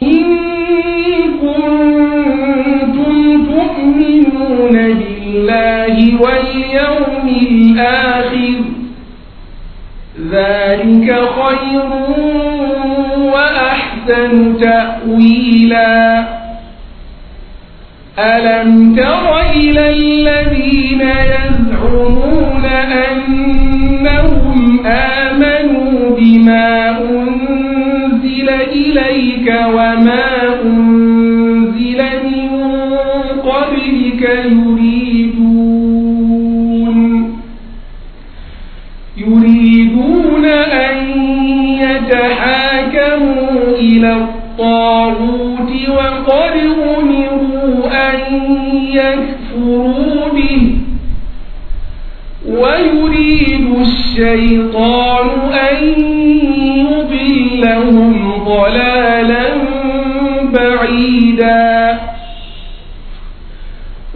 واليوم الآخر ذلك خير وأحسن تأويلا ألم تر إلى الذين يزعمون أنهم آمنوا بما إليك وما أنزل من قبلك يريدون يريدون أن يتحاكموا إلى الطاغوت وقد أمروا أن يكفروا به ويريدون الشيطان أن يضلهم ضلالا بعيدا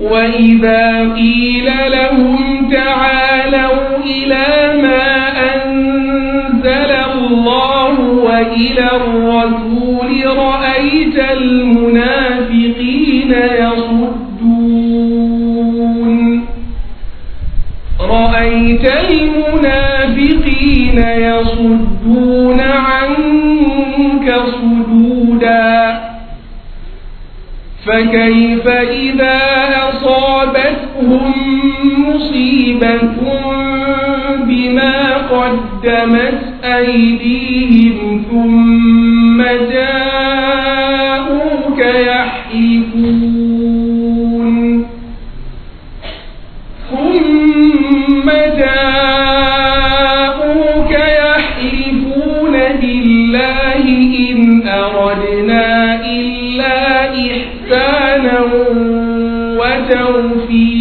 وإذا قيل لهم تعالوا إلى ما أنزل الله وإلى الرسول رأيت المنافقين يصدون رأيت المنافقين يصدون عنك صدودا فكيف إذا أصابتهم مصيبة بما قدمت أيديهم ثم جاءوك يحلفون ثم جاءوك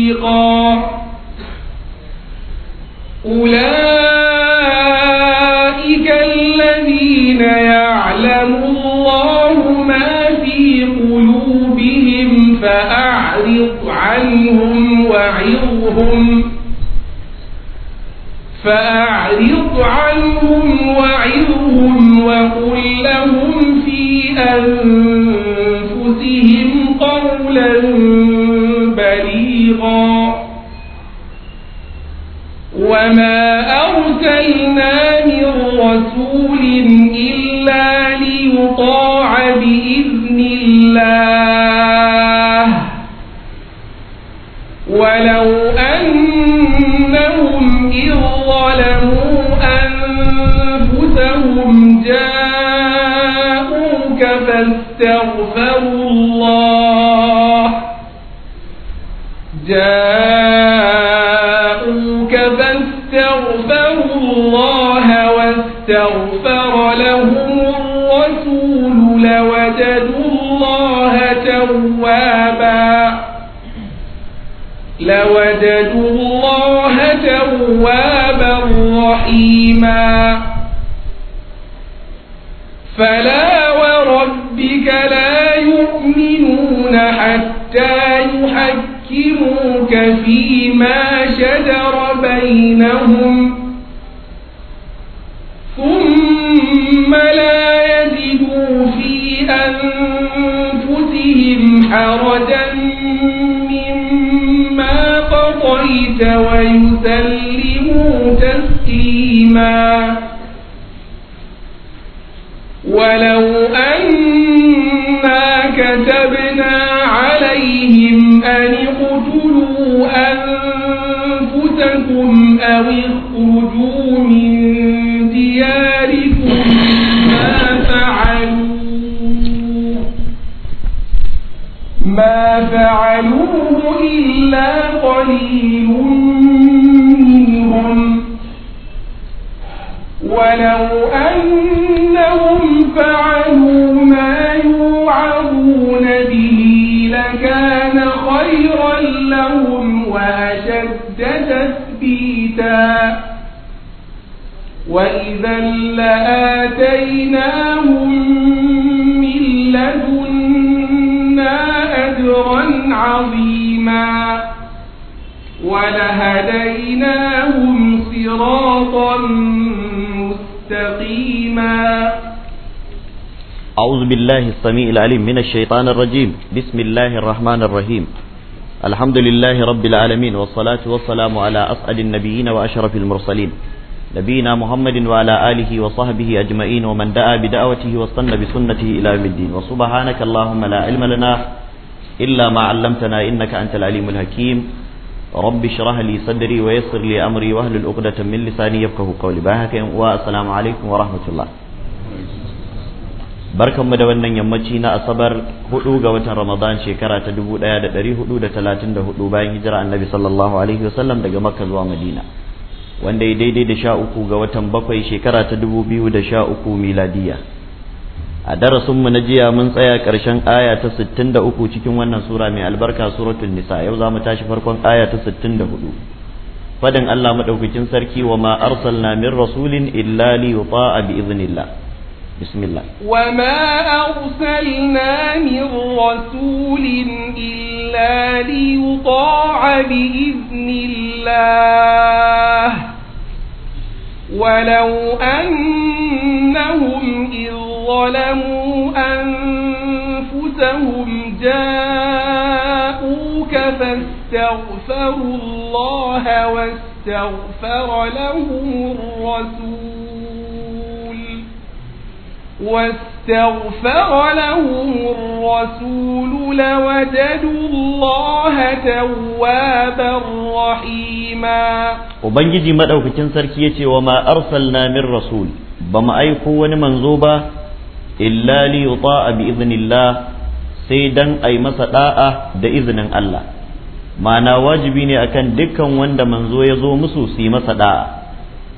رفيقا أولئك الذين يعلم الله ما في قلوبهم فأعرض عنهم وعظهم فأعرض عنهم وعظهم وقل لهم في أنفسهم قولا بصيرا وما أرسلنا من رسول إلا ليطاع بإذن الله ولو أنهم إذ ظلموا أنفسهم جاءوك فاستغفروا الله جاءوك فاستغفروا الله واستغفر لهم الرسول لوجدوا الله توابا لوجدوا الله توابا رحيما فلا ربك فيما شجر بينهم ثم لا يجدوا في أنفسهم حرجا مما قضيت ويسلموا تسليما ولو أنا كتبنا عليهم أن أَوْلِيَاءَكُمْ أَوِ اخْرُجُوا مِنْ دِيَارِكُمْ مَا فعلوا مَا فَعَلُوهُ إِلَّا قَلِيلٌ مِنْهُمْ وَلَوْ أَنَّهُمْ فَعَلُوا ميتا وإذا لآتيناهم من لدنا أجرا عظيما ولهديناهم صراطا مستقيما أعوذ بالله السميع العليم من الشيطان الرجيم بسم الله الرحمن الرحيم الحمد لله رب العالمين والصلاة والسلام على أسأل النبيين وأشرف المرسلين نبينا محمد وعلى آله وصحبه أجمعين ومن دعا بدعوته واستنى بسنته إلى يوم الدين وسبحانك اللهم لا علم لنا إلا ما علمتنا إنك أنت العليم الحكيم رب اشرح لي صدري ويسر لي أمري واهل العقدة من لساني يفقه قولي باهك والسلام عليكم ورحمة الله barkanmu da wannan yammaci na asabar hudu ga watan ramadan shekara ta 1434 bayan hijira annabi sallallahu alaihi wasallam daga makka zuwa madina wanda ya daidai da sha uku ga watan bakwai shekara ta da 2013 miladiya a darasinmu na jiya mun tsaya ƙarshen aya ta sittin da uku cikin wannan sura mai albarka suratul nisa yau za mu tashi farkon aya ta sittin da 64 fadin Allah madaukakin sarki wa ma arsalna min rasulin illa li yuta'a bi idhnillah بسم الله وما أرسلنا من رسول إلا ليطاع بإذن الله ولو أنهم إذ ظلموا أنفسهم جاءوك فاستغفروا الله واستغفر لهم الرسول واستغفر لهم الرسول لوجدوا الله توابا رحيما وبنجي مدوكتين سركي يتي وما أرسلنا من رسول بما أيقو منزوبا إلا ليطاع بإذن الله سيدا أي مسطاء بإذن الله ma'ana wajibi ne akan dukkan wanda manzo ya zo musu su yi masa da'a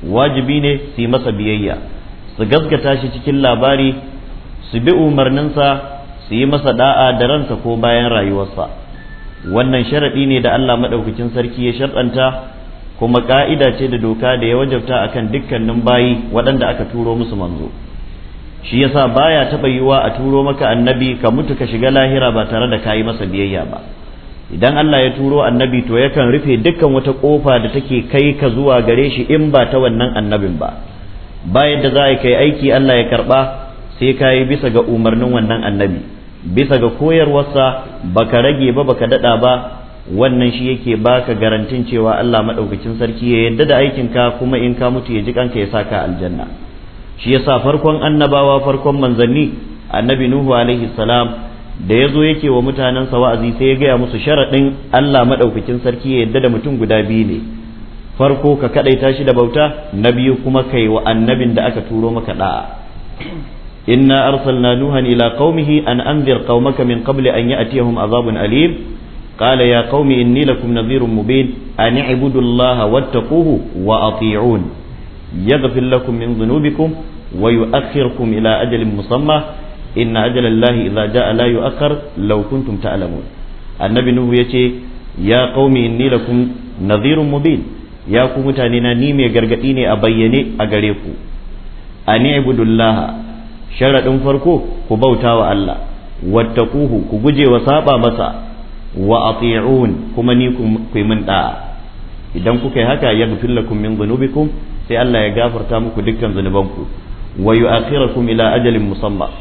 wajibi ne su yi masa biyayya su gaskata shi cikin labari su bi umarninsa su yi masa da'a da ransa ko bayan rayuwarsa wannan sharaɗi ne da Allah maɗaukacin sarki ya sharɗanta kuma ƙa'ida ce da doka da ya wajabta a kan dukkanin bayi waɗanda aka turo musu manzo shi yasa baya taɓa yiwuwa a turo maka annabi ka mutu ka shiga lahira ba tare da kayi masa biyayya ba idan Allah ya turo annabi to yakan rufe dukkan wata ƙofa da take kai ka zuwa gare shi in ba ta wannan annabin ba bayan da za a kai aiki Allah ya karɓa sai ka yi bisa ga umarnin wannan annabi bisa ga koyarwarsa baka rage ba baka daɗa ba wannan shi yake baka garantin cewa Allah madaukakin sarki ya yarda da aikinka kuma in ka mutu ya ji kanka ya saka aljanna shi yasa farkon annabawa farkon manzanni annabi nuhu alaihi salam da ya zo yake wa mutanensa wa'azi sai ya gaya musu sharaɗin Allah madaukakin sarki ya yarda da mutum guda biyu ne farko ka kaɗai ta shi da bauta na biyu kuma kai wa annabin da aka turo maka da'a inna arsalna nuhan ila qaumihi an anzir qaumaka min qabli an ya'tiyahum azabun alim qala ya qaumi inni lakum nadhirun mubin an i'budu allaha wattaquhu wa ati'un yaghfir lakum min dhunubikum wa yu'akhirukum ila ajalin musamma inna a allahi idha ja'a la yu'akhkhar law kuntum ta'lamun annabi nuhu yace ya qaumi inni lakum nadhirun mubin ya ku mutane na ni mai gargadi ne a bayyane a gare ku an ibudullah sharadin farko ku bauta wa Allah wattaquhu ku guje wa saba masa wa ati'un kuma ni ku min ɗa'a. idan kuka yi haka ya gafir lakum min dhunubikum sai Allah ya gafarta muku dukkan zunubanku wa yu'akhirukum ila ajalin musamma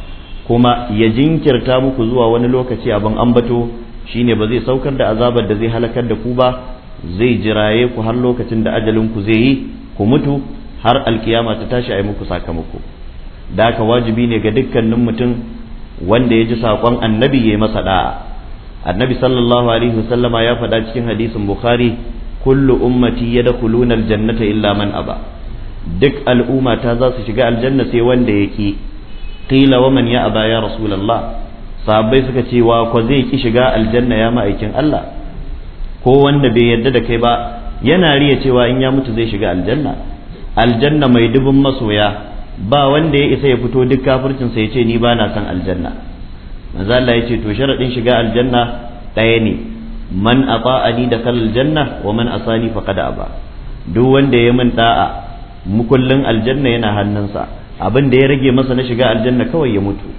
kuma ya jinkirta muku zuwa wani lokaci abin ambato shine ba zai saukar da azabar da zai halakar da ku ba zai jiraye ku har lokacin da ajalin ku zai yi ku mutu har alkiyama ta tashi a yi muku sakamako da haka wajibi ne ga dukkanin mutum wanda ya ji saƙon annabi ya yi masa da'a annabi sallallahu alaihi wasallama ya faɗa cikin hadisin bukhari kullu ummati yadkhuluna aljannata illa man aba duk al'umma ta za su shiga aljanna sai wanda ya ki qila wa man ya aba ya rasulullah sahabbai suka ce wa ko zai ki shiga aljanna ya ma'aikin Allah ko wanda bai yarda da kai ba yana riya cewa in ya mutu zai shiga aljanna aljanna mai dubin masoya ba wanda ya isa ya fito duk kafircin sa yace ni ba na san aljanna manzo Allah yace to sharadin shiga aljanna ɗaya ne man ata'ani da kal janna wa man asani faqad aba duk wanda ya min da'a mukullin aljanna yana hannunsa abin da ya rage masa na shiga aljanna kawai ya mutu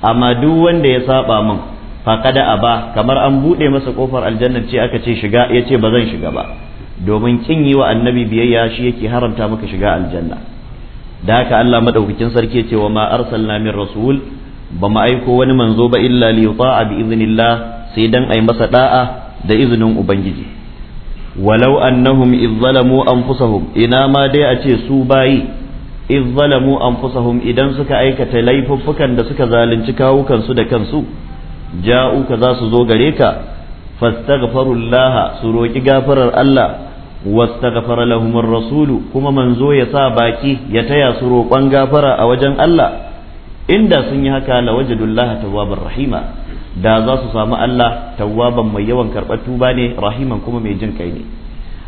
amma duk wanda ya saba min a aba kamar an buɗe masa ƙofar aljanna ce aka ce shiga yace ba zan shiga ba domin kin yi wa annabi biyayya shi yake haramta maka shiga aljanna da haka Allah madaukakin sarki ce wa ma arsalna min rasul ba mu aiko wani manzo ba illa li yuta'a bi iznillah sai dan ai masa da'a da izinin ubangiji walau annahum izzalamu anfusahum ina ma dai a ce su bayi izzalamu anfusahum idan suka aikata laifuffukan da suka zalunci kawukansu da kansu ja'uka za su zo gare ka fastaghfirullah su roki gafarar Allah wastaghfara ar rasulu kuma manzo ya sa baki ya taya su roƙon gafara a wajen Allah inda sun yi haka la wajadullah tawwabar rahima da za su samu Allah tawwaban mai yawan karɓar tuba ne rahiman kuma mai jin kai ne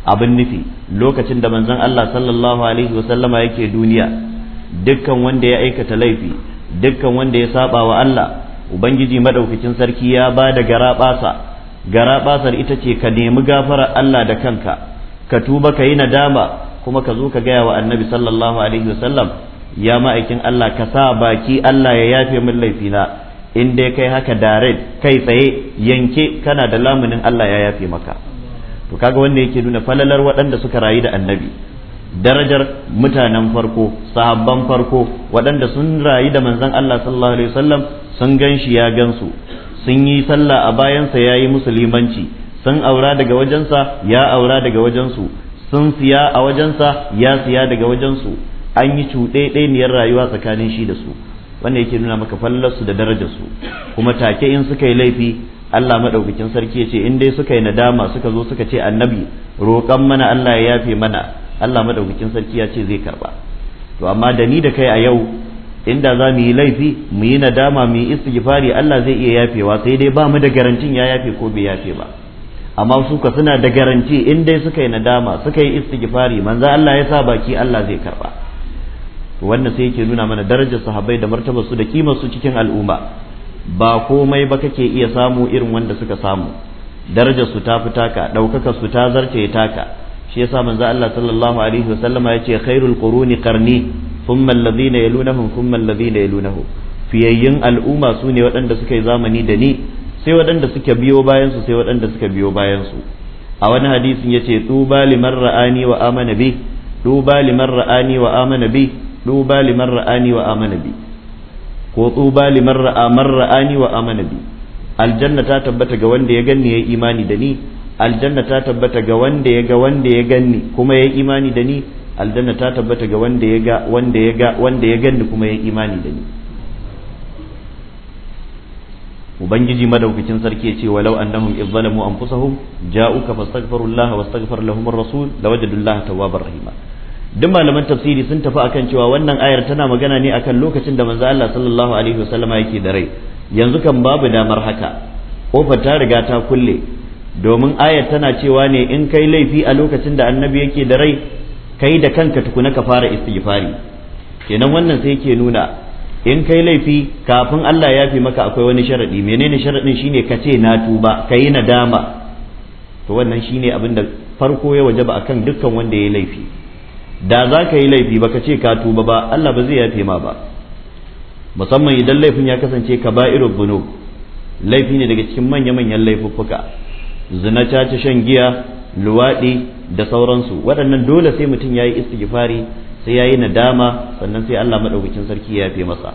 abin nufi lokacin da manzon Allah sallallahu alaihi wa sallama yake duniya dukkan wanda ya aikata laifi dukkan wanda ya saba wa Allah ubangiji madaukakin sarki ya ba da garaɓasa garaɓasar ita ce ka nemi gafara Allah da kanka ka tuba ka yi nadama kuma ka zo ka gaya wa annabi sallallahu alaihi wasallam ya ma'aikin Allah ka sa baki Allah ya yafe min laifina in dai kai haka direct kai tsaye yanke kana da lamunin Allah ya yafe maka to kaga wanda yake nuna falalar waɗanda suka rayu da annabi darajar mutanen farko sahabban farko waɗanda sun rayu da manzon Allah sallallahu alaihi wasallam sun gan shi ya gansu sun yi sallah a bayansa ya yi musulmanci sun aura daga wajensa ya aura daga wajensu sun siya a wajensa ya siya daga wajensu an yi cuɗeɗeniyar rayuwa tsakanin shi da su wanda yake nuna maka fallarsu da darajarsu kuma take in suka yi laifi Allah maɗaukakin sarki ya ce in dai suka yi nadama suka zo suka ce annabi roƙon mana Allah ya yafe mana Allah madaukakin sarki ya ce zai karba to amma da ni da kai a yau inda za mu yi laifi mu yi nadama mu yi istighfari Allah zai iya yafewa sai dai ba mu da garantin ya yafe ko bai yafe ba amma su ka suna da garanti in dai suka yi nadama suka yi istighfari manzo Allah ya sa baki Allah zai karba to wannan sai yake nuna mana darajar sahabbai da martabar su da kimar su cikin al'umma ba komai ba kake iya samu irin wanda suka samu darajar su ta fi taka daukakar su ta zarce taka shi yasa manzo Allah sallallahu alaihi wasallama yace khairul quruni qarni thumma alladhina yalunahum thumma alladhina yalunahum fiyayyin al'umma su ne waɗanda suka yi zamani da ni sai waɗanda suka biyo bayan su sai waɗanda suka biyo bayan su a wani hadisin yace tuba liman ra'ani wa amana bi tuba liman ra'ani wa amana bi tuba liman ra'ani wa amana bi ko tuba liman ra'a man ra'ani wa amana bi aljanna ta tabbata ga wanda ya ganni yayi imani da ni aljanna ta tabbata ga wanda ya ga wanda ya ganni kuma ya imani da ni aljanna ta tabbata ga wanda ya ga wanda ya ga wanda ya ganni kuma ya imani da ni ubangiji madaukakin sarki ya ce walau annahum izzalamu anfusahum ja'uka fastaghfirullaha wastaghfir lahum ar-rasul lawajadullaha tawwabar rahima duk malaman tafsiri sun tafi akan cewa wannan ayar tana magana ne akan lokacin da manzo Allah sallallahu alaihi wasallama yake da rai yanzu kan babu damar haka kofar ta riga ta kulle domin ayat tana cewa ne in kai laifi a lokacin da annabi yake da rai kai da kanka tukuna ka fara istighfari kenan wannan sai yake nuna in kai laifi kafin Allah ya fi maka akwai wani sharadi menene sharadin shine ka ce na tuba ka yi nadama to wannan shine abin da farko ya wajaba akan dukkan wanda ya yi laifi da za ka yi laifi baka ce ka tuba ba Allah ba zai yafe ma ba musamman idan laifin ya kasance ka ba'irul bunub laifi ne daga cikin manya-manyan laifuffuka zina caca shan giya luwaɗi da sauransu waɗannan dole sai mutum ya yi istighfari sai ya yi nadama sannan sai Allah maɗaukakin sarki ya fi masa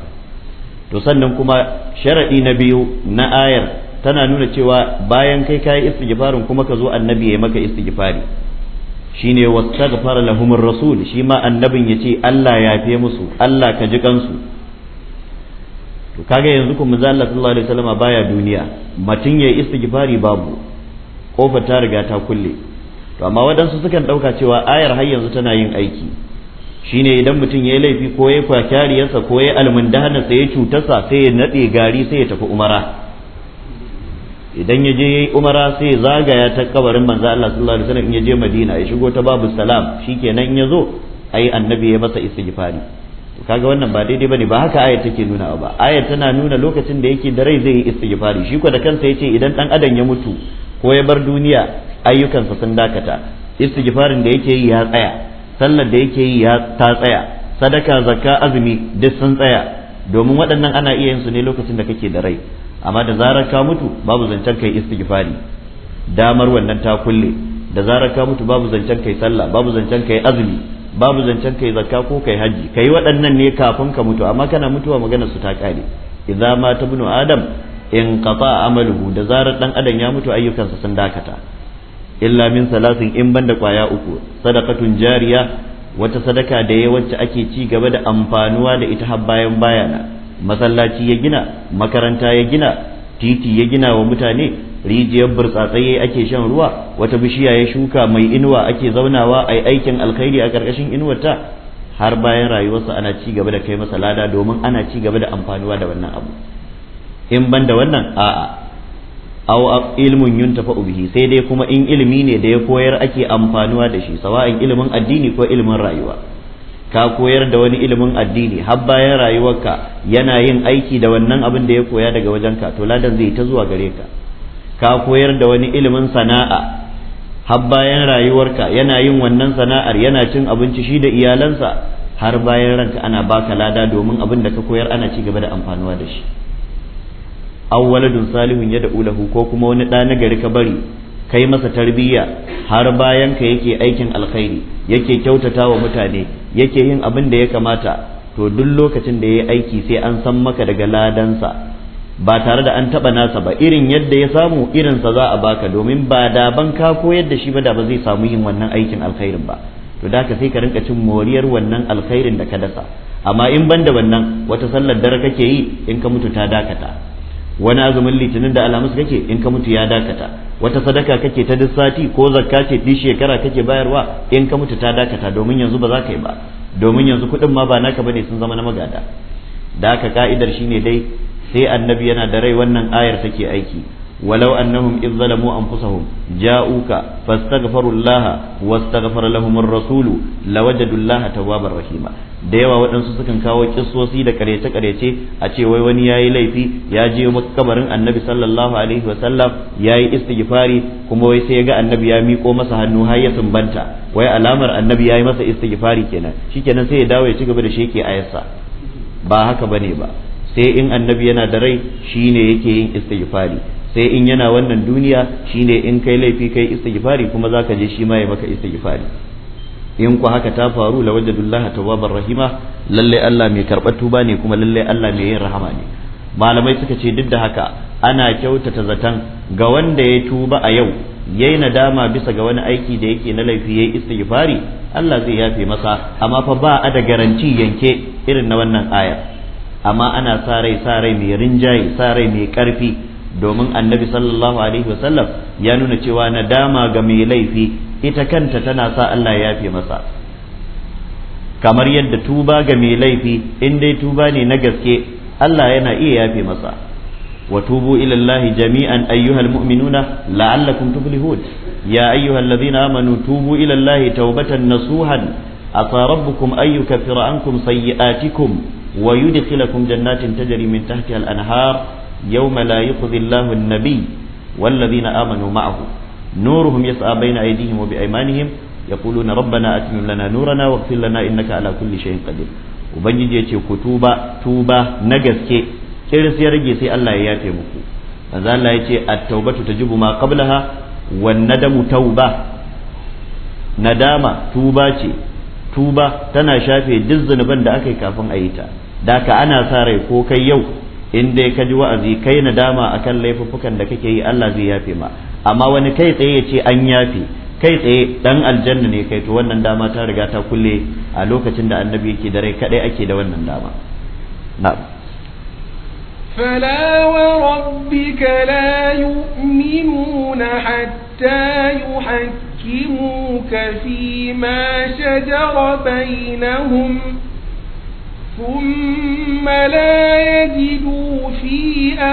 to sannan kuma sharaɗi na biyu na ayar tana nuna cewa bayan kai kayi istighfarin kuma ka zo annabi ya maka istighfari shine wastaghfara lahumur rasul shi ma annabin yace Allah ya yafe musu Allah ka ji kansu to kaga yanzu kuma manzo Allah sallallahu alaihi baya duniya mutun yayi istighfari babu kofar ta riga ta kulle to amma waɗansu sukan ɗauka cewa ayar har yanzu tana yin aiki shine idan mutum ya yi laifi ko ya kwakyariyarsa ko ya sai ya cutarsa sai ya naɗe gari sai ya tafi umara idan ya je yayi umara sai ya zagaya ta kabarin manzo Allah sallallahu alaihi wasallam in ya je Madina ya shigo ta babu salam shikenan in ya zo ai annabi ya masa istighfari kaga wannan ba daidai bane ba haka ayat take nuna ba ayat tana nuna lokacin da yake da rai zai yi istighfari shi ko da kansa yace idan dan adam ya mutu ko ya bar duniya ayyukansa sun dakata istighfarin da yake yi ya tsaya sallar da yake yi ya ta tsaya sadaka zakka azumi duk sun tsaya domin waɗannan ana iya yin su ne lokacin da kake da rai amma da zarar ka mutu babu zancen kai istighfari damar wannan ta kulle da zarar ka mutu babu zancen kai sallah babu zancen kai azumi babu zancen kai zakka ko kai haji kai waɗannan ne kafin ka mutu amma kana mutuwa maganar su ta kare idza ma tabnu adam in kafa amaluhu da zarar dan adam ya mutu ayyukansa sun dakata illa min salasin in banda kwaya uku sadaqatun jariya wata sadaka da ya wacce ake ci gaba da amfanuwa da ita har bayan bayana masallaci ya gina makaranta ya gina titi ya gina wa mutane rijiyar burtsatsaye ake shan ruwa wata bishiya ya shuka mai inuwa ake zaunawa ai aikin alkhairi a karkashin inuwarta har bayan rayuwarsa ana ci gaba da kai masa lada domin ana ci gaba da amfanuwa da wannan abu in ban da wannan a'a aw ilmun yuntafa bihi sai dai kuma in ilimi ne da ya koyar ake amfanuwa da shi sawa'in ilimin addini ko ilimin rayuwa ka koyar da wani ilimin addini har bayan rayuwarka yana yin aiki da wannan abin da ya koya daga wajenka to ladan zai ta zuwa gare ka ka koyar da wani ilimin sana'a har bayan rayuwarka yana yin wannan sana'ar yana cin abinci shi da iyalansa har bayan ranka ana baka lada domin abin da ka koyar ana ci gaba da amfanuwa da shi aw waladun salihun da lahu ko kuma wani ɗa gari ka bari kai masa tarbiyya har bayan ka yake aikin alkhairi yake kyautata wa mutane yake yin abin da ya kamata to duk lokacin da ya aiki sai an san maka daga ladansa ba tare da an taba nasa ba irin yadda ya samu irinsa za a baka domin ba da ban ka koyar da shi ba da ba zai samu yin wannan aikin alkhairin ba to da ka sai ka rinka cin moriyar wannan alkhairin da ka dasa amma in ban da wannan wata sallar dare kake yi in ka mutu ta dakata wani azumin litinin da alhamis kake in ka mutu ya dakata wata sadaka kake ta duk sati ko zakka ce duk shekara kake bayarwa in ka mutu ta dakata domin yanzu ba za ka yi ba domin yanzu kuɗin ma ba naka bane sun zama na magada da haka ka'idar shine dai sai annabi yana da rai wannan ayar take aiki ولو أنهم إذ ظلموا أنفسهم جاءوك فاستغفروا الله واستغفر لهم الرسول لوجدوا الله توابا رحيما da yawa waɗansu sukan kawo kissosi da karyace-karyace a ce wai wani yayi laifi ya je kabarin annabi sallallahu alaihi wasallam ya yi istighfari kuma wai sai ya ga annabi ya miko masa hannu har ya sumbanta wai alamar annabi yayi yi masa istighfari kenan shi kenan sai ya dawo ya ci gaba da sheke ayarsa ba haka bane ba sai in annabi yana da rai shine yake yin istighfari sai in yana wannan duniya shine in kai laifi kai istighfari kuma za ka je shi ma ya maka istighfari in ku haka ta faru la wajadullaha tawwabar rahima lalle Allah mai karbar tuba ne kuma lalle Allah mai yin rahama ne malamai suka ce duk da haka ana kyautata zaton ga wanda ya tuba a yau yayi nadama bisa ga wani aiki da yake na laifi yayi istighfari Allah zai yafe masa amma fa ba a da garanti yanke irin na wannan aya amma ana sa rai mai rinjaye sa rai mai karfi domin annabi sallallahu alaihi wasallam ya nuna cewa nadama ga mai laifi ita kanta tana sa Allah ya fi masa kamar yadda tuba ga mai laifi in dai tuba ne na gaske Allah yana iya yafe masa wa tubu ila jami'an ayyuhal mu'minuna la'allakum tuflihun ya ayyuhal ladhina amanu tubu ila Allah tawbatan nasuhan asa rabbukum an yukaffira ankum sayyi'atikum wa yudkhilakum jannatin tajri min tahtiha al-anhar يوم لا يخزي الله النبي والذين آمنوا معه نورهم يسعى بين أيديهم وبأيمانهم يقولون ربنا أتمم لنا نورنا واغفر لنا إنك على كل شيء قدير ubangiji ya ce ku tuba tuba na gaske kiris ya rage sai Allah ya yafe muku manzo Allah ya ce at-taubatu tajibu ma qablaha wan nadamu tauba nadama tuba ce tuba tana shafe duk zunuban da aka yi kafin a yi ta da ka ana sa rai ko kai yau in dai ka ji wa'azi kai nadama akan laifuffukan da kake yi Allah zai yafe ma amma wani kai tsaye ya ce an yafe kai tsaye dan aljanna ne kai to wannan dama ta riga ta kulle a lokacin da annabi yake da rai kadai ake da wannan dama na'am فلا وربك لا يؤمنون حتى يحكموك فيما شجر بينهم ثم لا يجدوا في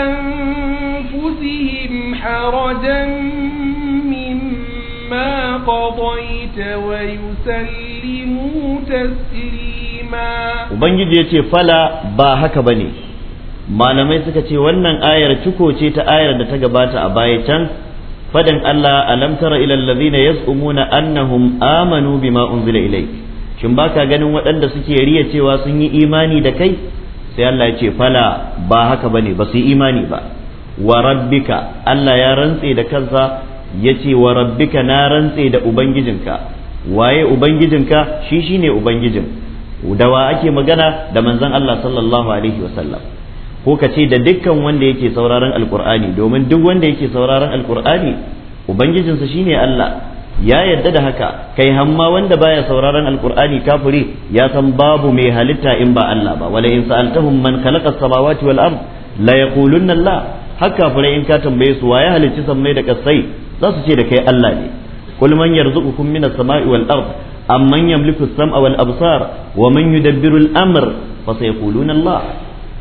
أنفسهم حرجا مما قضيت ويسلموا تسليما وبنجد يتي فلا باهك بني malamai suka ce wannan ayar ciko ce ta ayar da ta gabata a baya can fadin Allah alam tara na allazina yaz'umuna annahun amanu bima shin ba ka ganin waɗanda suke riya cewa sun yi imani da kai sai Allah ya ce fala ba haka bane ba su yi imani ba wa rabbika Allah ya rantse da kansa ya ce wa rabbika na rantse da ubangijinka waye ubangijinka shi shine ubangijin da wa ake magana da manzon Allah sallallahu alaihi wasallam ko ka ce da dukkan wanda yake sauraron alkur'ani domin duk wanda yake sauraron alkur'ani ubangijinsa shine Allah ya yadda da haka kai hamma wanda baya sauraron alkur'ani kafiri ya san babu mai halitta in ba Allah ba wala in sa'altahum man khalaqa as-samawati wal ard la yaqulunna Allah haka fure in ka tambaye su waye halicci sammai da kasai za su ce da kai Allah ne kul man yarzuqukum minas sama'i wal ard amman yamliku as-sam'a wal absar wa man yudabbiru al-amr fa sayaquluna Allah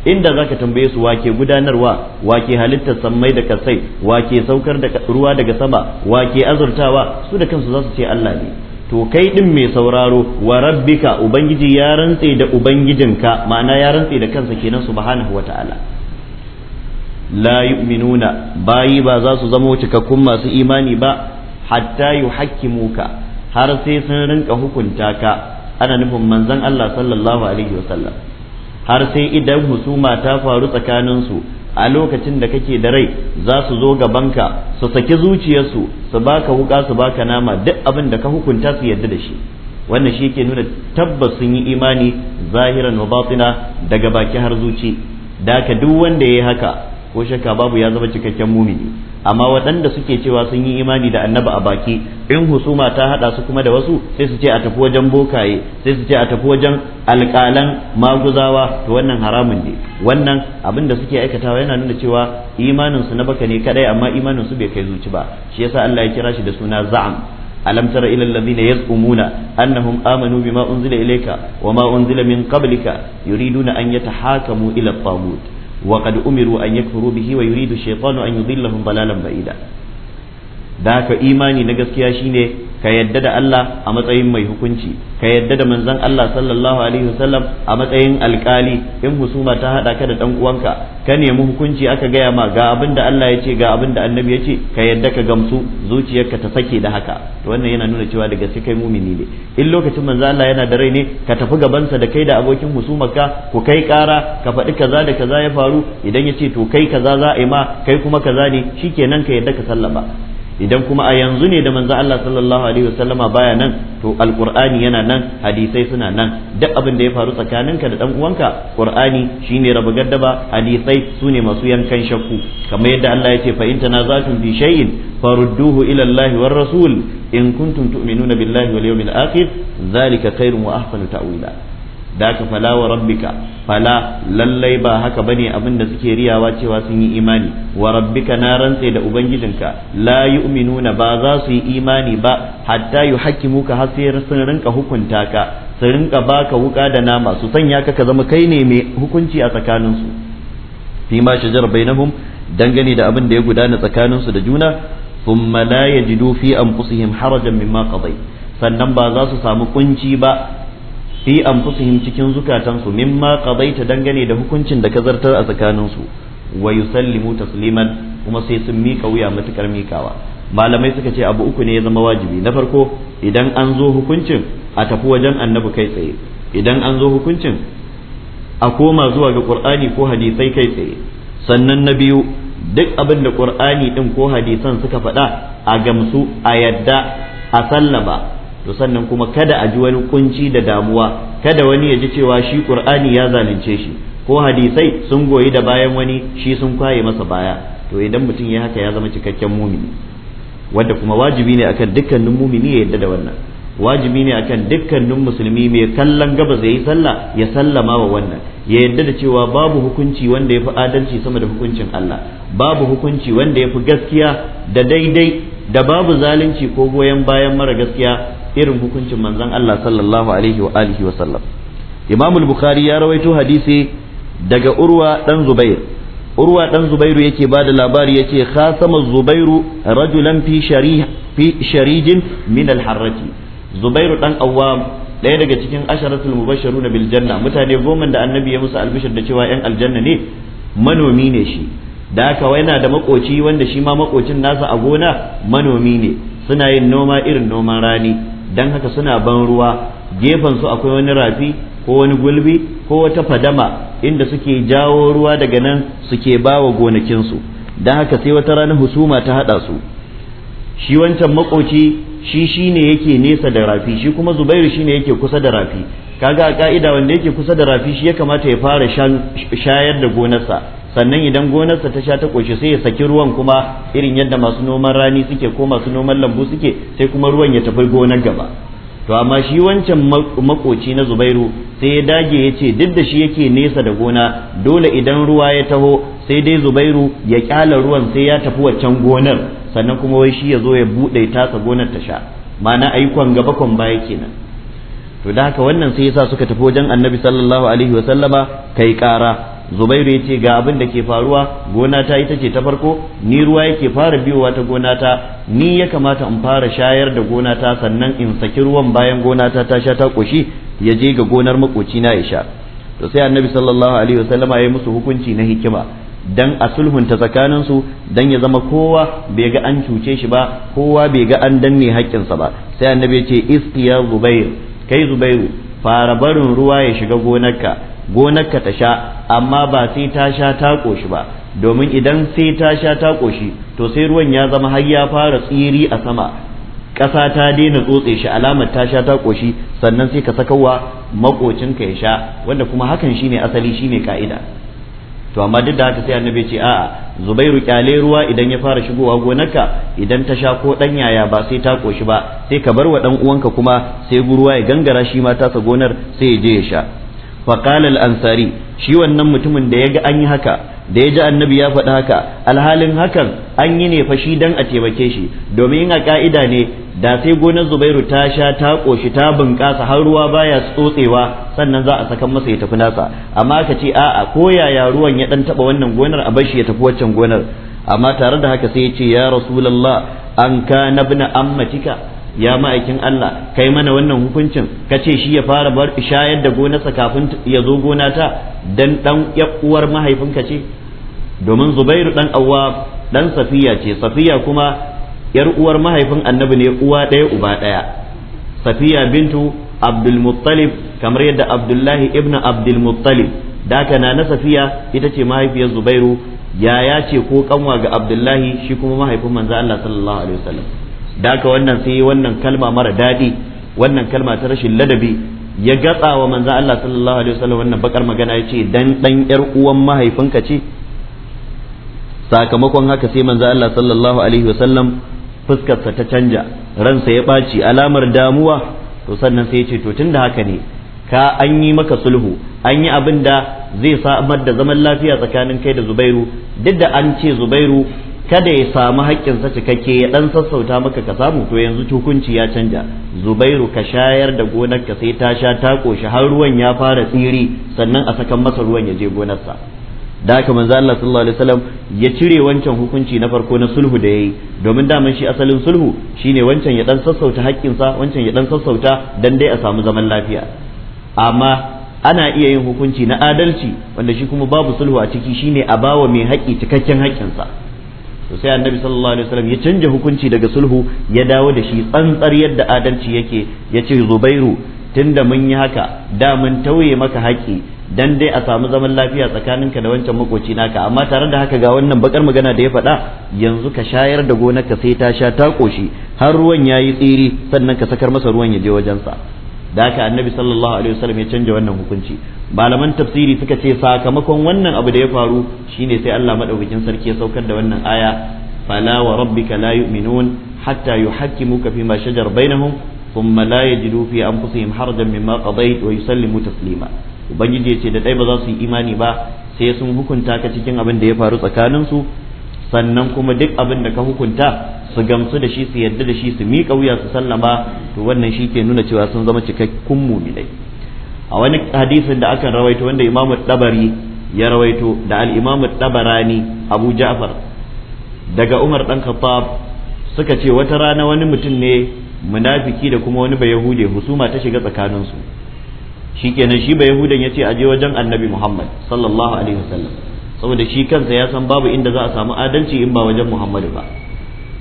inda zaka tambaye su wake gudanarwa wake halittar sammai da kasai wake saukar da ruwa daga sama wake azurtawa su da kansu za su ce Allah ne to kai din mai sauraro wa rabbika ubangiji ya rantse da ubangijinka ma'ana ya rantse da kansa kenan subhanahu wata'ala la yu'minuna bayi ba za su zama cikakkun masu imani ba hatta yuhakkimuka har sai sun rinka hukunta ka ana nufin manzon Allah sallallahu alaihi wasallam har sai idan husuma ta faru tsakaninsu a lokacin da kake da rai za su zo gabanka su saki zuciyarsu su baka wuka su baka nama duk abin da ka hukunta su yadda da shi wannan shi ke nuna tabbas sun yi imani zahiran wa batina daga baki har zuci da duk wanda ya yi haka ko shakka babu ya zama cikakken mumini amma waɗanda suke cewa sun yi imani da annaba a baki in husuma ta haɗa su kuma da wasu sai su ce a tafi wajen bokaye sai su ce a tafi wajen alƙalan maguzawa to wannan haramun ne wannan abin da suke aikatawa yana nuna cewa imanin su na baka ne kadai amma imanin su bai kai zuci ba shi yasa Allah ya kira shi da suna za'am ألم تر إلى yazumuna يزعمون أنهم آمنوا بما أنزل إليك وما أنزل من قبلك يريدون أن يتحاكموا إلى الطاغوت وقد أمروا أن يكفروا به ويريد الشيطان أن يضلهم ضلالا بعيدا da haka imani na gaskiya shine ka yadda da Allah a matsayin mai hukunci ka yadda da manzon Allah sallallahu alaihi wasallam a matsayin alkali in husuma ta hada ka da dan uwanka ka nemi hukunci aka gaya ma ga abin Allah ya ce ga abinda annabi ya ce ka yadda ka gamsu zuciyarka ta sake da haka to wannan yana nuna cewa daga gaske kai mumini ne in lokacin manzon Allah yana da rai ne ka tafi gabansa da kai da abokin husumarka ku kai kara ka faɗi kaza da kaza ya faru idan ya ce to kai kaza za a yi ma kai kuma kaza ne shikenan ka yadda ka sallama idan kuma a yanzu ne da manzo Allah sallallahu alaihi wasallama baya nan to alqur'ani yana nan hadisai suna nan duk abin da ya faru tsakaninka da dan uwanka qur'ani shine rabu gaddaba hadisai sune masu yankan shakku kamar yadda Allah ya ce fa in tanazatum fi shay'in farudduhu ila Allah war rasul in kuntum tu'minuna billahi wal yawmil akhir dhalika khairun wa ahsanu ta'wila da ka fala wa rabbika fala lallai ba haka bane abin da suke riyawa cewa sun yi imani wa rabbika na rantse da ubangijinka la yu'minuna ba za su yi imani ba hatta yuhakkimuka har sai sun rinka hukunta ka su rinka baka wuka da nama su sanya ka ka zama kai ne mai hukunci a tsakaninsu fi ma shajar bainahum dangane da abin da ya gudana tsakaninsu da juna thumma la yajidu fi anfusihim harajan mimma qadayt sannan ba za su samu kunci ba fi anfusihim cikin zukatansu mimma qadaita dangane da hukuncin da ka zartar a tsakaninsu wa yusallimu tasliman kuma sai sun mika wuya matukar mikawa malamai suka ce abu uku ne ya zama wajibi na farko idan an zo hukuncin a tafi wajen annabi kai tsaye idan an zo hukuncin a koma zuwa ga qur'ani ko hadisai kai tsaye sannan na biyu duk abin da qur'ani din ko hadisan suka faɗa a gamsu a yadda a sallaba to sannan kuma kada a ji wani kunci da damuwa kada wani ya ji cewa shi qur'ani ya zalunce shi ko hadisai sun goyi da bayan wani shi sun kwaye masa baya to idan mutum ya haka ya zama cikakken mumini wanda kuma wajibi ne akan dukkanin mumini ya yadda da wannan wajibi ne akan dukkanin musulmi mai kallon gaba zai yi sallah ya sallama wa wannan ya yadda da cewa babu hukunci wanda ya fi adalci sama da hukuncin Allah babu hukunci wanda ya fi gaskiya da daidai da babu zalunci ko goyon bayan mara gaskiya irin hukuncin manzon Allah sallallahu alaihi wa alihi wa sallam Imam al-Bukhari ya rawaito hadisi daga Urwa dan Zubair Urwa dan Zubairu yake bada labari yace khasama Zubairu rajulan fi sharih fi sharijin min al-harrati Zubairu dan Awwam ɗaya daga cikin asharatul mubashsharuna bil janna mutane goma da annabi ya musu albishir da cewa yan aljanna ne manomi ne shi da haka yana da makoci wanda shi ma makocin nasa a gona manomi ne suna yin noma irin noman rani dan haka suna ban ruwa gefen su akwai wani rafi ko wani gulbi ko wata fadama inda suke jawo ruwa daga nan suke bawa gonakinsu dan haka sai wata rana husuma ta haɗa su shi wancan makoci shi shine yake nesa da rafi shi kuma zubairu shine yake kusa da rafi kaga a ka'ida wanda yake kusa da rafi shi ya kamata ya fara shayar da gonarsa sannan idan gonarsa ta sha ta ƙoshi sai ya saki ruwan kuma irin yadda masu noman rani suke ko masu noman lambu suke sai kuma ruwan ya tafi gonar gaba to amma shi wancan makoci na zubairu sai ya dage ya ce duk da shi yake nesa da gona dole idan ruwa ya taho sai dai zubairu ya kyala ruwan sai ya tafi waccan gonar sannan kuma wai shi ya zo ya buɗe tasa gonar ta sha ma'ana ayyukan gaba kwan baya kenan to da haka wannan sai yasa suka tafi wajen annabi sallallahu alaihi wa sallama kai kara zubairu ya ce ga abin da ke faruwa gona ta ita ce ta farko ni ruwa yake fara biyowa ta gona ta ni ya kamata in fara shayar da gona ta sannan in saki ruwan bayan gona ta ta sha ta koshi ya je ga gonar makoci na isha to sai annabi sallallahu alaihi wasallama ya yi musu hukunci na hikima dan a sulhunta tsakanin su dan ya zama kowa bai ga an cuce shi ba kowa bai ga an danne haƙƙinsa ba sai annabi ya ce iskiya zubair kai zubairu fara barin ruwa ya shiga gonarka gonarka ta sha amma ba sai ta sha ta ƙoshi ba domin idan sai ta sha ta ƙoshi to sai ruwan ya zama har ya fara tsiri a sama ƙasa ta daina tsotse shi alamar ta sha ta ƙoshi sannan sai ka sakawa maƙocinka ya sha wanda kuma hakan shine asali shine ka'ida to amma duk da haka sai annabi ce a'a zubairu kyale ruwa idan ya fara shigowa gonarka idan ta sha ko dan yaya ba sai ta ƙoshi ba sai ka bar wa dan uwanka kuma sai ruwa ya gangara shi ma tasa gonar sai ya je ya sha فقال الأنصاري shi wannan mutumin da ya ga an yi haka da ya ji annabi ya faɗi haka alhalin hakan an yi ne fashi dan a taimake shi domin a ka'ida ne da sai gonar zubairu ta sha ta ƙoshi ta bunƙasa har ruwa baya tsotsewa sannan za a saka masa ya tafi nasa amma ka ce a'a ko yaya ruwan ya ɗan taɓa wannan gonar a bashi ya tafi waccan gonar amma tare da haka sai ya ce ya rasulallah an kana ibn ammatika ya ma'aikin Allah kai mana wannan hukuncin ka ce shi ya fara bar shayar da gonarsa kafin ya zo gona ta dan dan uwar mahaifinka ce domin Zubairu dan Awwa dan Safiya ce Safiya kuma yar uwar mahaifin Annabi ne uwa ɗaya uba ɗaya Safiya bintu Abdul Muttalib kamar yadda Abdullahi ibn Abdul Muttalib da na na Safiya ita ce mahaifiyar Zubairu ya ce ko kanwa ga Abdullahi shi kuma mahaifin manzo Allah sallallahu alaihi wasallam da wannan sai yi wannan kalma mara daɗi wannan kalma ta rashin ladabi ya gatsa wa manzan Allah sallallahu alaihi wasallam wannan bakar magana ya ce dan ɗan yar uwan mahaifinka ce sakamakon haka sai manzan Allah sallallahu alaihi wasallam fuskarsa ta canja ransa ya ɓaci alamar damuwa to sannan sai ya ce to da haka ne ka an yi maka sulhu an yi abin da zai samar da zaman lafiya tsakanin kai da Zubairu duk da an ce Zubairu kada ya samu haƙƙinsa cikakke ya ɗan sassauta maka ka samu to yanzu hukunci ya canja zubairu ka shayar da gonar ka sai ta sha ta ƙoshi har ruwan ya fara tsiri sannan a sakan masa ruwan ya je gonarsa da haka manzo Allah sallallahu alaihi wasallam ya cire wancan hukunci na farko na sulhu da yayi domin daman shi asalin sulhu shine wancan ya dan sassauta haƙƙinsa wancan ya dan sassauta dan dai a samu zaman lafiya amma ana iya yin hukunci na adalci wanda shi kuma babu sulhu a ciki shine a bawa mai haƙƙi cikakken haƙƙinsa to sai annabi sallallahu alaihi wasallam ya canja hukunci daga sulhu ya dawo da shi tsantsar yadda adalci yake ya ce zubairu tunda mun yi haka da mun tauye maka haƙi dan dai a samu zaman lafiya tsakaninka da wancan makoci naka amma tare da haka ga wannan bakar magana da ya faɗa yanzu ka shayar da gonarka sai ta sha ta ƙoshi har ruwan yayi tsiri sannan ka sakar masa ruwan ya je wajensa da haka annabi sallallahu alaihi wasallam ya canja wannan hukunci malaman tafsiri suka ce sakamakon wannan abu da ya faru shine sai Allah madaukakin sarki ya saukar da wannan aya fala wa rabbika la yu'minun hatta yuhakkimuka ma shajar bainahum thumma la yajidu fi anfusihim harajan mimma qadayt wa yusallimu taslima ubangiji ya ce da dai ba za su yi imani ba sai sun hukunta ka cikin abin da ya faru tsakaninsu sannan kuma duk abin da ka hukunta su gamsu da shi su yarda da shi su miƙa wuya su sallama to wannan shi ke nuna cewa sun zama cikakkun muminai a wani hadisin da aka rawaito wanda imamu dabari ya rawaito da al'imamu ɗabarani abu ja'far daga umar ɗan khattab suka ce wata rana wani mutum ne munafiki da kuma wani bayahude husuma ta shiga tsakaninsu shikenan shi bayahudan ya ce a je wajen annabi muhammad sallallahu alaihi wasallam saboda shi kansa ya san babu inda za a samu adalci in ba wajen muhammadu ba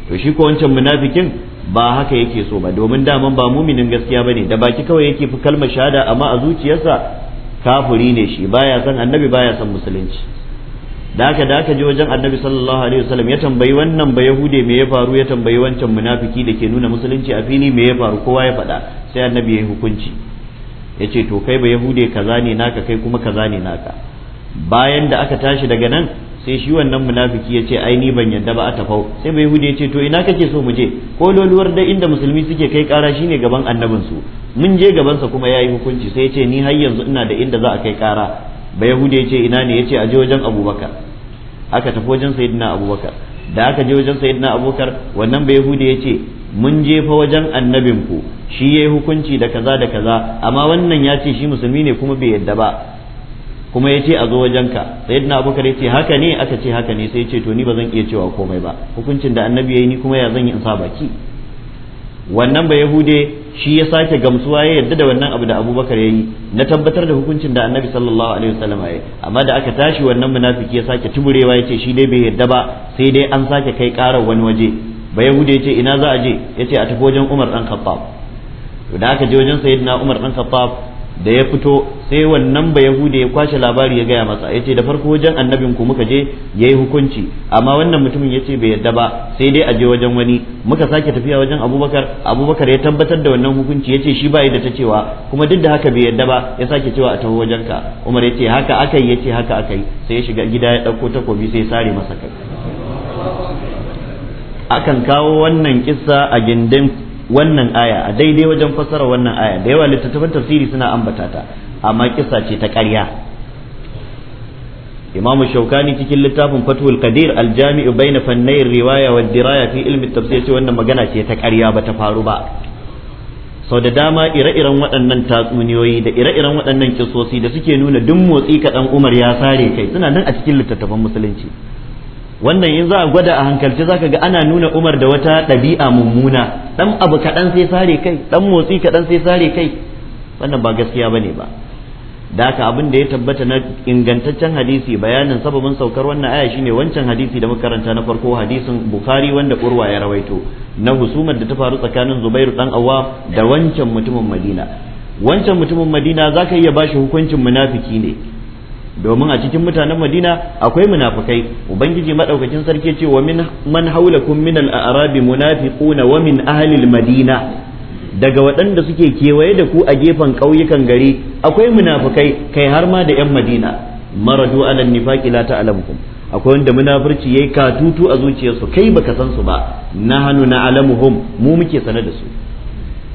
to shi ko wancan munafikin ba haka yake so ba domin daman ba muminin gaskiya bane da baki kawai yake fi kalmar shahada amma a zuciyarsa kafuri ne shi baya san annabi baya san musulunci da haka da haka je wajen annabi sallallahu alaihi wasallam ya tambayi wannan ba yahude me ya faru ya tambayi wancan munafiki da ke nuna musulunci a fili me ya faru kowa ya faɗa sai annabi ya yi hukunci ya ce to kai ba yahude kaza ne naka kai kuma kaza ne naka bayan da aka tashi daga nan sai shi wannan munafiki ya ce ai ni ban yadda ba a tafau sai bai hude ya ce to ina kake so mu je ko loluwar da inda musulmi suke kai kara shine gaban annabin su mun je gaban sa kuma yayi hukunci sai ya ce ni har yanzu ina da inda za a kai kara ba hudu ya ce ina ne ya ce a je wajen abubakar aka tafi wajen sayyidina abubakar da aka je wajen sayyidina abubakar wannan ba hudu ya ce mun je fa wajen annabinku shi yayi hukunci da kaza da kaza amma wannan ya ce shi musulmi ne kuma bai yadda ba kuma ya ce a zo wajenka yadda abubakar ya ce haka ne aka ce haka ne sai ce to ni ba zan iya cewa komai ba hukuncin da annabi ya yi ni kuma ya zan yi in sa baki wannan ba yahude shi ya sake gamsuwa ya yadda da wannan abu da abubakar ya yi na tabbatar da hukuncin da annabi sallallahu alaihi wasallam ya amma da aka tashi wannan munafiki ya sake tuburewa ya ce shi dai bai yadda ba sai dai an sake kai karar wani waje ba yahude ya ce ina za a je ya ce a tafi wajen umar dan khattab to da aka je wajen sayyidina umar dan khattab da ya fito sai wannan ba yahudi ya kwashe labari ya gaya masa yace da farko wajen annabin ku muka je ya yi hukunci amma wannan mutumin yace bai yadda ba sai dai a je wajen wani muka sake tafiya wajen abubakar abubakar ya tabbatar da wannan hukunci ya yace shi ba da ta cewa kuma duk da haka bai yadda ba ya sake cewa a taho wajen ka umar ya ce haka akai yace haka akai sai ya shiga gida ya ɗauko takobi sai sare masa kai akan kawo wannan kissa a gindin wannan aya a daidai wajen fassara wannan aya da yawa littattafan tafsiri suna ambata ta amma kisa ce ta ƙarya imamu shaukani cikin littafin fatul qadir aljami'u baina fannayir riwaya wa diraya fi ilmi tafsir ce wannan magana ce ta ƙarya ba ta faru ba sau da dama ire-iren waɗannan tatsuniyoyi da ire-iren waɗannan kisosi da suke nuna duk motsi kaɗan umar ya sare kai suna nan a cikin littattafan musulunci wannan in za a gwada a hankalce zaka ga ana nuna Umar da wata ɗabi'a mummuna ɗan abu kaɗan sai sare kai ɗan motsi kaɗan sai sare kai wannan ba gaskiya bane ba da haka abin da ya tabbata na ingantaccen hadisi bayanin sababin saukar wannan aya shine wancan hadisi da muka karanta na farko hadisin Bukhari wanda Urwa ya rawaito na husumar da ta faru tsakanin Zubairu dan Awwa da wancan mutumin Madina wancan mutumin Madina zaka iya bashi hukuncin munafiki ne domin a cikin mutanen madina akwai munafukai ubangiji madaukakin sarki ce wa min man haulakum min al-arabi munafiquna wa min ahli al-madina daga waɗanda suke kewaye da ku a gefen ƙauyukan gari akwai munafukai kai har ma da 'yan madina maradu ala nifaqi la ta'lamukum akwai wanda munafurci yayi katutu a zuciyarsu kai baka san su ba nahanu na'lamuhum mu muke sane da su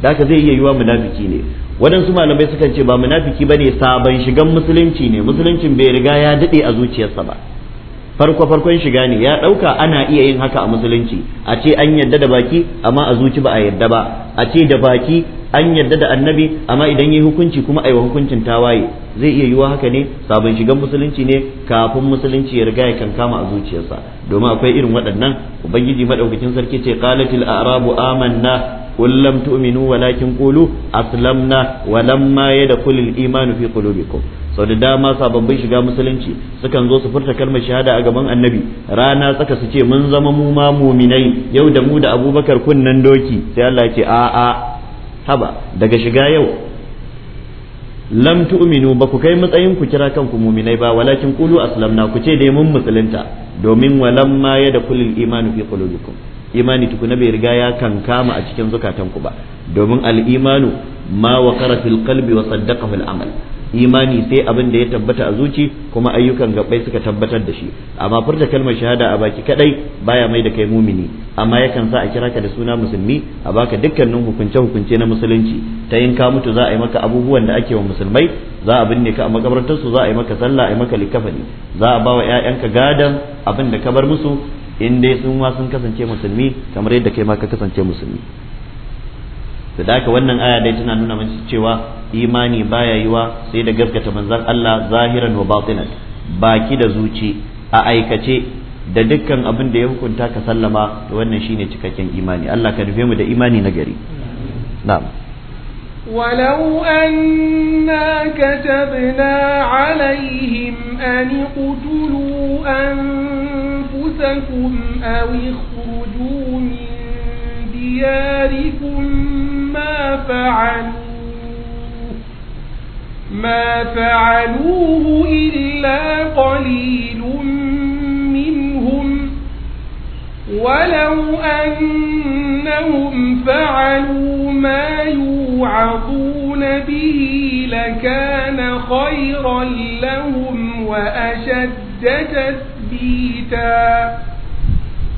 da zai iya yiwa munafiki ne waɗansu malamai sukan ce ba munafiki ba ne sabon shigan musulunci ne musuluncin bai riga ya daɗe a zuciyarsa ba farko farkon shiga ne ya ɗauka ana iya yin haka a musulunci a ce an yadda da baki amma a zuci ba a yadda ba a ce da baki an yadda da annabi amma idan yi hukunci kuma a yi hukuncin tawaye zai iya yiwa haka ne sabon shigan musulunci ne kafin musulunci ya riga ya kankama a zuciyarsa domin akwai irin waɗannan ubangiji madaukakin sarki ce qalatil a'rabu amanna walakin لم تؤمنوا ولكن قولوا أسلمنا yadkhul al-iman fi qulubikum sau da dama sababbin shiga musulunci sukan zo su furta kalmar shahada a gaban annabi rana tsaka su ce mun zama mu ma muminai yau da mu da abubakar kunnan doki sai Allah ce a a haba daga shiga yau lam tu'minu ba ku kai matsayin ku kira kanku muminai ba walakin qulu aslamna ku ce dai mun musulunta domin walamma al imanu fi qulubikum imani tukuna bai riga ya kankama a cikin zukatanku ba domin al-imanu ma waqara fil qalbi wa saddaqa fil amal imani sai abin da ya tabbata a zuci kuma ayyukan gabbai suka tabbatar da shi amma furta kalmar shahada a baki kadai baya mai da kai mumini amma yakan sa a kira ka da suna musulmi a baka dukkanin hukunce hukunce na musulunci ta yin ka mutu za a yi maka abubuwan da ake wa musulmai za a binne ka a makabartar su za a yi maka sallah a yi maka likafani za a bawa ƴaƴanka gadan abin da ka bar musu in dai sun ma sun kasance musulmi kamar yadda kai ma ka kasance musulmi da haka wannan aya dai tana nuna mana cewa imani baya yiwa sai da gaskata manzon Allah zahiran wa batinan baki da zuci a aikace da dukkan abin da ya hukunta ka sallama to wannan shine cikakken imani Allah ka rufe mu da imani na gari na'am ولو أنا كتبنا عليهم أن اقتلوا أنفسكم أو اخرجوا من دياركم ما فعلوا ما فعلوه إلا قليل منهم ولو أنهم فعلوا ما يوعظون به لكان خيرا لهم وأشد تثبيتا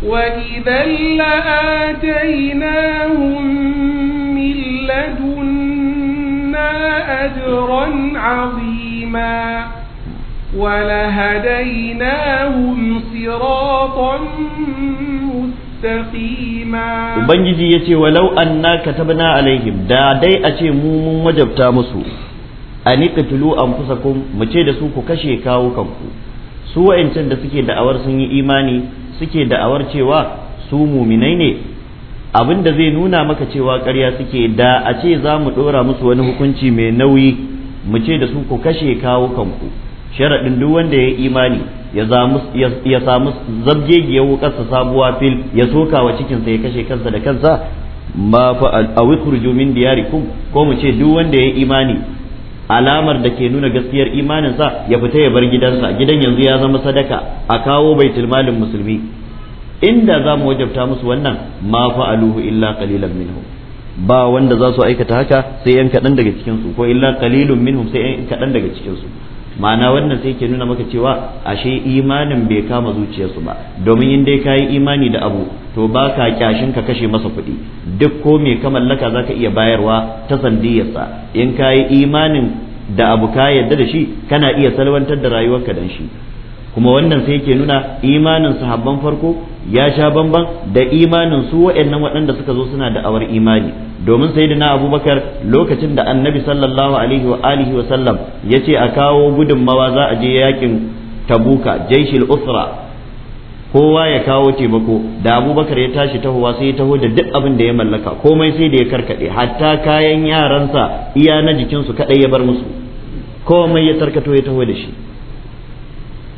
وإذا لآتيناهم من لدنا أجرا عظيما ولهديناهم صراطا مستقيما ubangiji yace walau anna katabna alaihim da dai a ce mu mun wajabta musu an iqtulu anfusakum mu ce da su ku kashe kawo kanku su wa'ancan da suke da'awar sun yi imani suke da'awar cewa su muminai ne abin da zai nuna maka cewa ƙarya suke da a ce za mu ɗora musu wani hukunci mai nauyi mu ce da su ku kashe kawo kanku sharaɗin duk wanda ya yi imani ya samu zabgegiyar wukarsa sabuwa fil ya soka wa cikinsa ya kashe kansa da kansa ma fa a wikurju min diyarikum ko mu ce duk wanda ya yi imani alamar da ke nuna gaskiyar imaninsa ya fita ya bar gidansa gidan yanzu ya zama sadaka a kawo baitul malin musulmi inda za mu wajabta musu wannan ma fa'aluhu illa qalilan minhum ba wanda za su aikata haka sai yan kaɗan daga cikinsu ko illa qalilun minhum sai yan kaɗan daga cikinsu ma'ana wannan sai ke nuna maka cewa ashe imanin bai kama zuciyarsu ba domin in dai kayi imani da abu to ba ka kyashin ka kashe masa kuɗi duk ko mai ka mallaka zaka iya bayarwa ta sandiyarsa in kayi imanin da abu ka yarda da shi kana iya salwantar da rayuwarka dan shi kuma wannan sai yake nuna imanin sahabban farko ya sha bamban da imanin su waɗannan waɗanda suka zo suna da awar imani domin sai na abubakar lokacin da annabi sallallahu alaihi wa alihi wa sallam ya ce a kawo gudunmawa za a je yakin tabuka jaishil usra kowa ya kawo taimako da abubakar ya tashi tahowa sai ya taho da duk abin da ya mallaka komai sai da ya karkaɗe hatta kayan yaransa iya na jikinsu kaɗai ya bar musu komai ya tarkato ya taho da shi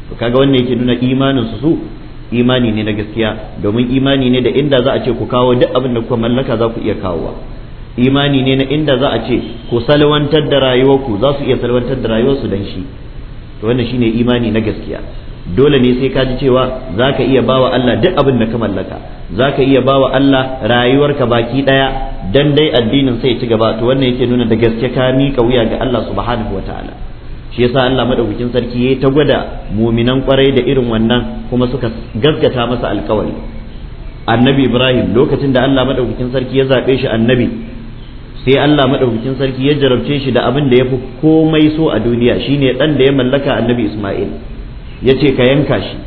to kaga wannan yake nuna imanin su su imani ne na gaskiya domin imani ne da inda za a ce ku kawo duk abin da kuka mallaka za ku iya kawowa imani ne na inda za a ce ku salwantar da rayuwarku za su iya salwantar da rayuwarsu dan shi to wannan shine imani na gaskiya dole ne sai ka ji cewa za ka iya bawa Allah duk abin da ka mallaka za ka iya bawa Allah rayuwarka baki daya dan dai addinin sai ya ci gaba to wannan yake nuna da gaske ka miƙa wuya ga Allah subhanahu wataala shi yasa Allah madaukakin sarki yayi ta gwada muminan kwarai da irin wannan kuma suka gaskata masa alkawari annabi Ibrahim lokacin da Allah madaukakin sarki ya zabe shi annabi sai Allah madaukakin sarki ya jarabce shi da abin da ya fi komai so a duniya shine dan da ya mallaka annabi Ismail yace ka yanka shi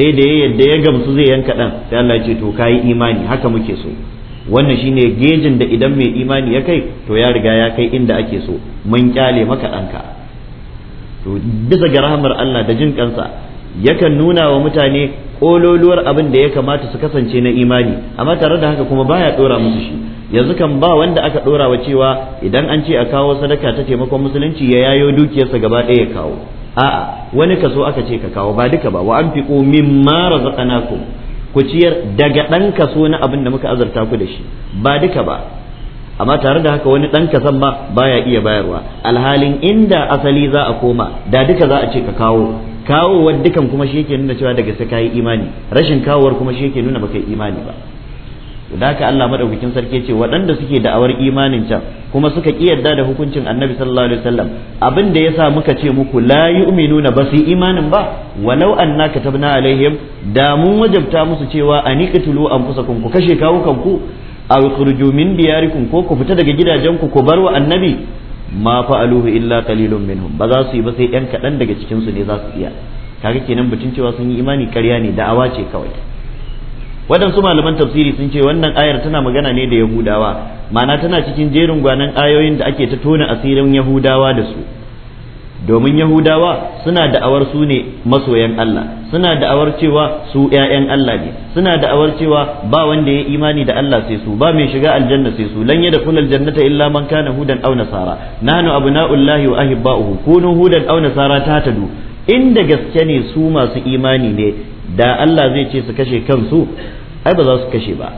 sai da ya yadda ya gamsu zai yanka dan sai Allah ya ce to kai imani haka muke so wannan shine gejin da idan mai imani ya kai to ya riga ya kai inda ake so mun kyale maka ɗanka bisa ga rahamar Allah da jin kansa yakan nuna wa mutane kololuwar abin da ya kamata su kasance na imani amma tare da haka kuma baya dora musu shi yanzu kan ba wanda aka dora wa cewa idan an ce a kawo sadaka ta taimakon musulunci ya yayo dukiyarsa gaba ɗaya ya kawo a'a wani kaso aka ce ka kawo ba duka ba wa anfiqu mimma razaqnakum ku ciyar daga ɗan kaso na abin da muka azurta ku da shi ba duka ba amma tare da haka wani ɗan kasan ma baya iya bayarwa alhalin inda asali za a koma da duka za a ce ka kawo kawowar dukan kuma shi yake nuna cewa daga ka kayi imani rashin kawowar kuma shi yake nuna baka yi imani ba da haka Allah madaukakin sarki ce waɗanda suke da'awar imanin can kuma suka ki yarda da hukuncin Annabi sallallahu alaihi wasallam abin da yasa muka ce muku la yu'minuna ba su imanin ba walau anna katabna alaihim da mun wajabta musu cewa aniqtulu anfusakum ku kashe kawukan ku. aw khurju min diyarikum ko ku fita daga gidajenku ku bar wa annabi ma fa'aluhu illa qalilun minhum ba za su yi ba sai yan kaɗan daga cikin su ne za su iya kaga kenan batun cewa sun yi imani ƙarya ne da'awa ce kawai waɗansu malaman tafsiri sun ce wannan ayar tana magana ne da yahudawa ma'ana tana cikin jerin gwanan ayoyin da ake ta tona asirin yahudawa da su domin yahudawa suna da'awar su ne masoyan Allah suna da'awar cewa su 'ya'yan Allah ne suna da'awar cewa ba wanda ya imani da Allah sai su ba mai shiga aljanna sai su lan kullal jannata illa man kana hudan aw nasara nahnu abna'ullahi wa ahibba'uhu kunu hudan aw nasara tadu inda gaske ne su masu imani ne da Allah zai ce su kashe kansu ai ba za su kashe ba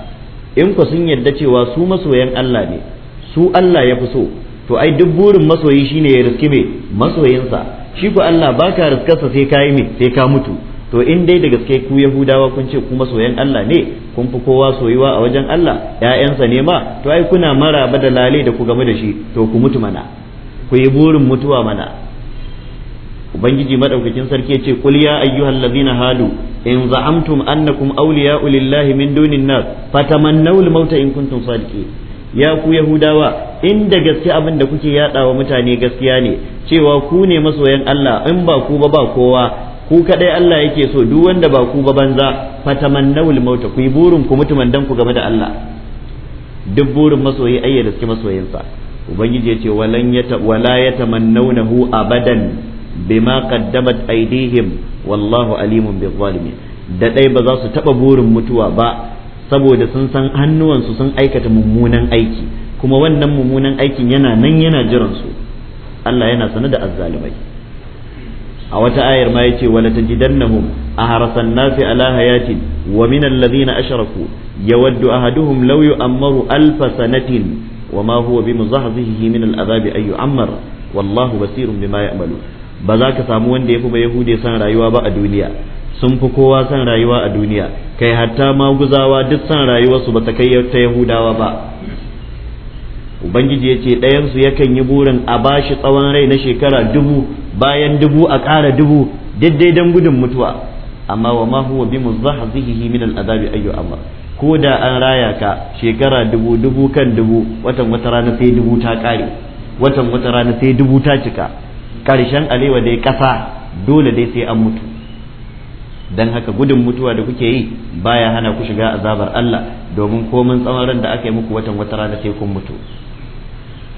in ku sun yarda cewa su masoyan Allah ne su Allah ya fi so to ai duk burin masoyi shine ya riski me masoyinsa shi ko Allah baka riskarsa sai ka yi me sai ka mutu to in dai da gaske ku yahudawa kun ce ku masoyan Allah ne kun fi kowa soyuwa a wajen Allah ƴaƴansa ne ma to ai kuna mara da lale da ku game da shi to ku mutu mana ku yi burin mutuwa mana ubangiji madaukakin sarki ya ce qul ya ladina hadu in za'amtum annakum awliya'u lillahi min dunin nas fatamannawul mauta in kuntum sadiqin ya ku yahudawa in da gaske abin da kuke wa mutane gaskiya ne cewa ku ne masoyan Allah in ba ku ba ba kowa ku kadai Allah yake so duk wanda ba ku ba banza fatamannawul mauta ku yi burin ku mutu mandan ku game da Allah duk burin masoyi ayya suke masoyinsa ubangiji ya ce walan yata wala yatamannawnahu abadan bima qaddamat aydihim wallahu alimun bizzalimin da dai ba za su taba burin mutuwa ba saboda sun san hannuwansu sun aikata mummunan aiki kuma wannan mummunan aikin yana nan yana jiransu. Allah yana sanar da azzalimai a wata ayar ma yace wala tajidannahum ahrasan nasi ala hayatin wa min alladhina ashraku yawaddu ahaduhum law yu'ammaru alf sanatin wa ma huwa bimuzahzihi min al'adabi ay yu'ammar wallahu basirun bima ya'malu ba za ka samu wanda yafi ba yahude san rayuwa ba a duniya sun fi kowa san rayuwa a duniya kai hatta maguzawa duk san rayuwarsu ba ta kai ta yahudawa ba ubangiji ya ce ɗayansu yakan yi burin a bashi tsawon rai na shekara dubu bayan dubu a ƙara dubu daidai don gudun mutuwa amma wa ma huwa bi muzahzihi min al'adabi ayyu amma ko da an raya ka shekara dubu dubu kan dubu watan wata rana sai dubu ta ƙare watan wata rana sai dubu ta cika ƙarshen alewa dai ƙasa dole dai sai an mutu dan haka gudun mutuwa da kuke yi baya hana ku shiga azabar Allah domin komai tsawon ran da aka yi muku watan wata rana sai kun mutu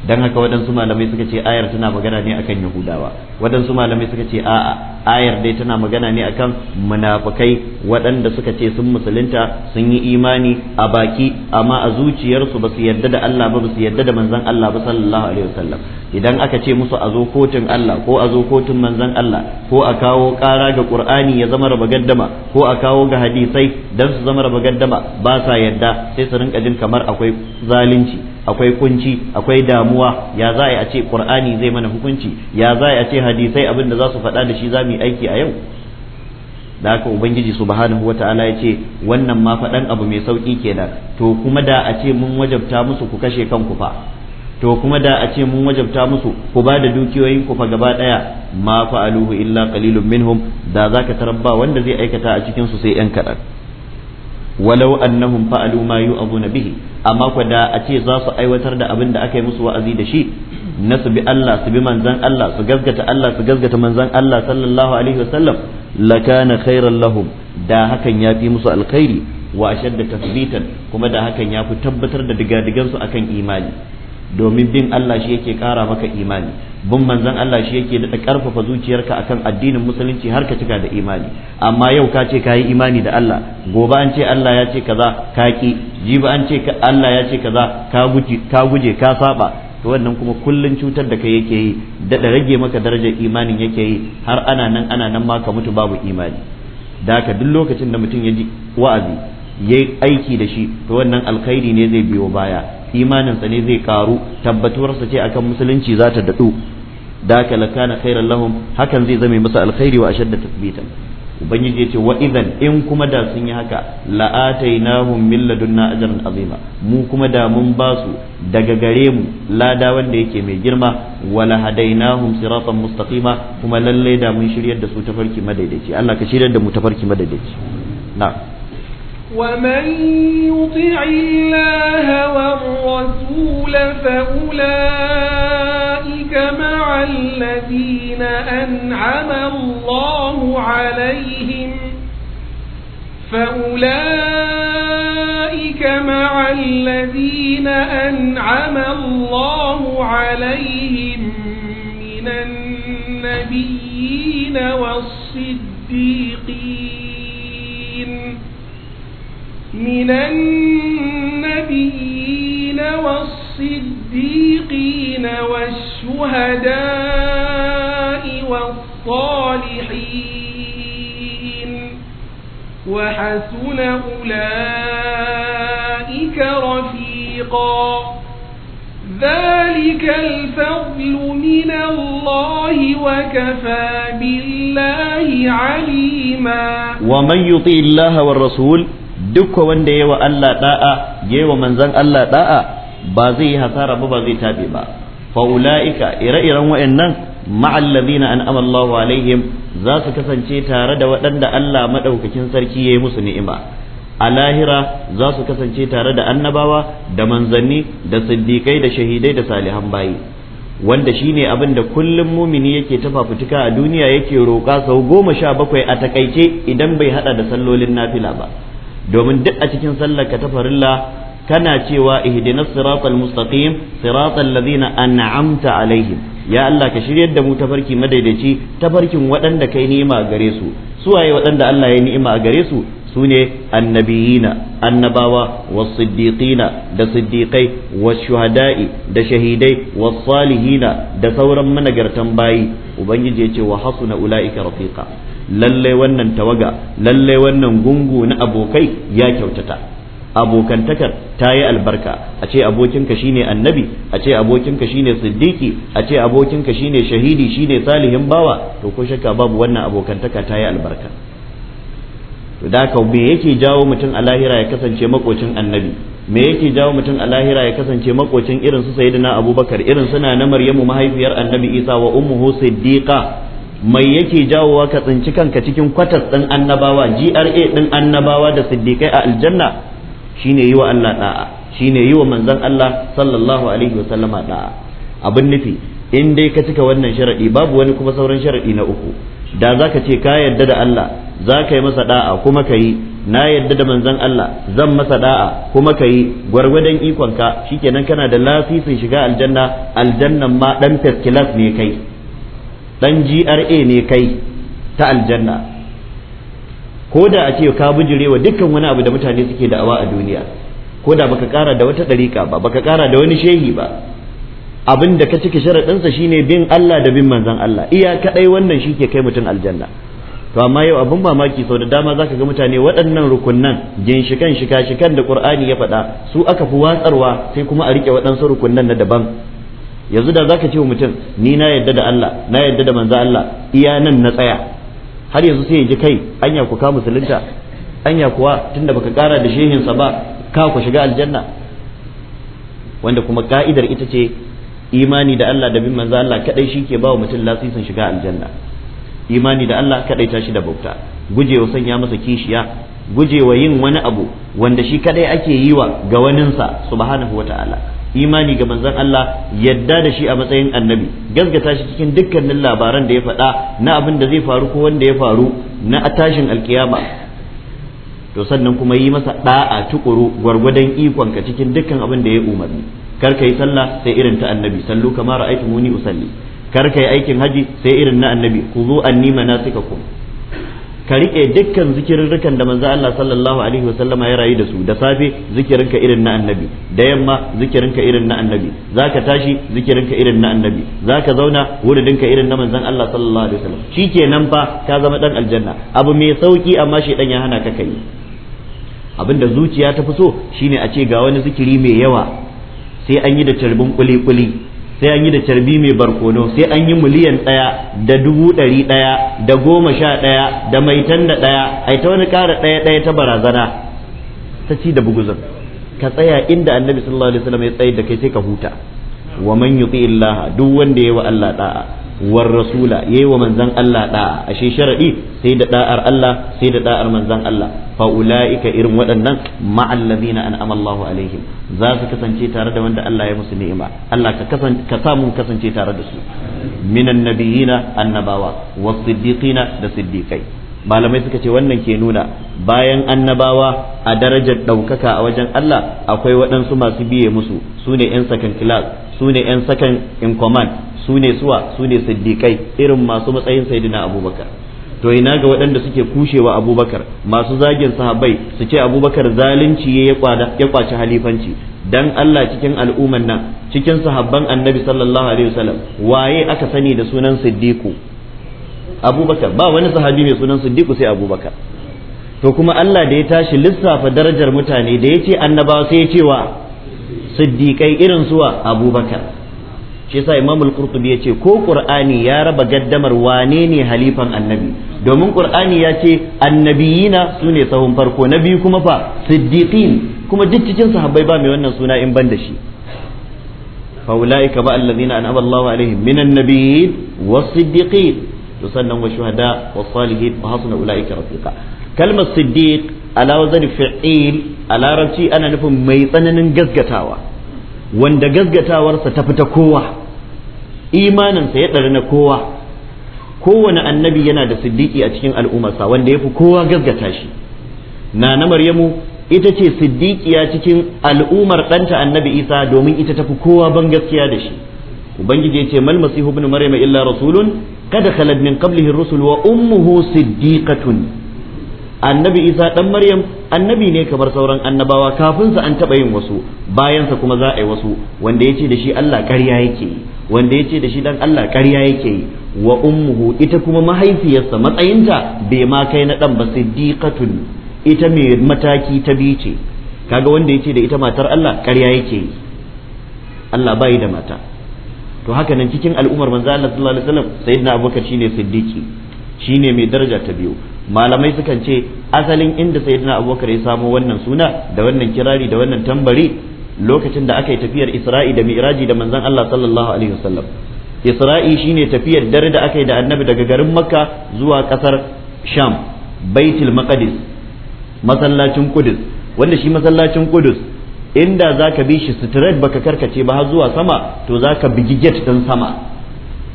dan haka waɗansu malamai suka ce ayar tana magana ne akan yahudawa waɗansu malamai suka ce a'a ayar dai tana magana ne akan munafukai waɗanda suka ce sun musulunta sun yi imani a baki amma a zuciyarsu ba su yarda da Allah ba ba su yarda da manzon Allah ba sallallahu alaihi wasallam idan aka ce musu a zo kotun Allah ko a zo kotun manzon Allah ko a kawo ƙara ga Qur'ani ya zama raba ko a kawo ga hadisai dan su zama raba ba sa yarda sai su rinka jin kamar akwai zalunci akwai kunci akwai damuwa ya za a ce qur'ani zai mana hukunci ya za a ce hadisai abin da za su faɗa da shi za mu yi aiki a yau da haka ubangiji subhanahu ta'ala ya ce wannan ma faɗan abu mai sauƙi kenan to kuma da a ce mun wajabta musu ku kashe kanku fa to kuma da a ce mun wajabta musu ku ba da dukiyoyin ku fa gaba ɗaya ma aluhu illa qalilun minhum da zaka tarabba wanda zai aikata a cikin su sai yan kaɗan walau annahum fa'alu ma yu'azuna bihi amma ku da a ce za su aiwatar da abin da aka yi musu wa'azi da shi na su bi Allah su bi manzan Allah su gaskata Allah su gazgata manzan Allah sallallahu alaihi wasallam lakana khairan lahum da hakan ya fi musu alkhairi wa ashadda tasbitan kuma da hakan ya fi tabbatar da digadigan su akan imani domin bin Allah shi yake kara maka imani bin manzon Allah shi yake da karfafa zuciyarka akan addinin musulunci har ka cika da imani amma yau ka ce kayi imani da Allah gobe an ce Allah ya ce kaza ka ki jibi an ce Allah ya ce kaza ka guje ka guje ka saba to wannan kuma kullun cutar da kai yake yi da rage maka darajar imanin yake yi har ana nan ana nan ma ka mutu babu imani da haka duk lokacin da mutum ya ji wa'azi yayi aiki da shi to wannan alkhairi ne zai biyo baya imaninsa ne zai karu tabbatuwarsa ce akan musulunci za ta daɗu daka lakana khairan lahum hakan zai zame masa alkhairi wa ashadda tathbita ubangiji ya ce wa idan in kuma da sun yi haka la'atainahum min ladunna ajran azima mu kuma da mun ba su daga gare mu lada wanda yake mai girma wa lahadainahum siratan mustaqima kuma lalle da mun shiryar da su tafarki madaidaici Allah ka shiryar da mu tafarki madaidaici na'am ومن يطع الله والرسول فأولئك مع الذين أنعم الله عليهم فأولئك مع الذين أنعم الله عليهم من النبيين والصديقين من النبيين والصديقين والشهداء والصالحين وحسن أولئك رفيقا ذلك الفضل من الله وكفى بالله عليما ومن يطيع الله والرسول duk wanda yayi wa Allah da'a yayi wa manzon Allah da'a ba zai yi hasara ba ba zai tabe ba fa ulaika ire-iren wayannan ma'al ladina an'amallahu Allahu alaihim za su kasance tare da waɗanda Allah madaukakin sarki ya yi musu ni'ima a lahira za su kasance tare da annabawa da manzanni da siddiƙai da shahidai da salihan bayi wanda shine abin da kullum mumini yake ta fafutuka a duniya yake roƙa sau goma sha bakwai a takaice idan bai haɗa da sallolin nafila ba domin duk a cikin sallar ka ta kana cewa ihdina siratal mustaqim siratal ladina an'amta alaihim ya Allah ka shiryar da mu tafarki madaidaici tafarkin waɗanda kai ni'ima a gare su suwaye waɗanda Allah ya ni'ima a gare su sune annabiyina annabawa was da siddiqai washuhada'i da shahidai wasalihina da sauran managartan bayi ubangiji ya ce wa hasuna ulaika rafiqa Lallai wannan tawaga lallai wannan gungu na abokai ya kyautata abokantakar ta yi albarka a ce abokinka shine annabi a ce abokinka shine siddiki a ce abokinka shine shahidi shine salihin bawa to ko shakka babu wannan abokantaka ta yi albarka to da ka me yake jawo mutum a lahira ya kasance makocin annabi me yake jawo mutum a lahira ya kasance makocin irin su sayyidina abubakar irin suna na maryamu mahaifiyar annabi isa wa ummuhu siddiqa mai yake jawowa ka tsinci kanka cikin kwatas ɗin annabawa GRA ɗin annabawa da siddiƙai a aljanna shine yi wa Allah da'a shine yi wa manzon Allah sallallahu alaihi wasallama ɗa'a abin nufi in dai ka cika wannan sharaɗi babu wani kuma sauran sharaɗi na uku da za ka ce ka yarda da Allah za ka yi masa ɗa'a kuma ka yi na yarda da manzan Allah zan masa ɗa'a kuma ka yi gwargwadon ikonka kenan kana da lasisin shiga aljanna aljannan ma ɗan fes ne kai dan GRA ne kai ta aljanna ko da a ce ka bijirewa dukkan wani abu da mutane suke awa a duniya ko da baka kara da wata dariƙa ba baka kara da wani shehi ba abin da ka cike sharaɗinsa shine bin Allah da bin manzon Allah iya kaɗai wannan shi ke kai mutum aljanna to amma yau abin mamaki sau da dama zaka ga mutane waɗannan rukunnan ginshikan shika shikan da Qur'ani ya faɗa su aka fi watsarwa sai kuma a riƙe waɗansu rukunnan na daban yanzu da zaka ce wa mutum ni na yadda da Allah na yadda da manzo Allah iya nan na tsaya har yanzu sai ya ji kai anya ku ka musulunta anya kuwa tunda baka kara da shehin sa ba ka ku shiga aljanna wanda kuma ka'idar ita ce imani da Allah da bin manzo Allah kadai shike ba wa mutum lasisin shiga aljanna imani da Allah kadai tashi da bauta gujewa sanya masa kishiya gujewa yin wani abu wanda shi kadai ake yi wa ga waninsa subhanahu wataala imani ga manzon Allah yadda da shi a matsayin annabi gaskata shi cikin dukkanin labaran da ya faɗa na abin da zai faru ko wanda ya faru na tashin alkiyama to sannan kuma yi masa da'a tukuru gwargwadon ikonka cikin dukkan abin da ya umarni kar ka yi sallah sai irin ta annabi sallu kama ra'aytumuni usalli kar ka yi aikin haji sai irin na annabi ku zo anni manasikakum ka riƙe dukkan zikirrukan da manzo Allah sallallahu alaihi wasallama ya rayu da su da safe zikirinka irin na annabi da yamma zikirinka irin na annabi zaka tashi zikirinka irin na annabi zaka zauna ka irin na manzon Allah sallallahu alaihi wasallam shikenan fa ka zama dan aljanna abu mai sauki amma shi dan ya hana ka kai abinda zuciya ta fi so shine a ce ga wani zikiri mai yawa sai an yi da tarbin kuli kuli sai an yi da carbi mai barkono sai an yi miliyan ɗaya da dubu ɗari ɗaya da goma sha ɗaya da maitan da ɗaya ai ta wani ƙara ɗaya ɗaya ta barazana ta ci da buguzan ka tsaya inda annabi sallallahu alaihi wasallam ya tsayar da kai sai ka huta wa man yuti illaha duk wanda yayi wa Allah da'a war rasula yayi wa manzon Allah da'a ashe sharadi sai da da'ar Allah sai da da'ar manzon Allah fa ulaika irin waɗannan ma'al ladina an'ama Allahu alaihim za su kasance tare da wanda Allah ya musu ni'ima Allah ka kasance ka samu kasance tare da su minan nabiyina annabawa was siddiqina da siddiqai malamai suka ce wannan ke nuna bayan annabawa a darajar ɗaukaka a wajen Allah akwai waɗansu masu biye musu su ne 'yan second class su ne 'yan second in command su ne suwa su ne siddiƙai irin masu matsayin saidina abubakar to ina ga waɗanda suke kushewa abubakar masu zagin sahabbai su ce abubakar zalunci ya kwaci halifanci dan Allah cikin al'umman nan cikin sahabban annabi sallallahu alaihi wasallam waye aka sani da sunan siddiqu abubakar ba wani sahabi mai sunan siddiqu sai abubakar to kuma Allah da ya tashi lissafa darajar mutane da ya ce annabawa sai ya ce wa siddiƙai irin suwa abubakar shi yasa imam al-qurtubi yace ko qur'ani ya raba gaddamar wane ne halifan annabi domin qur'ani ya ce annabiyina sune sahun farko na biyu kuma fa siddiqin kuma duk sahabbai ba mai wannan suna in ban da shi fa ulaika ba alladhina an'ama Allahu alaihim minan nabiyyin was-siddiqin to sannan wa shuhada wa salihin wa hasuna ulaika rafiqa kalmar siddiq ala wazn fi'il a larabci ana nufin mai tsananin gaskatawa wanda gaskatawarsa ta fita kowa imaninsa ya ɗari na kowa kowane annabi yana da siddiƙi a cikin al'ummarsa wanda ya fi kowa gaskata shi na na maryamu ita ce siddiƙiya cikin al'ummar ɗanta annabi isa domin ita tafi kowa ban gaskiya da shi ubangiji ya ce mal masihu ibn maryam illa rasulun kada khalad min qablihi rusul wa ummuhu siddiqatun annabi isa dan maryam annabi ne kamar sauran annabawa kafin an taba yin wasu bayan sa kuma za a yi wasu wanda yace da shi Allah ƙarya yake yi wanda yace da shi dan Allah ƙarya yake yi wa ummuhu ita kuma mahaifiyarsa matsayinta bai ma kai na dan ba siddiqatun ita mai mataki ta biyu ce kaga wanda yace da ita matar Allah ƙarya yake yi Allah bai da mata to haka nan cikin al'ummar manzo Allah sallallahu alaihi wasallam sayyidina Abubakar shine siddiqi shine mai daraja ta biyu malamai sukan ce asalin inda sayyidina abubakar ya samo wannan suna da wannan kirari da wannan tambari lokacin da aka yi tafiyar isra'i da mi'raji da manzon Allah sallallahu alaihi wasallam isra'i shine tafiyar dare da aka yi da annabi daga garin makka zuwa kasar sham baitul maqdis masallacin kudus wanda shi masallacin kudus inda zaka bi shi straight baka karkace ba har zuwa sama to zaka bigi gate din sama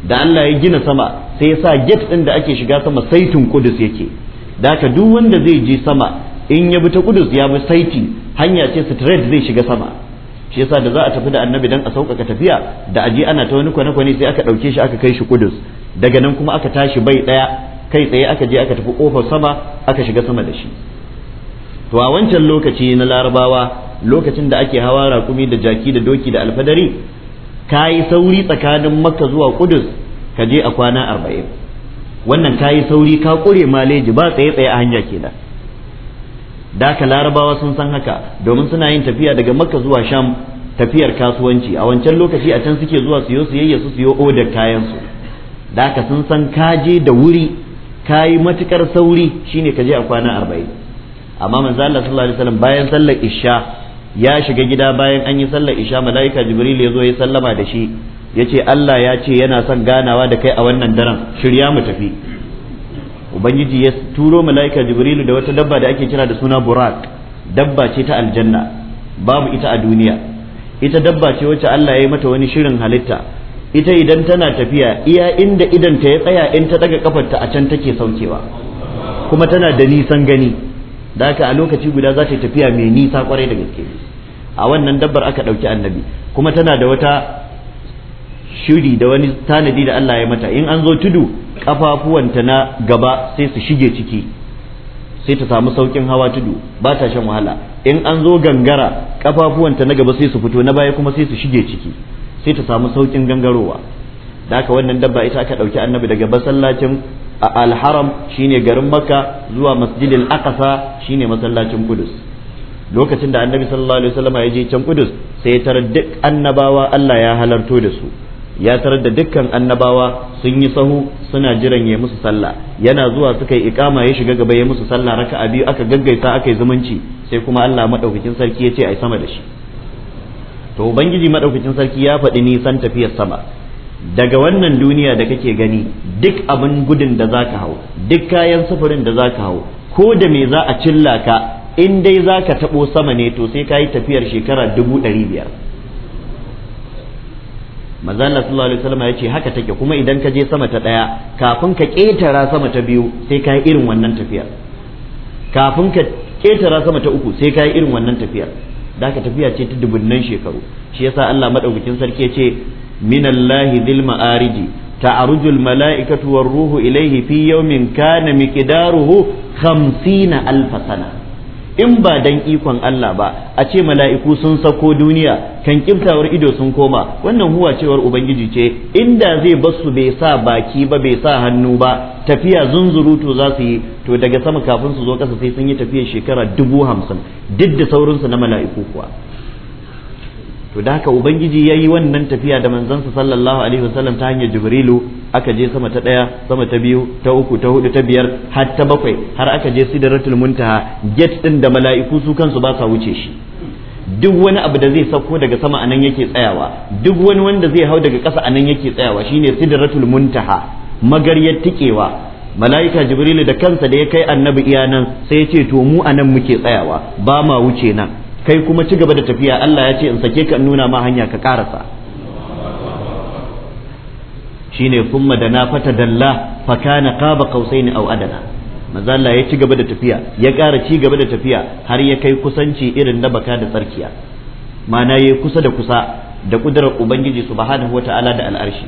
da Allah ya gina sama sai ya sa gate ɗin da ake shiga sama saitin kudus yake da duk wanda zai je sama in ya bi ta kudus ya bi saiti hanya ce straight zai shiga sama shi yasa da za a tafi da annabi dan a sauƙaƙa tafiya da aje ana ta wani kwane-kwane sai aka ɗauke shi aka kai shi kudus daga nan kuma aka tashi bai ɗaya kai tsaye aka je aka tafi ƙofar sama aka shiga sama da shi to a wancan lokaci na larabawa lokacin da ake hawa raƙumi da jaki da doki da alfadari ka yi sauri tsakanin makka zuwa kudus ka je a kwana arba'in wannan ka yi sauri ka ƙure maleji ba tsaye tsaye a hanya kenan da ka larabawa sun san haka domin suna yin tafiya daga makka zuwa sham tafiyar kasuwanci a wancan lokaci a can suke zuwa siyo siyayya su siyo odar kayansu da ka sun san ka je da wuri ka yi matukar sauri shine ka je a kwana arba'in amma manzo Allah sallallahu alaihi wasallam bayan sallar isha ya shiga gida bayan an yi sallar isha mala'ika jibril ya zo ya sallama da shi ya ce Allah ya ce yana son ganawa da kai a wannan daren shirya mu tafi ubangiji ya turo mala'ika jibrilu da wata dabba da ake kira da suna burak dabba ce ta aljanna babu ita a duniya ita dabba ce wacce Allah ya yi mata wani shirin halitta ita idan tana tafiya iya inda idan ta ya tsaya in ta daga kafarta a can take saukewa kuma tana da nisan gani da haka a lokaci guda za ta tafiya mai nisa kwarai da gaske a wannan dabbar aka ɗauki annabi kuma tana da wata shiri da wani tanadi da Allah ya mata in an zo tudu kafafuwanta na gaba sai su shige ciki sai ta samu saukin hawa tudu ba ta shan wahala in an zo gangara kafafuwanta na gaba sai su fito na baya kuma sai su shige ciki sai ta samu saukin gangarowa da haka wannan dabba ita aka ɗauki annabi daga masallacin alharam shine garin makka zuwa masjidil aqsa shine masallacin kudus lokacin da annabi sallallahu alaihi wasallam ya je can kudus sai tara duk annabawa Allah ya halarto da su ya tarar da dukkan annabawa sun yi sahu suna jiran ya musu sallah yana zuwa suka yi ikama ya shiga gaba ya musu sallah raka biyu aka gaggaita aka yi zumunci sai kuma Allah madaukakin sarki ya ce ai sama da shi to ubangiji madaukakin sarki ya faɗi nisan tafiyar sama daga wannan duniya da kake gani duk abin gudun da zaka hau duk kayan sufurin da zaka hau ko da me za a cilla ka in dai zaka tabo sama ne to sai kayi tafiyar shekara dubu ɗari biyar manzon Allah sallallahu alaihi wasallam ya ce haka take kuma idan ka je sama ta daya kafin ka ketara sama ta biyu sai ka yi irin wannan tafiyar kafin ka ketara sama ta uku sai ka yi irin wannan tafiyar da ka tafiya ce ta dubunnan shekaru shi yasa Allah madaukakin sarki yace minallahi dhil ma'ariji ta'aruju al-mala'ikatu war-ruhu ilayhi fi yawmin kana miqdaruhu 50 alf sana in ba dan ikon Allah ba a ce mala'iku sun sako duniya kan kimtawar ido sun koma wannan huwa cewar ubangiji ce inda zai basu bai sa baki ba bai sa hannu ba tafiya zunzurutu za su yi to daga sama kafin su zo kasa sai sun yi tafiya shekara dubu hamsin duk da saurinsu na mala'iku kuwa to da haka ubangiji ya yi wannan tafiya da manzansa sallallahu alaihi wasallam ta hanyar jibrilu aka je sama ta ɗaya sama ta biyu ta uku ta hudu ta biyar har ta bakwai har aka je sidratul muntaha gate din da mala'iku su kansu ba sa wuce shi duk wani abu da zai sauko daga sama anan yake tsayawa duk wani wanda zai hau daga ƙasa anan yake tsayawa shine sidratul muntaha magaryar tikewa mala'ika jibrilu da kansa da ya kai annabi iyanan sai ya ce to mu anan muke tsayawa ba ma wuce nan kai kuma ci gaba da tafiya Allah ya ce in sake ka in nuna ma hanya ka karasa shine da na fata dalla fa kana qaba qausain aw adana manzo Allah ya ci gaba da tafiya ya ƙara ci gaba da tafiya har ya kai kusanci irin na baka da tsarkiya mana ya kusa da kusa da kudrar ubangiji subhanahu wata'ala da al'arshi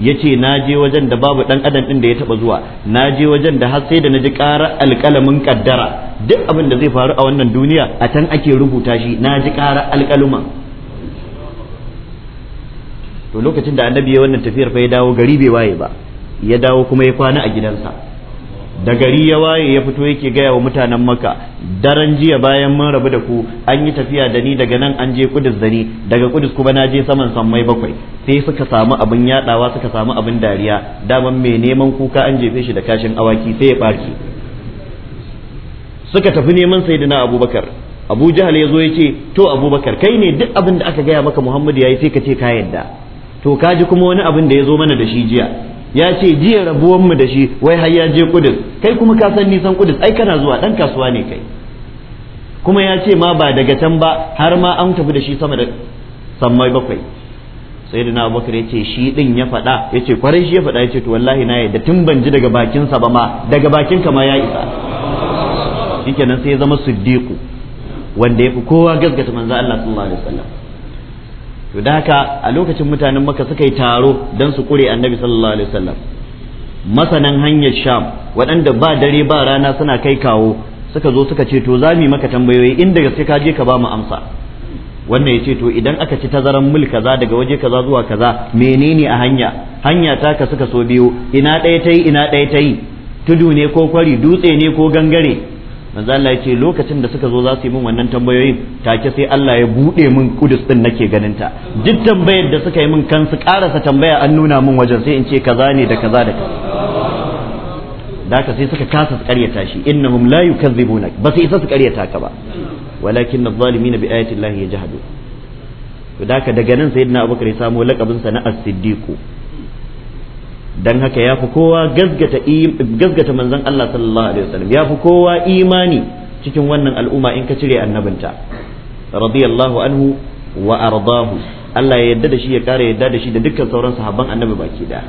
yace na je wajen da babu dan adam ɗin da ya taɓa zuwa na je wajen da har sai da naji ƙara alƙalamin kaddara duk abin da zai faru a wannan duniya a can ake rubuta shi na ji ƙara alƙaluma to lokacin da annabi ya wannan tafiyar fa ya dawo gari bai waye ba ya dawo kuma ya kwana a gidansa da gari ya waye ya fito yake gaya wa mutanen maka daren jiya bayan mun rabu da ku an yi tafiya da ni daga nan an je kudus da ni daga kudus kuma na je saman sammai bakwai sai suka samu abin yadawa suka samu abin dariya daman mai neman kuka an jefe shi da kashin awaki sai ya barke suka tafi neman sayyidina abubakar abu jahal ya zo ya ce to abubakar kai ne duk abin da aka gaya maka muhammadu ya yi sai ka ce ka yadda to kaji kuma wani abin da ya zo mana da shi jiya ya ce jiya rabuwan mu da shi wai har ya je kudus kai kuma ka san nisan kudus ai kana zuwa dan kasuwa ne kai kuma ya ce ma ba daga can ba har ma an tafi da shi sama da sammai bakwai sai da abubakar ya ce shi din ya faɗa ya ce kwarai shi ya faɗa ya ce to wallahi na yadda tun ban ji daga bakinsa ba ma daga bakinka ma ya isa shikenan sai ya zama siddiqu wanda ya fi kowa gaskata manzo Allah sallallahu alaihi wasallam to da haka a lokacin mutanen maka suka yi taro don su kure annabi sallallahu alaihi wasallam masanan hanyar sham waɗanda ba dare ba rana suna kai kawo suka zo suka ce to za mu maka tambayoyi inda gaske ka je ka ba mu amsa wannan ya ce to idan aka ci tazaran mul kaza daga waje kaza zuwa kaza menene a hanya hanya ta ka suka so biyu ina ɗaya ta yi ina ɗaya ta yi tudu ne ko kwari dutse ne ko gangare manzo Allah yace lokacin da suka zo za su yi min wannan tambayoyin take sai Allah ya bude min kudus din nake ganin ta duk tambayar da suka yi min kan su karasa tambaya an nuna min wajen sai in ce kaza ne da kaza da kaza da haka sai suka kasa su karyata shi innahum la yukazzibuna ba su isa su karyata ka ba walakin adh-dhalimin bi ayati Allah yajhadu to da haka daga nan sayyidina Abubakar ya samu lakabin sa na as dan haka ya fi kowa gazgata manzon Allah sallallahu alaihi wasallam ya fi kowa imani cikin wannan al'umma in ka cire annabinta radiyallahu anhu wa ardahu Allah ya yarda da shi ya kare yarda da shi da dukkan sauran sahabban annabi baki da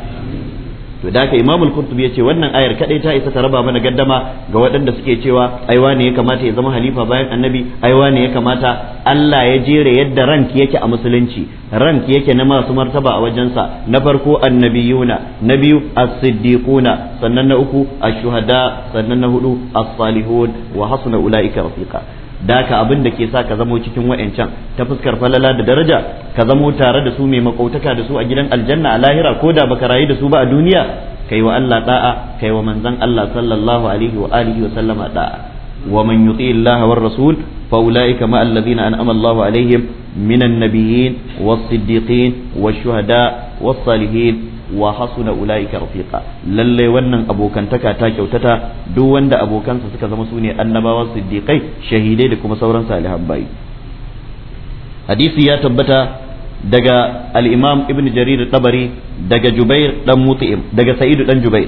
to da ka imamul qurtubi yace wannan ayar kadai ta isa ta raba mana gaddama ga waɗanda suke cewa ai wane ya kamata ya zama halifa bayan annabi ai wane ya kamata Allah ya jere yadda ranki yake a musulunci ranki yake na masu martaba a wajensa na farko annabiyuna na biyu as-siddiquna sannan na uku ash-shuhada sannan na hudu as-salihun wa hasuna ulaika rafiqa da ka abin da ke sa ka zamo cikin wa'ancan ta fuskar falala da daraja ka zamo tare da su mai makautaka da su a gidan aljanna a lahira ko da baka rayu da su ba a duniya kai wa Allah da'a kai wa manzon Allah sallallahu alaihi wa alihi wa sallama da'a wa man yuti Allah war rasul fa ulaika ma alladhina an'ama Allah alaihim minan nabiyyin was siddiqin wash shuhada was salihin wa hasuna ulaika rafiqa lalle wannan abokantaka ta kyautata duk wanda abokansa suka zama ne annabawa siddiqai shahidai da kuma sauran salihan bayi hadisi ya tabbata daga al-imam ibn jarir tabari daga jubair dan mut'im daga sa'idu dan jubair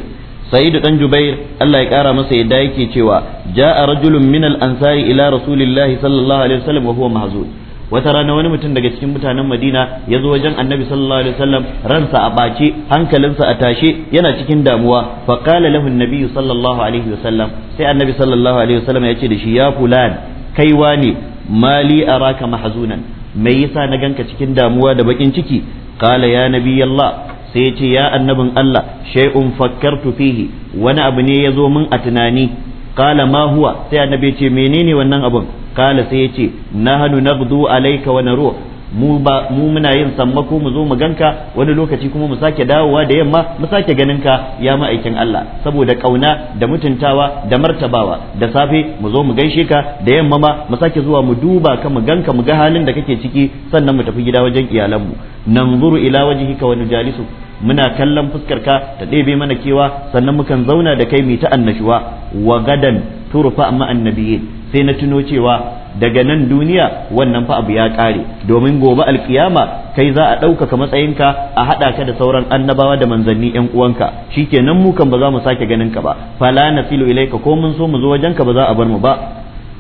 sa'idu dan jubair Allah ya kara masa yadda yake cewa ja'a rajulun min al-ansari ila rasulillahi sallallahu alaihi wasallam wata rana wani mutum daga cikin mutanen madina ya zo wajen annabi sallallahu alaihi wasallam ransa a ɓace hankalinsa a tashe yana cikin damuwa fa qala lahu annabi sallallahu alaihi wasallam sai annabi sallallahu alaihi wasallam ya ce da shi ya fulan kai wane mali araka mahzunan me yasa na ganka cikin damuwa da bakin ciki qala ya nabiyallah sai ya ce ya annabin Allah shay'un fakkartu fihi wani abu ne ya zo min a tunani qala ma huwa sai annabi ya ce menene wannan abun kala sai yace hannu na alayka wa naruh wani ruwa mu muna yin sammako mu zo mu ganka wani lokaci kuma mu sake dawowa da yamma mu sake ganin ka ya ma'aikin Allah saboda kauna da mutuntawa da martabawa da safe mu zo mu gaishe ka da yamma ma mu sake zuwa mu duba ka mu ganka mu ga halin da kake ciki sannan mu tafi gida wajen iyalanmu nanzuru ila wajhika wani nujalisu muna kallon fuskar ka ta ɗebe mana kewa sannan mukan zauna da kai mu ta annashuwa wa gadan turfa ma annabiyin sai na tuno cewa daga nan duniya wannan fa abu ya kare domin gobe alkiyama kai za a ɗaukaka matsayinka a haɗa ka da sauran annabawa da manzanni yan uwanka shikenan mu kan ba za mu sake ganin ka ba fala nasilu ilaika ko mun so mu zo wajen ka ba za a bar mu ba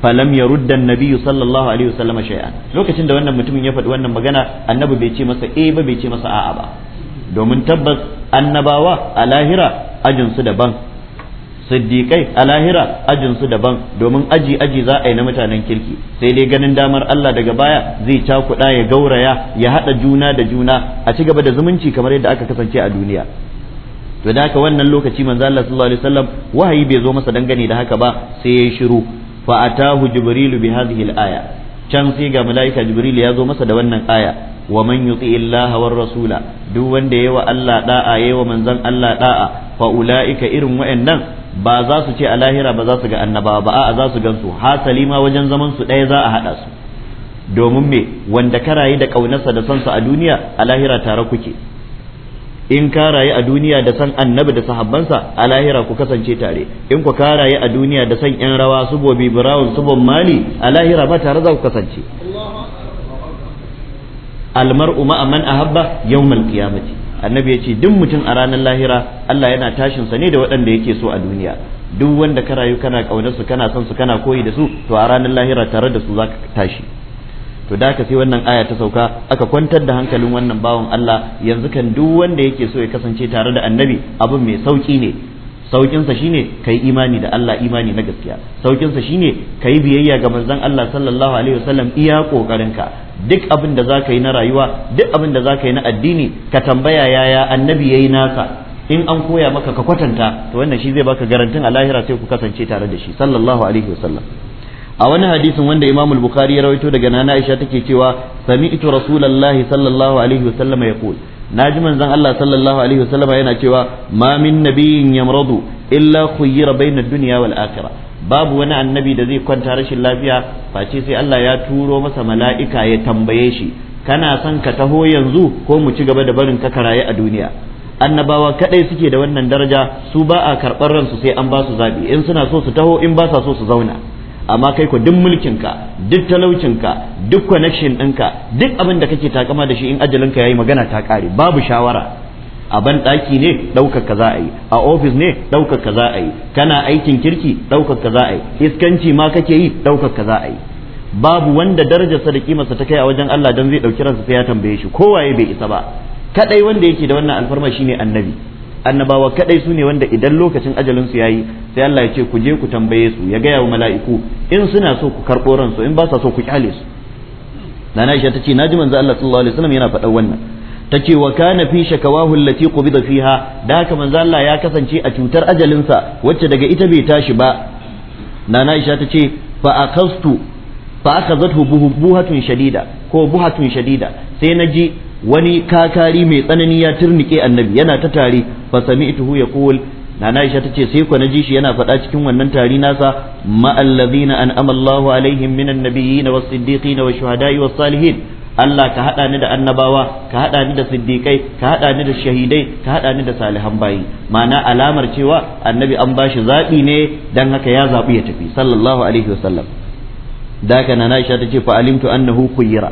falam ya ruddan nabiyyu sallallahu alaihi wasallam shay'an lokacin da wannan mutumin ya faɗi wannan magana annabi bai ce masa eh ba bai ce masa a'a ba domin tabbas annabawa a lahira ajin su daban siddiƙai a lahira ajinsu daban domin aji aji za a yi na mutanen kirki sai dai ganin damar Allah daga baya zai cakuɗa ya gauraya ya haɗa juna da juna a ci gaba da zumunci kamar yadda aka kasance a duniya to da haka wannan lokaci manzo Allah sallallahu alaihi wasallam wahayi bai zo masa dangane da haka ba sai ya shiru fa atahu jibrilu bi hadhihi al-aya can sai ga malaika jibril ya zo masa da wannan aya wa man yuti illaha war rasula duk wanda yayi wa Allah da'a yayi wa manzon Allah da'a fa ulaika irin wayannan ba za su ce a lahira ba za su ga annabawa ba a'a za su gansu hasali ma wajen zaman su ɗaya za a haɗa su domin me wanda ka rayu da ƙaunarsa da sansa a duniya a lahira tare kuke in ka rayu a duniya da san annabi da sahabbansa a lahira ku kasance tare in ku ka rayu a duniya da san yan rawa su bobi brown su mali a lahira ba tare za ku kasance almar'u ma'a man ahabba yawmal qiyamati annabi ya ce duk mutum a ranar lahira Allah yana tashin sa ne da waɗanda yake so a duniya duk wanda ka rayu kana kaunar su kana son su kana koyi da su to a ranar lahira tare da su zaka tashi to da ka sai wannan aya ta sauka aka kwantar da hankalin wannan bawan Allah yanzu kan duk wanda yake so ya kasance tare da annabi abin mai sauki ne saukinsa shine yi imani da Allah imani na gaskiya saukinsa shine yi biyayya ga manzon Allah sallallahu alaihi wasallam iya kokarinka duk abin da zaka yi na rayuwa duk abin da zaka yi na addini ka tambaya yaya annabi yayi nasa in an koya maka ka kwatanta to wannan shi zai baka garantin a lahira sai ku kasance tare da shi sallallahu alaihi wasallam a wani hadisin wanda Imam al-Bukhari ya rawaito daga Nana Aisha take cewa sami'tu Rasulullahi sallallahu alaihi wasallam yaqul na ji manzon Allah sallallahu alaihi wasallam yana cewa ma min nabiyyin yamradu illa khuyyira bayna dunya wal akhirah babu wani annabi da zai kwanta rashin lafiya face sai Allah ya turo masa mala'ika ya tambaye shi kana son ka taho yanzu ko mu ci gaba da barin ka karaye a duniya annabawa kadai suke da wannan daraja su ba a karɓar ransu sai an ba su zaɓi in suna so su taho in ba sa so su zauna amma kai ku duk mulkinka duk ka duk connection ɗinka duk abin da kake takama da shi in ajalinka yayi magana ta ƙare babu shawara a ban ɗaki ne ɗaukar ka za a yi a ofis ne ɗaukar ka za a yi kana aikin kirki ɗaukar ka za a yi iskanci ma kake yi ɗaukar ka za a yi babu wanda darajarsa da kimarsa ta kai a wajen Allah dan zai ɗauki ransa sai ya tambaye shi kowaye bai isa ba kadai wanda yake da wannan alfarma shine annabi annabawa kadai su ne wanda idan lokacin ajalin su yayi sai Allah ya ce ku je ku tambaye su ya gaya wa mala'iku in suna so ku karɓo ransu in ba sa so ku kyale su nana Aisha tace naji manzo Allah sallallahu alaihi wasallam yana faɗa wannan tace wa kana fi shakawahu allati qubida fiha da haka manzo Allah ya kasance a cutar ajalin sa wacce daga ita bai tashi ba nana Aisha tace fa akhastu fa akhadhathu buhatun shadida ko buhatun shadida sai naji wani kakari mai tsanani ya turnike annabi yana ta tari fa sami'tuhu yaqul nana Aisha tace sai ku naji shi yana faɗa cikin wannan tari nasa ma allazina an'ama Allahu alaihim minan nabiyyin was-siddiqin wash-shuhada'i was-salihin Allah ka haɗa ni da annabawa ka haɗa ni da siddiƙai ka haɗa ni da shahidai ka haɗa ni da salihan bayi ma'ana alamar cewa annabi an bashi zaɓi ne dan haka ya zaɓi ya tafi sallallahu alaihi wasallam da haka Nana Aisha ta ce fa alimtu annahu kuyira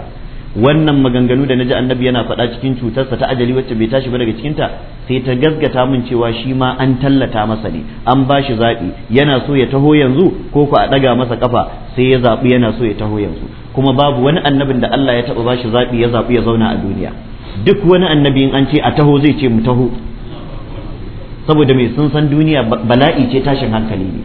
wannan maganganu da naji annabi yana faɗa cikin cutarsa ta ajali wacce bai tashi ba daga cikinta sai ta gaskata min cewa shi ma an tallata masa ne an bashi shi zaɓi yana so ya taho yanzu ko ku a ɗaga masa kafa sai ya zaɓi yana so ya taho yanzu kuma babu wani annabin da Allah ya taɓa ba shi zaɓi ya zaɓi ya zauna a duniya duk wani annabi in an ce a taho zai ce mu taho saboda mai sun san duniya bala'i ce tashin hankali ne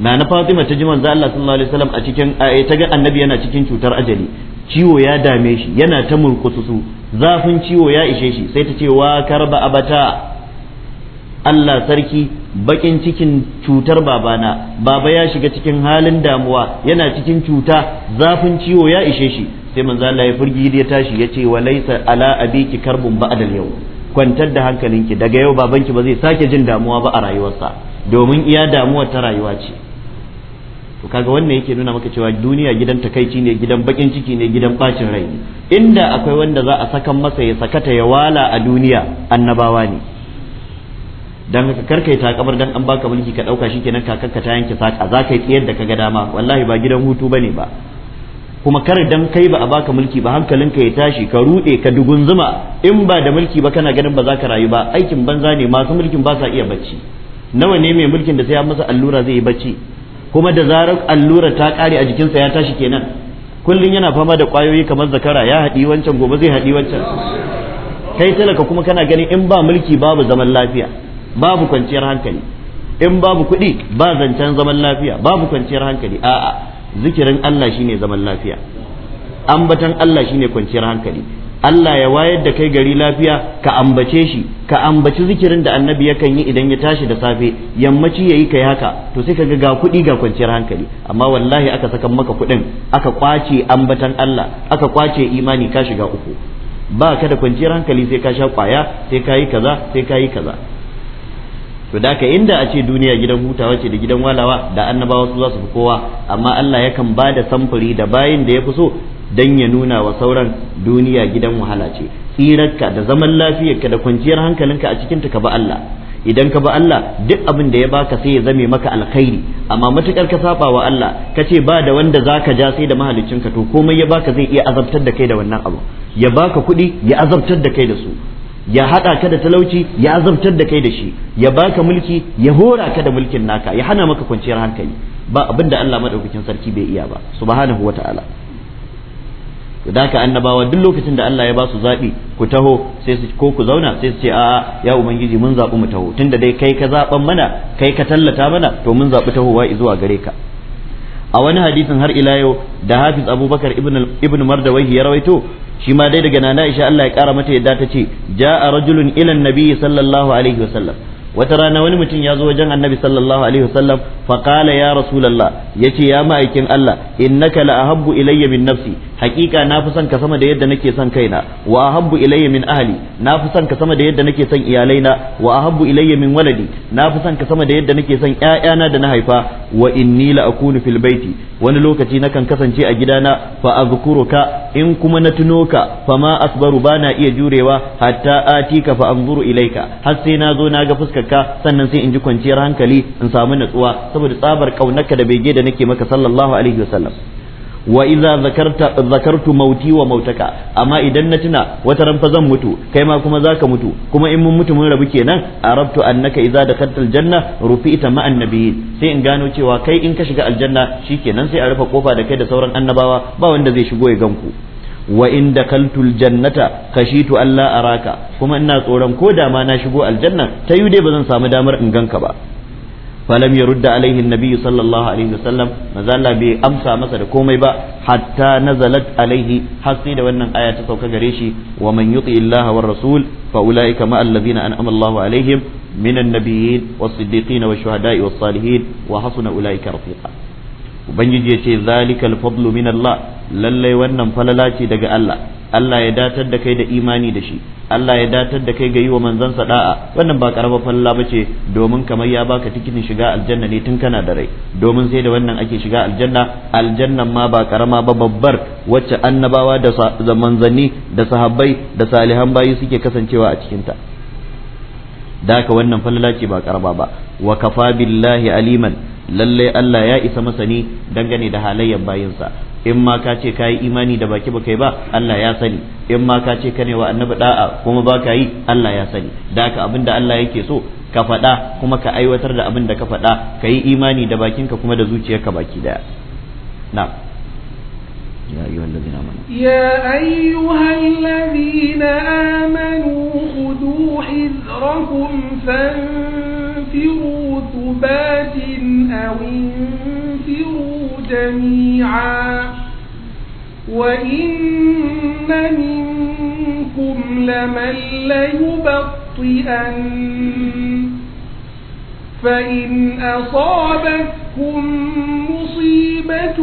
na na Fatima ta ji manzo Allah sallallahu alaihi wasallam a cikin ta ga annabi yana cikin cutar ajali ciwo ya dame shi yana ta su zafin ciwo ya ishe shi sai ta ce wa karba abata Allah sarki bakin cikin cutar babana baba ya shiga cikin halin damuwa yana cikin cuta zafin ciwo ya ishe shi sai manzo Allah ya furgi ya tashi ya ce wa laisa ala abiki karbun ba'dal yau kwantar da hankalinki daga yau babanki ba zai sake jin damuwa ba a rayuwarsa domin iya damuwa ta rayuwa ce to kaga wannan yake nuna maka cewa duniya gidan takaici ne gidan bakin ciki ne gidan bacin rai inda akwai wanda za a sakan masa ya sakata ya wala a duniya annabawa ne dan ka karkai takabar dan an baka mulki ka dauka shikenan ka ta yanke saka za ka yi tsiyar da kaga dama wallahi ba gidan hutu bane ba kuma kar dan kai ba a baka mulki ba hankalinka ya tashi ka rude ka dugun zuma in ba da mulki ba kana ganin ba za ka rayu ba aikin banza ne masu mulkin ba sa iya bacci nawa ne mai mulkin da sai an masa allura zai yi bacci kuma da zarar allura ta kare a jikinsa ya tashi kenan kullum yana fama da kwayoyi kamar zakara ya haɗi wancan gobe zai haɗi wancan kai talaka kuma kana ganin in ba mulki babu zaman lafiya babu kwanciyar hankali in babu kuɗi ba zancen zaman lafiya babu kwanciyar hankali a'a zikirin Allah shine zaman lafiya ambatan Allah shine kwanciyar hankali Allah ya wayar da kai gari lafiya ka ambace shi ka ambaci zikirin da annabi yakan yi idan ya tashi da safe yammaci ya yayi kai haka to sai ka ga kuɗi ga kwanciyar hankali amma wallahi aka saka maka kuɗin aka kwace ambatan Allah aka kwace imani ka shiga uku ba ka da kwanciyar hankali sai ka sha kwaya sai ka yi kaza sai ka yi kaza to da inda a ce duniya gidan hutawa ce da gidan walawa da annabawa su za su fi kowa amma Allah yakan ba da samfuri da bayin da ya fi so dan ya nuna wa sauran duniya gidan wahala ce tsirarka da zaman lafiyarka da kwanciyar hankalinka a cikin ta ka ba Allah idan ka ba Allah duk abin da ya baka sai ya zame maka alkhairi amma matukar ka saba wa Allah ka ce ba da wanda zaka ja sai da mahaliccin ka to komai ya baka zai iya azabtar da kai da wannan abu ya baka kuɗi ya azabtar da kai da su ya haɗa ka da talauci ya azabtar da kai da shi ya baka mulki ya hora ka da mulkin naka ya hana maka kwanciyar hankali ba abin da Allah madaukakin sarki bai iya ba subhanahu wata'ala to da ka annabawa duk lokacin da Allah ya ba su zaɓi ku taho sai su ko ku zauna sai su ce a'a ya ubangiji mun zaɓi mu taho tunda dai kai ka zaɓan mana kai ka tallata mana to mun zaɓi tahowa zuwa gare ka a wani hadisin har ila yau da Hafiz Abubakar ibn ibn Mardawahi ya rawaito shi ma dai daga nana Aisha Allah ya kara mata yadda ta ce ja'a rajulun ila nabiyyi sallallahu alaihi wasallam wata rana wani mutum ya zo wajen annabi sallallahu alaihi wasallam fa qala ya rasulullah yace ya ma'aikin Allah innaka la ahabbu ilayya min nafsi hakika na fi son ka sama da yadda nake son kaina wa ahabbu ilayya min ahli na fi son ka sama da yadda nake son iyalaina wa ahabbu ilayya min waladi na fi son ka sama da yadda nake son ƴaƴana da na haifa wa inni la akunu fil baiti wani lokaci nakan kasance a gidana fa azkuruka in kuma na tuno ka fa ma asbaru bana iya jurewa hatta atika fa anzuru ilayka har sai na zo na ga fuskar ka sannan sai in ji kwanciyar hankali in samu natsuwa saboda tsabar kaunarka da bege da nake maka sallallahu alaihi wasallam wa idza zakarta zakartu mauti wa mautaka amma idan na tuna wata ran fa zan mutu kai ma kuma zaka mutu kuma in mun mutu mun rabu kenan arabtu annaka idza dakalta aljanna rufi'ta ma'an nabiyyin sai in gano cewa kai in ka shiga aljanna shikenan sai a rufe kofa da kai da sauran annabawa ba wanda zai shigo ya ganku wa in kaltul jannata kashitu a araka kuma ina tsoron ko da ma na shigo aljanna ta yi dai ba zan samu damar in ganka ba falam yarudda alaihi annabi sallallahu alaihi wasallam manzo Allah bai amsa masa da komai ba hatta nazalat alaihi har da wannan aya ta sauka gare shi wa man yuti illaha war rasul fa ulaika ma alladhina an'ama Allahu alaihim minan nabiyyin was siddiqin wash shuhada'i was salihin wa hasuna ulaika rafiqa ubangiji ya ce zalikal fadlu min Allah lallai wannan falala ce daga Allah Allah ya datar da kai da imani da shi Allah ya datar da kai ga yiwa wa manzansa da'a wannan ba karaba falala ba ce domin kamar ya baka tikitin shiga aljanna ne tun kana da rai domin sai da wannan ake shiga aljanna aljannan ma ba karama ba babbar wacce annabawa da manzanni da sahabbai da salihan bayi suke kasancewa a cikinta da haka wannan falala ce ba karama ba wa kafa billahi aliman lalle Allah ya isa masani dangane da halayyar bayinsa in ma ka ce kayi imani da baki baka yi ba Allah ya sani in ma ka ce kane wa annabi da'a kuma baka yi Allah ya sani da haka abin da Allah yake so ka faɗa kuma ka aiwatar da abin da ka faɗa ka yi imani da bakinka kuma da zuciyarka baki daya na'am يا أيها الذين آمنوا يا أيها الذين آمنوا خذوا حذركم فانفروا انفروا ثبات أو انفروا جميعا وإن منكم لمن ليبطئن فإن أصابتكم مصيبة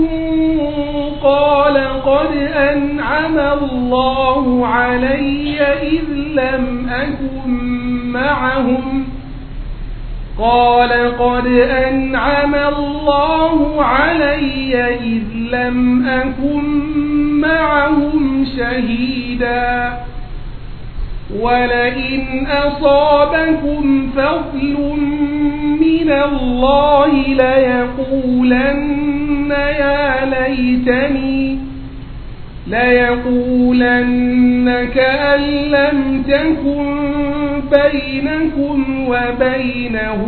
قال قد أنعم الله علي إذ لم أكن معهم قال قد أنعم الله علي إذ لم أكن معهم شهيدا ولئن أصابكم فضل من الله ليقولن يا ليتني ليقولن كأن لم تكن بينكم وبينه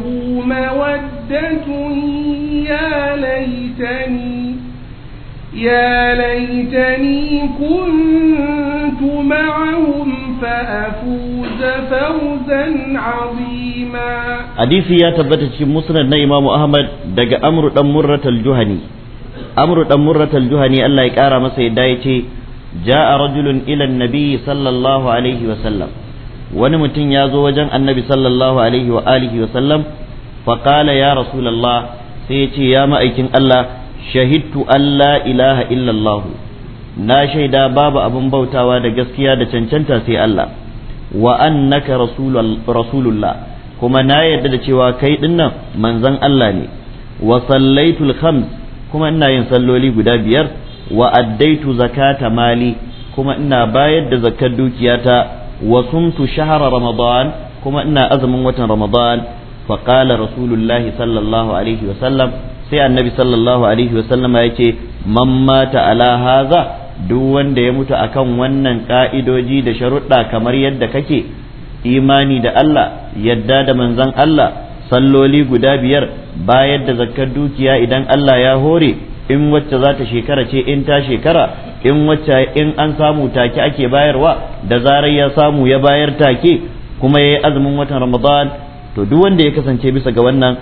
مودة يا ليتني يا ليتني كنت معهم فأفوز فوزا عظيما حديث يا تبتت مسند إمام أحمد دق أمر أمرة الجهني amru dan murratal juhani Allah ya kara masa yadda yace ja ja'a rajulun ila annabi sallallahu alaihi wa sallam wani mutum ya zo wajen annabi sallallahu alaihi wa alihi wa sallam fa qala ya rasulullah sai ya ce ya ma'aikin Allah shahidtu alla ilaha illallah na shaida babu abin bautawa da gaskiya da cancanta sai Allah wa annaka rasulullah kuma na yarda da cewa kai dinnan manzon Allah ne wa sallaitul khams kuma ina yin salloli guda biyar wa addaitu zakata mali kuma ina bayar da zakar dukiyata wa sumtu shahara ramadan kuma ina azumin watan ramadan fa qala rasulullahi sallallahu alaihi wa sallam sai annabi sallallahu alaihi wa sallam ya man mata ala haza duk wanda ya mutu akan wannan ka'idoji da sharuɗa kamar yadda kake imani da Allah yadda da manzon Allah salloli guda biyar bayar da zakkar dukiya idan Allah ya hore in wacce za ta shekara ce in ta shekara in wacce in an samu take ake bayarwa da zarar ya samu ya bayar take kuma ya yi azumin watan ramadan to duk wanda ya kasance bisa ga wannan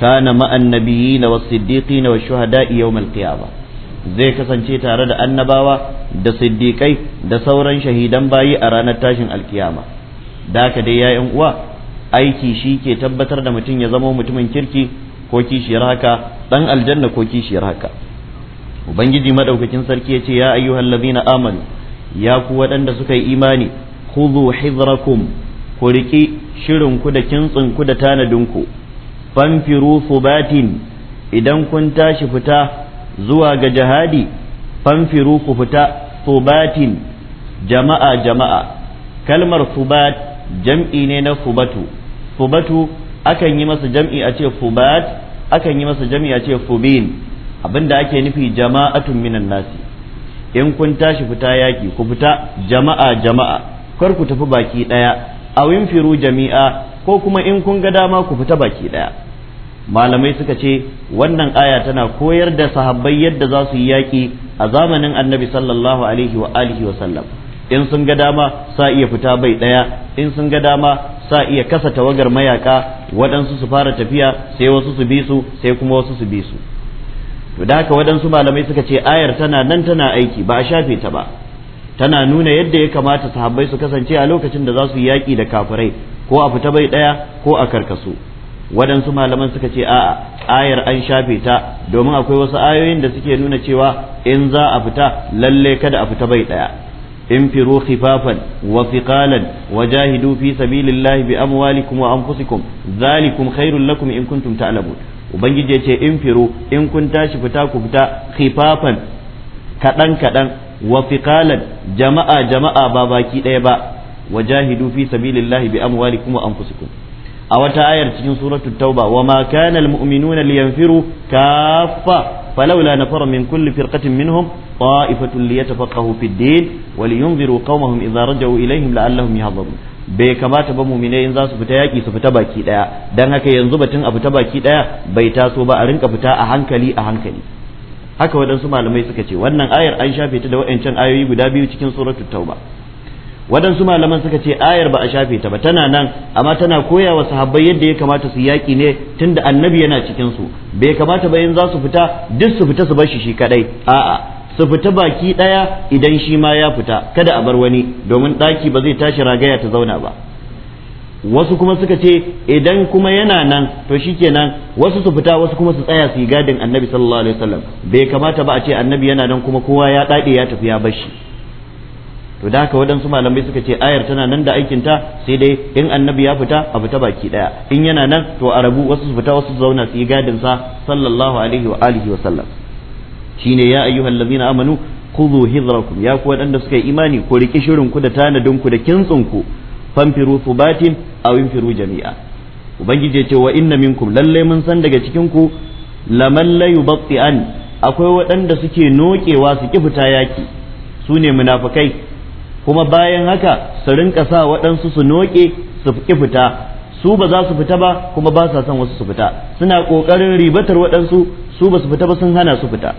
kana ma'an nabiyina na siddiqina na shuhada'i yawmal qiyamah zai kasance tare da annabawa da siddiqai da sauran shahidan bayi a ranar tashin alkiyama da haka dai ya uwa aiki shi ke tabbatar da mutum ya zama mutumin kirki ko kishiyar haka dan aljanna ko kishiyar haka ubangiji madaukakin sarki ya ce ya ayyuhal ladina amanu ya ku waɗanda suka yi imani khudhu hidrakum ku riƙe shirin ku da kintsin ku da tanadin ku fanfiru subatin idan kun tashi fita zuwa ga jihadi fanfiru ku fita subatin jama'a jama'a kalmar subat jam'i ne na subatu fubatu akan yi masa jam'i a ce fubat akan yi masa jam'i a ce fubin abinda ake nufi jama'atun minan nasi in kun tashi fita yaki ku fita jama'a jama'a kar ku tafi baki daya a winfiru jami'a ko kuma in kun ga dama ku fita baki daya malamai suka ce wannan aya tana koyar da sahabbai yadda za su yi yaki a zamanin annabi sallallahu alaihi wa alihi wa sallam in sun ga dama sa iya fita bai daya in sun ga dama sa iya kasa tawagar mayaka waɗansu su fara tafiya sai wasu su bi su sai kuma wasu su bi su to da haka waɗansu malamai suka ce ayar tana nan tana aiki ba a shafe ta ba tana nuna yadda ya kamata sahabbai su kasance a lokacin da za su yaƙi da kafirai ko a fita bai ɗaya ko a karkasu waɗansu malaman suka ce a'a ayar an shafe ta domin akwai wasu ayoyin da suke nuna cewa in za a fita lalle kada a fita bai ɗaya انفروا خفافا وثقالا وجاهدوا في سبيل الله بأموالكم وأنفسكم ذلكم خير لكم إن كنتم تعلمون ubangiji ya ce in firu in kun tashi fita ku fita hifafan kaɗan kaɗan wa jama'a jama'a ba baki ɗaya ba wajahidu fi sabilillahi bi amwalikum wa anfusikum a wata ayar cikin suratul tauba wa ma kana almu'minuna liyanfiru kaffa فلولا نفر من كل فرقة منهم طائفة ليتفقهوا في الدين ولينذروا قومهم إذا رجعوا إليهم لعلهم يحضرون bai kamata ba mumine in za su fita yaki su fita baki ɗaya dan haka yanzu batun a fita baki ɗaya bai taso ba a rinka fita a hankali a hankali haka waɗansu malamai suka ce wannan ayar an shafe ta da wa'ancan ayoyi guda biyu cikin suratul tauba waɗansu malaman suka ce ayar ba a shafe ta ba tana nan amma tana koya wa sahabbai yadda ya kamata su yaki ne tunda annabi yana cikin su bai kamata ba yin za su fita duk su fita su bar shi shi kadai a'a su fita baki ɗaya idan shi ma ya fita kada a bar wani domin ɗaki ba zai tashi ragaya ta zauna ba wasu kuma suka ce idan kuma yana nan to shikenan wasu su fita wasu kuma su tsaya su yi gadin annabi sallallahu alaihi wasallam bai kamata ba a ce annabi yana nan kuma kowa ya dade ya tafi ya bar shi to da haka waɗansu malamai suka ce ayar tana nan da aikin ta sai dai in annabi ya fita a fita baki daya in yana nan to a rabu wasu su fita wasu zauna su yi gadin sa sallallahu alaihi wa alihi wa sallam shine ya ayyuhal ladina amanu khudhu hidrakum ya ku waɗanda suka yi imani ko riki shirin ku da tanadin ku da kintsin ku fanfiru subatin aw infiru jami'a ubangiji ya ce wa inna minkum lalle mun san daga cikin ku laman la akwai waɗanda suke nokewa su ki fita yaki su ne munafikai kuma bayan haka su rinka sa waɗansu su noke su fi fita su ba za su fita ba kuma ba sa son wasu su fita suna ƙoƙarin ribatar waɗansu su ba su fita ba sun hana su fita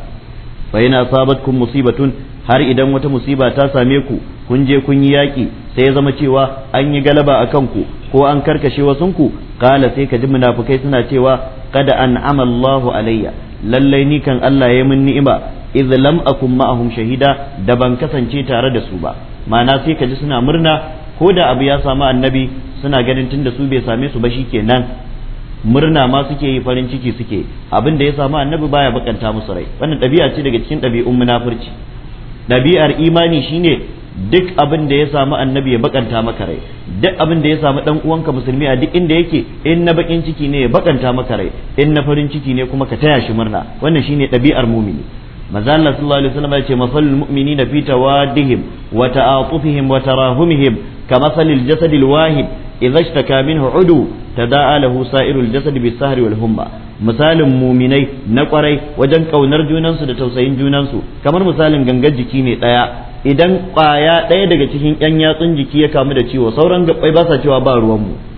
fa yana sabatkum musibatun har idan wata musiba ta same ku kun je kun yi yaƙi sai ya zama cewa an yi galaba a ku ko an karkashe wasun ku kala sai ka ji munafukai suna cewa kada an amallahu alayya lallai ni kan Allah ya min ni'ima idh lam akum ma'ahum shahida da ban kasance tare da su ba ma'ana sai ka ji suna murna ko da abu ya samu annabi suna ganin tunda su bai same su ba kenan murna ma suke yi farin ciki suke abin da ya samu annabi baya bakanta musu rai wannan ɗabi'a ce daga cikin ɗabi'un munafurci ɗabi'ar imani shine duk abin da ya samu annabi ya bakanta maka rai duk abin da ya samu dan uwanka musulmi a duk inda yake in na bakin ciki ne ya bakanta maka rai in na farin ciki ne kuma ka taya shi murna wannan shine ɗabi'ar mumini manzo Allah sallallahu alaihi wasallam yace masalul mu'minina fi tawaddihim wa ta'atufihim wa tarahumihim kamasalil jasadil wahid idza ishtaka minhu udu tada'a lahu sa'irul jasad bis sahri wal humma misalin muminai na kwarai wajen kaunar junansu da tausayin junansu kamar misalin gangar jiki ne daya idan kwaya daya daga cikin yan yatsun jiki ya kamu da ciwo sauran gabbai ba sa cewa ba ruwanmu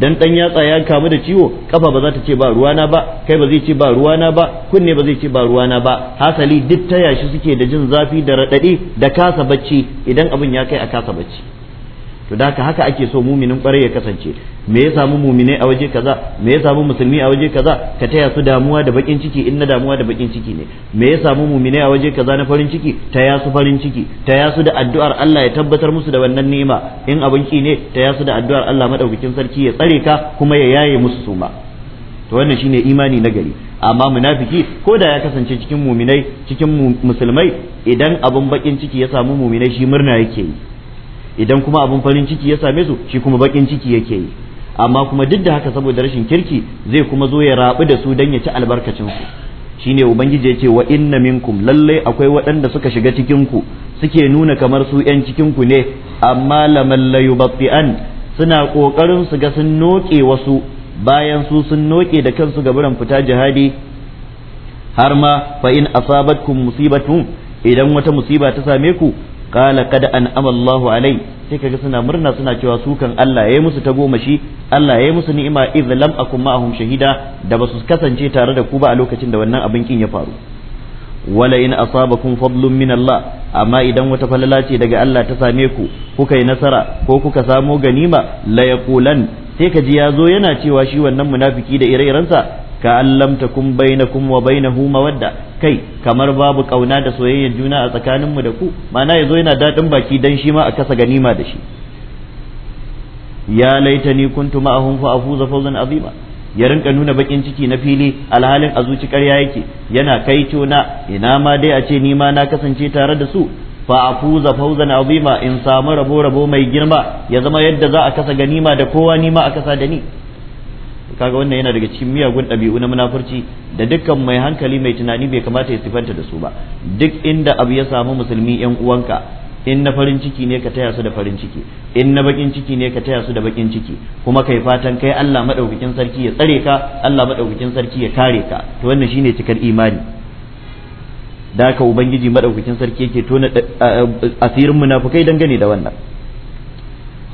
dan dan yatsa ya kamu da ciwo kafa ba za ta ce ba ruwana ba kai ba zai ce ba ruwana ba kunne ba zai ce ba ruwa na ba hasali duk ta yashi suke da jin zafi da radadi da kasa bacci idan abin ya kai a kasa bacci to da haka ake so muminin kwarai ya kasance me ya samu mumine a waje kaza me ya samu musulmi a waje kaza ka taya su damuwa da bakin ciki in na damuwa da bakin ciki ne me ya samu mumine a waje kaza na farin ciki taya su farin ciki taya su da addu'ar Allah ya tabbatar musu da wannan ni'ima in abin ki ne taya su da addu'ar Allah madaukakin sarki ya tsare ka kuma ya yaye musu suma to wannan shine imani na gari amma munafiki ko da ya kasance cikin muminai cikin musulmai idan abun bakin ciki ya samu muminai shi murna yake yi idan kuma abin farin ciki ya same su shi kuma bakin ciki yake yi amma kuma duk da haka saboda rashin kirki zai kuma zo ya rabu da su dan ya ci albarkacin su shine ubangiji yace wa inna minkum lalle akwai waɗanda suka shiga cikin ku suke nuna kamar su yan cikin ku ne amma lamal an suna kokarin su ga sun noke wasu bayan su sun noke da kansu ga gaburan fita jihadi har ma fa in asabatkum musibatun idan wata musiba ta same ku qala kada an Allahu alai sai kaga suna murna suna cewa su kan Allah yayi musu shi Allah yayi musu ni'ima idh lam akum ma'ahum shahida da basu kasance tare da ku ba a lokacin da wannan abin kin ya faru wala in asabakum fadlun min Allah amma idan wata falala ce daga Allah ta same ku kuka yi nasara ko kuka samo ganima la yaqulan sai kaji ji ya zo yana cewa shi wannan munafiki da ire-irensa ka'an lam baina kun wa huma mawadda kai kamar babu kauna da soyayyar juna a tsakaninmu da ku mana ya zo yana daɗin baki dan shi ma a kasa ganima da shi ya laitani kuntu ma'ahum fa afuza fawzan azima ya rinka nuna bakin ciki na fili alhalin a zuci ƙarya yake yana kai na ina ma dai a ce ni ma na kasance tare da su fa afuza fawzan azima in samu rabo rabo mai girma ya zama yadda za a kasa ganima da kowa ni ma a kasa da ni kaga wannan yana daga cikin miyagun ɗabi'u na munafurci da dukkan mai hankali mai tunani bai kamata ya sifanta da su ba duk inda abu ya samu musulmi yan uwanka in na farin ciki ne ka taya su da farin ciki in na bakin ciki ne ka taya su da bakin ciki kuma kai fatan kai Allah madaukakin sarki ya tsare ka Allah madaukakin sarki ya kare ka to wannan shine cikar imani da ka ubangiji madaukakin sarki yake tona eh, eh, asirin munafukai dangane da wannan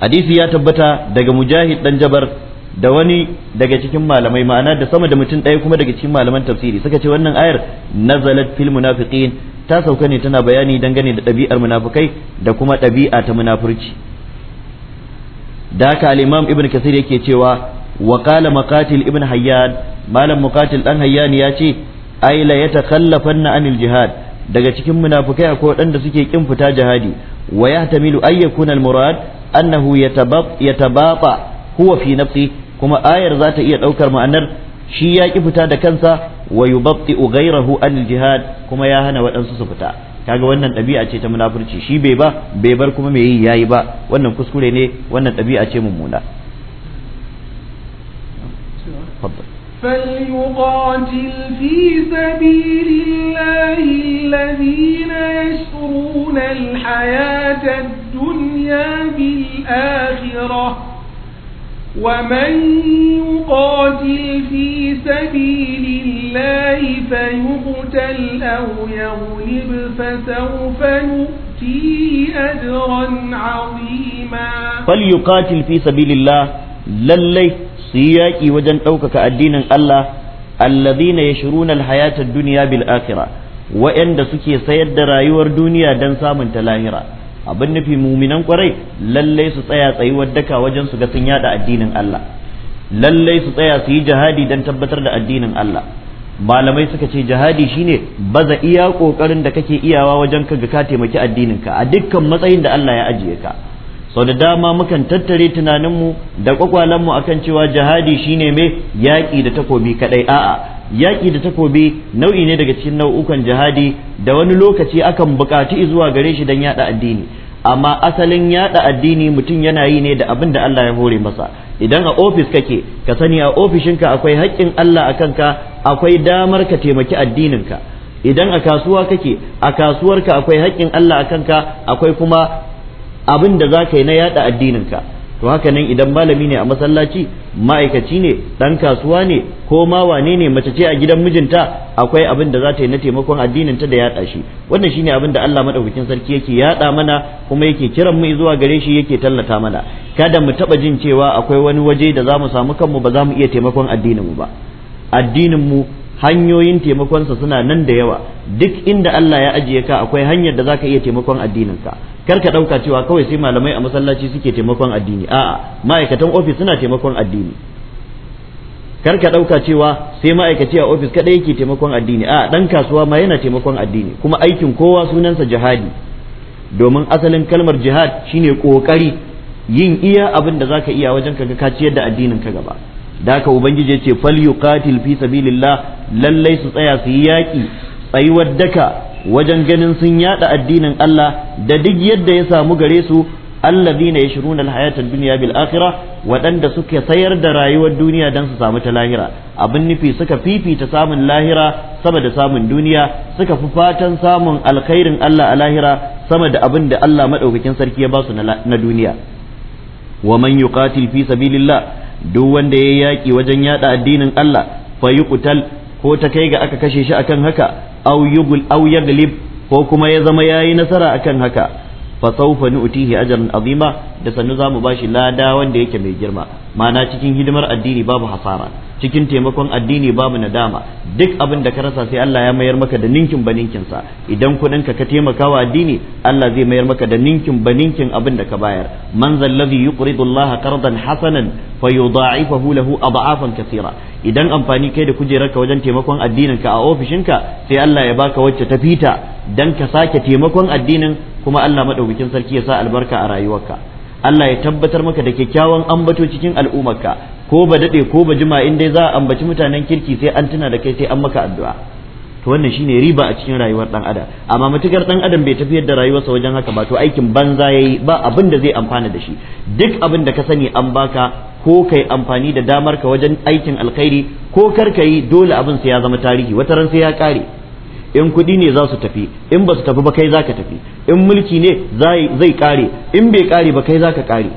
hadisi ya tabbata daga mujahid dan jabar da wani daga cikin malamai ma'ana da sama da mutum ɗaya kuma daga cikin malaman tafsiri suka ce wannan ayar nazalat fil munafiqin ta sauka ne tana bayani dangane da ɗabi'ar munafukai da kuma ɗabi'a ta munafurci da haka al-imam ibn kasir yake cewa wa qala maqatil ibn hayyan malam muqatil dan hayyan ya ce ay la yatakhallafanna anil jihad daga cikin munafukai akwai waɗanda suke kin fita jihadi wa yahtamilu ayyakuna al-murad annahu yatabata huwa fi nafsi kuma ayar za ta iya ɗaukar ma'anar shi ya ki fita da kansa wa babti ugairahu an jihad kuma ya hana waɗansu su fita kaga wannan ɗabi'a ce ta munafurci shi bai ba bai bar kuma me yi yayi ba wannan kuskure ne wannan ɗabi'a ce mummuna فليقاتل في سبيل الله الذين يشرون الحياة الدنيا بالآخرة ومن يقاتل في سبيل الله فيقتل أو يغلب فسوف نؤتيه أجرا عظيما فليقاتل في سبيل الله للي سياكي وجن أوكك الدين الله الذين يشرون الحياة الدنيا بالآخرة وإن سكي سيد رايور دنيا دن سامن تلاهرة abin nufi muminan kwarai lalle su tsaya tsayuwar daka wajen su ga sun yada addinin Allah lalle su tsaya su yi jihadi don tabbatar da addinin Allah malamai suka ce jihadi shine baza iya kokarin da kake iyawa wajen ka ga ka taimaki addinin ka a dukkan matsayin da Allah ya ajiye ka sau da dama mukan tattare tunaninmu da kwakwalenmu kan cewa jihadi shine mai yaƙi da takobi kaɗai a'a yaƙi da takobi nau'i ne daga cikin nau'ukan jihadi da wani lokaci akan buƙaci zuwa gare shi don yaɗa addini amma asalin yaɗa addini mutum yana yi ne da abin da Allah ya hore masa idan a ofis kake ka sani a ofishinka akwai haƙƙin Allah a kanka akwai damar ka taimaki addininka idan a kasuwa kake a kasuwarka akwai haƙƙin Allah a kanka akwai kuma abin da za ka yi na yada addininka to haka nan idan malami ne a masallaci ma'aikaci ne dan kasuwa ne ko ma wane ne mace ce a gidan mijinta akwai abin da za ta yi na taimakon addininta da yada shi wannan shine abin da Allah madaukakin sarki yake yada mana kuma yake kiran mu zuwa gare shi yake tallata mana kada mu taba jin cewa akwai wani waje da za mu samu kanmu ba za mu iya taimakon addinin mu ba addinin mu hanyoyin taimakonsa suna nan da yawa duk inda Allah ya ajiye ka akwai hanyar da zaka iya taimakon addininka kar ka dauka cewa kawai sai malamai a masallaci suke taimakon addini a'a ma'aikatan ofis suna taimakon addini kar ka dauka cewa sai ma'aikaci a ofis kadai yake taimakon addini a'a dan kasuwa ma yana taimakon addini kuma aikin kowa sunansa jihadi domin asalin kalmar jihad shine kokari yin iya abin da zaka iya wajen kaga ka ciyar da addinin ka gaba da haka ubangiji ya ce fal yuqatil fi sabilillah lallai su tsaya su yi yaki tsayuwar daka wajen ganin sun yada addinin Allah da duk yadda ya samu gare su allazina yashruna alhayata ad-dunya bil akhirah wadanda suka sayar da rayuwar duniya dan su samu ta lahira abin nufi suka fifita samun lahira sama da samun duniya suka fi fatan samun alkhairin Allah a lahira sama da abin da Allah madaukakin sarki ya ba su na duniya wa man yuqatil fi sabilillah duk wanda yayi yaƙi wajen yada addinin Allah fa yuqtal ko ta kai ga aka kashe shi akan haka aw yugul aw yaglib ko kuma ya zama yayi nasara akan haka fa sawfa nu'tihi ajran azima da sannu zamu bashi lada wanda yake mai girma Ma'ana cikin hidimar addini babu hasara cikin taimakon addini babu nadama duk abin da ka rasa sai Allah ya mayar maka da ninkin baninkin sa idan kuɗin ka ka taimaka wa addini Allah zai mayar maka da ninkin baninkin abin da ka bayar man zallazi yuqridu Allah qardan hasanan fayudha'ifahu lahu ad'afan kathira idan amfani kai da kujerar ka wajen taimakon addinin ka a ofishin ka sai Allah ya baka wacce ta fita dan ka sake taimakon addinin kuma Allah madaukakin sarki ya sa albarka a rayuwarka Allah ya tabbatar maka da kyakkyawan ambato cikin al'ummarka ko ba daɗe ko ba jima in dai za a ambaci mutanen kirki sai an tuna da kai sai an maka addu'a to wannan shine riba a cikin rayuwar dan adam amma matukar dan adam bai tafiyar da rayuwarsa wajen haka ba to aikin banza yayi ba abin da zai amfana da shi duk abin da ka sani an baka ko kai amfani da damar ka wajen aikin alkhairi ko kar ka yi dole abin sai ya zama tarihi wata ran sai ya kare in kuɗi ne za su tafi in ba su tafi ba kai za ka tafi in mulki ne zai kare in bai kare ba kai za ka kare.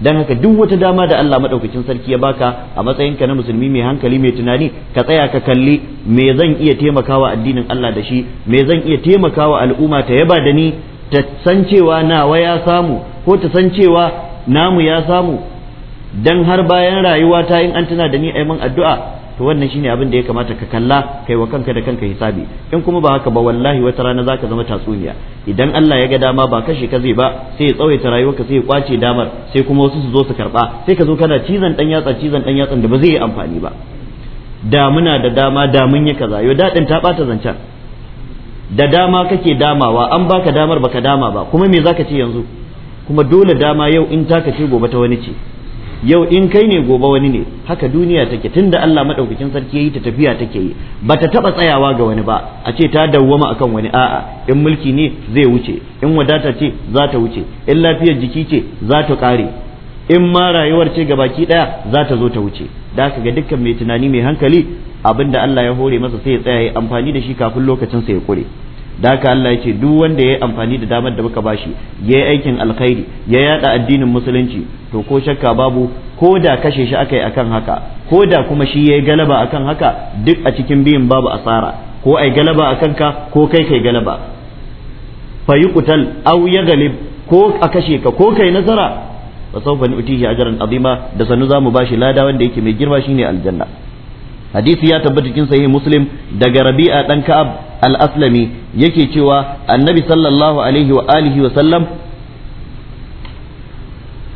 don haka duk wata dama da Allah maɗaukacin sarki ya baka a matsayin ka na musulmi mai hankali mai tunani ka tsaya ka kalli me zan iya taimakawa addinin Allah da shi me zan iya taimakawa al'umma ta yaba da ni ta san cewa nawa ya samu ko ta san cewa namu ya samu don har bayan rayuwata in an tana da ni a yi addu'a to wannan shine abin da ya kamata ka kalla kai wa kanka da kanka hisabi in kuma ba haka ba wallahi wata rana zaka zama tatsuniya idan Allah ya ga dama ba kashe ka zai ba sai ya tsawaita rayuwarka sai ya kwace damar sai kuma wasu su zo su karba sai ka zo kana cizon dan yatsa cizon dan yatsan da ba zai yi amfani ba da muna da dama da mun yi kaza yo dadin ta bata zancen da dama kake damawa an baka damar baka dama ba kuma me zaka ce yanzu kuma dole dama yau in taka ce gobe ta wani ce yau in kai ne gobe wani ne haka duniya take tunda Allah madaukakin sarki yayi ta tafiya take yi bata taba tsayawa ga wani ba a ce ta dawwama akan wani a'a in mulki ne zai wuce in wadata ce za ta wuce in lafiyar jiki ce za ta kare in ma rayuwar ce ga baki daya za ta zo ta wuce da haka ga dukkan mai tunani mai hankali abinda Allah ya hore masa sai ya tsaya ya amfani da shi kafin lokacin sa ya kure da haka Allah ya ce duk wanda ya yi amfani da damar da muka bashi ya yi aikin alkhairi ya yada addinin musulunci to ko shakka babu ko da kashe shi aka yi akan haka ko da kuma shi ya yi galaba akan haka duk a cikin biyun babu asara ko ai galaba a ka ko kai kai galaba fa yuqtal aw yaghlib ko a kashe ka ko kai nasara fa sawfa nu'tihi ajran azima da sanu zamu bashi lada wanda yake mai girma shine aljanna hadisi ya tabbata cikin sahih muslim daga rabi'a dan ka'ab al-aslami yake cewa annabi sallallahu alaihi wa alihi wa sallam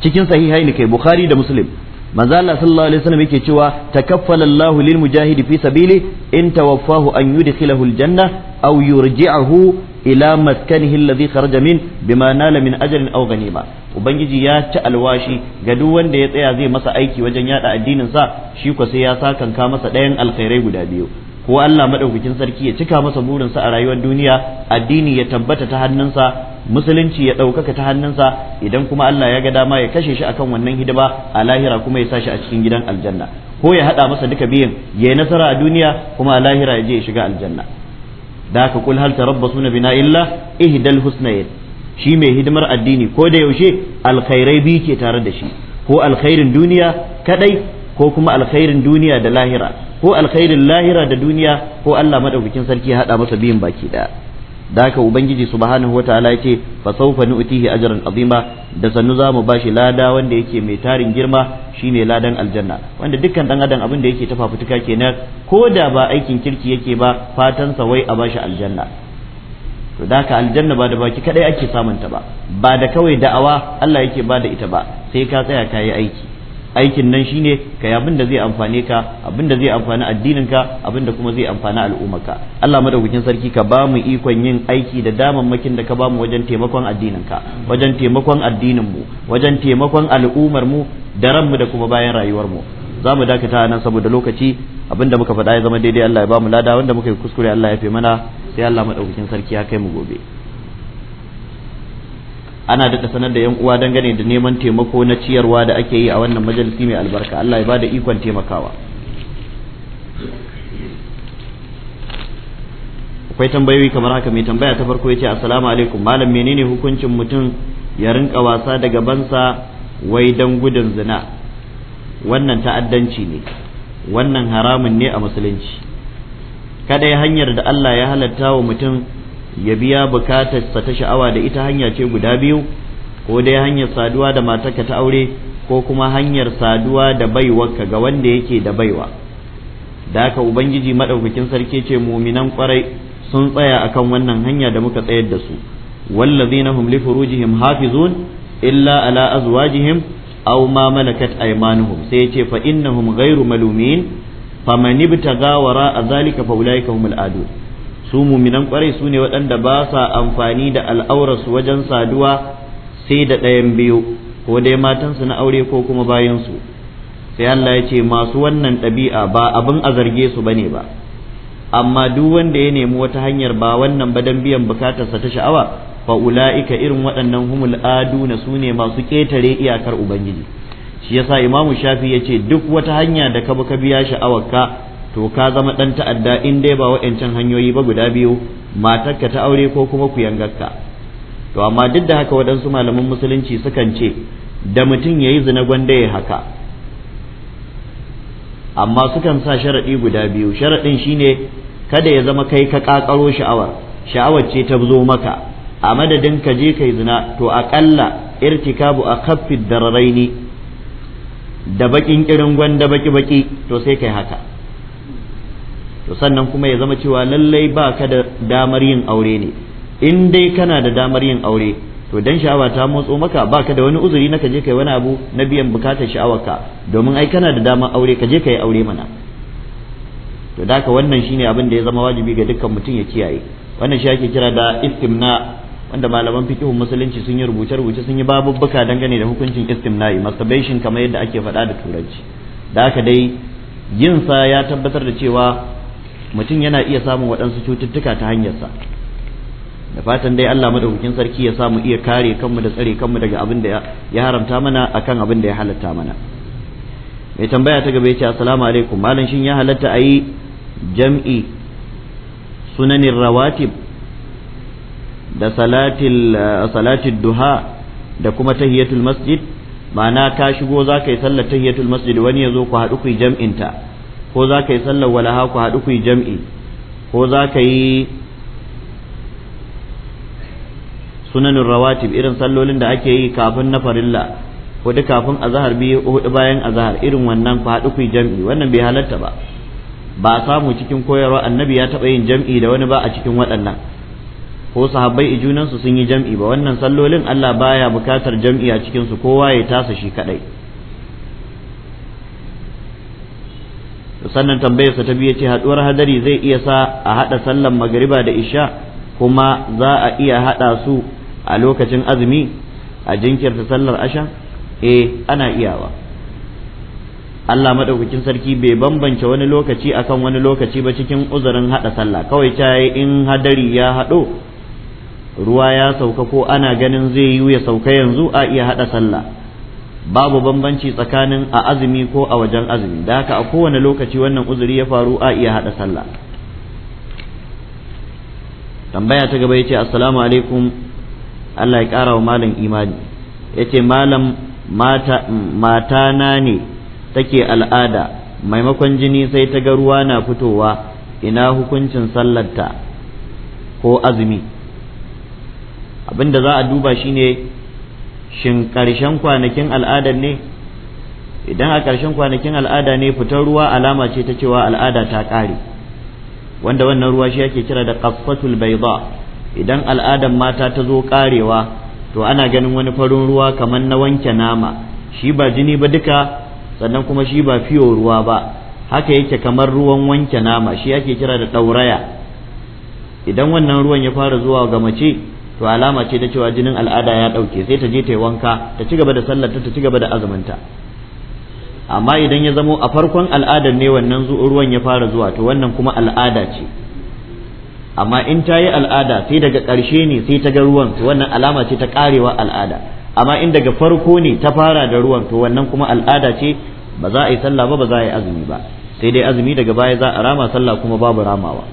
cikin sahihaini kai bukhari da muslim maza sallallahu alaihi wasallam yake cewa takaffalallahu lil mujahidi fi sabili in tawaffahu an yudkhilahu al-janna aw yurji'ahu ila maskanihi alladhi kharaja min bima nala min ajrin aw ghanima ubangiji ya ci alwashi ga duk wanda ya tsaya zai masa aiki wajen yada addinin sa shi ko sai ya sa kanka masa ɗayan alkhairai guda biyu ko Allah madaukakin sarki ya cika masa burinsa a rayuwar duniya addini ya tabbata ta hannunsa musulunci ya ɗaukaka ta hannunsa idan kuma Allah ya ga dama ya kashe shi akan wannan hidima a lahira kuma ya sa shi a cikin gidan aljanna ko ya haɗa masa duka biyun ya yi nasara a duniya kuma a lahira ya je ya shiga aljanna da haka kul hal tarabbasuna bina illa ihdal husnayn shi mai hidimar addini ko da yaushe alkhairai biyu ke tare da shi ko alkhairin duniya kadai ko kuma alkhairin duniya da lahira ko alkhairin lahira da duniya ko Allah madaukakin sarki ya hada masa biyun baki daya da haka ubangiji subhanahu wataala yace fa sawfa nu'tihi ajran azima da sannu za mu bashi lada wanda yake mai tarin girma shine ladan aljanna wanda dukkan dan adam abin da yake ta fafutuka kenan ko da ba aikin kirki yake ba fatan sa wai a bashi aljanna to da haka aljanna ba da baki kadai ake samun ta ba ba da kawai da'awa Allah yake ba da ita ba sai ka tsaya kayi aiki aikin nan shine kai abin da zai amfane ka abin da zai amfani addinin ka abin da kuma zai amfani al'ummarka Allah madaukakin sarki ka ba mu ikon yin aiki da damammakin da ka ba mu wajen taimakon addinin ka wajen taimakon addinin mu wajen taimakon al'ummar mu da ranmu da kuma bayan rayuwar mu za mu dakata nan saboda lokaci abin da muka faɗa ya zama daidai Allah ya ba mu lada wanda muka yi kuskure Allah ya fi mana sai Allah madaukakin sarki ya kai mu gobe ana daɗa sanar da 'yan uwa dangane da neman taimako na ciyarwa da ake yi a wannan majalisi mai albarka Allah ya ba da ikon taimakawa akwai tambayoyi kamar haka mai tambaya ta farko ya ce assalamu alaikum malam menene hukuncin mutum ya rinka wasa da gabansa wai don gudun zina wannan ta'addanci ne wannan haramun ne a musulunci kada hanyar da Allah ya halatta wa mutum ya biya bukatarsa ta sha'awa da ita hanya ce guda biyu ko dai hanyar saduwa da matarka ta aure ko kuma hanyar saduwa da baiwarka ga wanda yake da baiwa da haka ubangiji madaukakin sarki ce muminan kwarai sun tsaya akan wannan hanya da muka tsayar da su wallazina hum li furujihim hafizun illa ala azwajihim aw ma malakat aymanuhum sai yace fa innahum ghairu malumin faman ibtaga wara zalika fa ulaika humul adun su muminan kwarai su ne waɗanda ba sa amfani da al'aurarsu wajen saduwa sai da ɗayan biyu ko dai matansu na aure ko kuma bayansu sai Allah ya ce masu wannan ɗabi'a ba abin a zarge su bane ba amma duk wanda ya nemi wata hanyar ba wannan ba dan biyan bukatarsa ta sha'awa fa ula'ika irin waɗannan humul aduna su ne masu ƙetare iyakar ubangiji shi yasa imamu shafi ya ce duk wata hanya da ka bi ka biya sha'awarka to ka zama ɗan ta'adda in dai ba wa'ancan hanyoyi ba guda biyu matarka ta aure ko kuma ku yangarka to amma duk da haka waɗansu malaman musulunci sukan ce da mutum ya yi zina gwanda ya haka amma sukan sa sharaɗi guda biyu sharaɗin shine kada ya zama kai ka ƙaƙaro sha'awar sha'awar ce ta zo maka a madadin ka je kai zina to aƙalla irtikabu a kaffin dararaini da baƙin irin gwanda baki-baki to sai kai haka to sannan kuma ya zama cewa lallai ba ka da damar yin aure ne in dai kana da damar yin aure to dan sha'awa ta motso maka ba ka da wani uzuri na ka je kai wani abu na biyan bukatar sha'awarka domin ai kana da damar aure ka je ka yi aure mana to da ka wannan shine abin da ya zama wajibi ga dukkan mutum ya kiyaye wannan shi ake kira da istimna wanda malaman fikihun musulunci sun yi rubuce-rubuce sun yi babubbuka dangane da hukuncin istimna'i masturbation kamar yadda ake faɗa da turanci da haka dai yin sa ya tabbatar da cewa mutum yana iya samun waɗansu cututtuka ta hanyarsa da fatan dai Allah madaukakin sarki ya samu iya kare kanmu da tsare kanmu daga abin da ya haramta mana akan abin da ya halatta mana mai tambaya ta gaba ya ce assalamu alaikum malam shin ya halatta a yi jam'i sunanin rawatib da salatil duha da kuma tahiyatul masjid ma'ana ka shigo za ka yi sallar tahiyatul masjid wani ya zo ku haɗu ku jam'in jam'inta ko za ka yi sallar walaha ku haɗu ku yi jam'i ko za ka yi sunanin rawatib irin sallolin da ake yi kafin na farilla hudu kafin azahar biyu hudu bayan azahar irin wannan ku haɗu ku yi jam'i wannan bai halatta ba ba a samu cikin koyarwa annabi ya taɓa yin jam'i da wani ba a cikin waɗannan ko sahabbai ijunansu sun yi jam'i ba wannan sallolin Allah baya bukatar jam'i a cikinsu kowa ya tasa shi kaɗai sannan tambayarsa ta biyu ce haduwar hadari zai iya sa a hada sallan magariba da isha kuma za a iya hada su a lokacin azumi a jinkirta sallar asha eh ana iyawa Allah madaukakin sarki bai bambance wani lokaci akan wani lokaci ba cikin uzurin hada sallah kawai ta in hadari ya hado ruwa ya sauka ko ana ganin zai yi ya sauka yanzu a iya hada sallah babu bambanci tsakanin a azumi ko a wajen azumi da haka a kowane lokaci wannan uzuri ya faru a iya haɗa sallah tambaya ta gaba yace ce assalamu alaikum allah ya ƙara wa malam imani yace malam mata na ne take al'ada maimakon jini sai ta ga ruwa na fitowa ina hukuncin sallarta ko azumi abinda za a duba shine shin ƙarshen kwanakin al'ada ne idan a ƙarshen kwanakin al'ada ne fitar ruwa alama ce ta cewa al'ada ta ƙare wanda wannan ruwa shi ake kira da bai bayda idan al'adan mata ta zo ƙarewa to ana ganin wani farin ruwa kamar na wanke nama shi ba jini ba duka sannan kuma shi ba fiyo ruwa ba haka yake kamar ruwan wanke nama shi ake kira da ɗauraya idan wannan ruwan ya fara zuwa ga mace to alama ce ta cewa jinin al'ada ya ɗauke sai ta je ta yi wanka ta ci gaba da sallar ta ci gaba da azuminta amma idan ya zamo a farkon al'adar ne wannan ruwan ya fara zuwa to wannan kuma al'ada ce amma in ta yi al'ada sai daga ƙarshe ne sai ta ga ruwan to wannan alama ce ta ƙarewa al'ada amma in daga farko ne ta fara da ruwan to wannan kuma al'ada ce ba za a yi sallah ba ba za a yi azumi ba sai dai azumi daga baya za a rama sallah kuma babu ramawa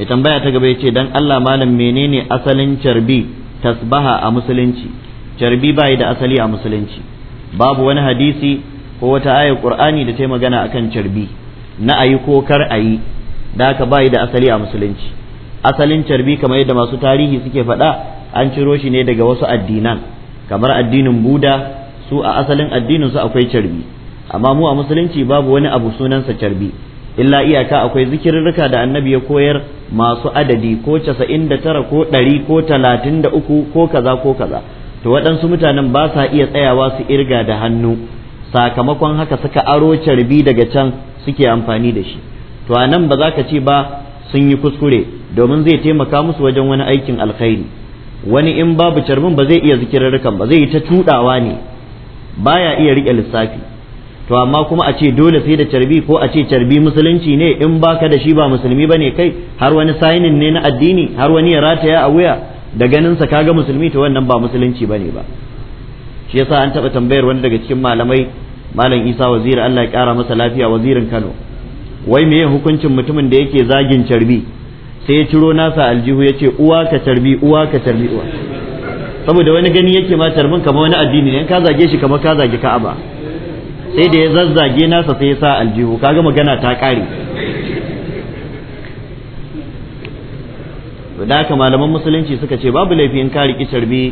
mai tambaya ta gaba yace dan Allah malam menene asalin carbi tasbaha a musulunci carbi bai da asali a musulunci babu wani hadisi ko wata ayar qur'ani da ta yi magana akan carbi na ayi ko kar ayi da haka bai da asali a musulunci asalin carbi kamar yadda masu tarihi suke faɗa an ciro shi ne daga wasu addinan kamar addinin buda su a asalin addinin su akwai carbi amma mu a musulunci babu wani abu sunansa carbi illa iyaka akwai zikirrika da annabi ya koyar masu adadi ko casa'in da tara ko ɗari ko talatin da uku ko kaza ko kaza to waɗansu mutanen ba sa iya tsayawa su irga da hannu sakamakon haka suka aro carbi daga can suke amfani da shi to a nan ba za ka ce ba sun yi kuskure domin zai taimaka musu wajen wani aikin alkhairi wani in babu carbin ba zai iya zikirarrukan ba zai yi ta tudawa ne baya iya riƙe lissafi to amma kuma a ce dole sai da carbi ko a ce carbi musulunci ne in baka da shi ba musulmi bane kai har wani sainin ne na addini har wani ya rataya a wuya da ganinsa kaga musulmi to wannan ba musulunci bane ba shi yasa an taba tambayar wani daga cikin malamai malam isa wazir allah ya ƙara masa lafiya wazirin kano wai meye hukuncin mutumin da yake zagin carbi sai ya ciro nasa aljihu ya ce uwa ka carbi uwa ka carbi uwa saboda wani gani yake ma tarbin kamar wani addini ne ka zage shi kamar ka zage ka'aba sai da ya zazzage nasa sai ya sa aljihu kaga magana ta kare da haka malaman musulunci suka ce babu laifi in ka riki carbi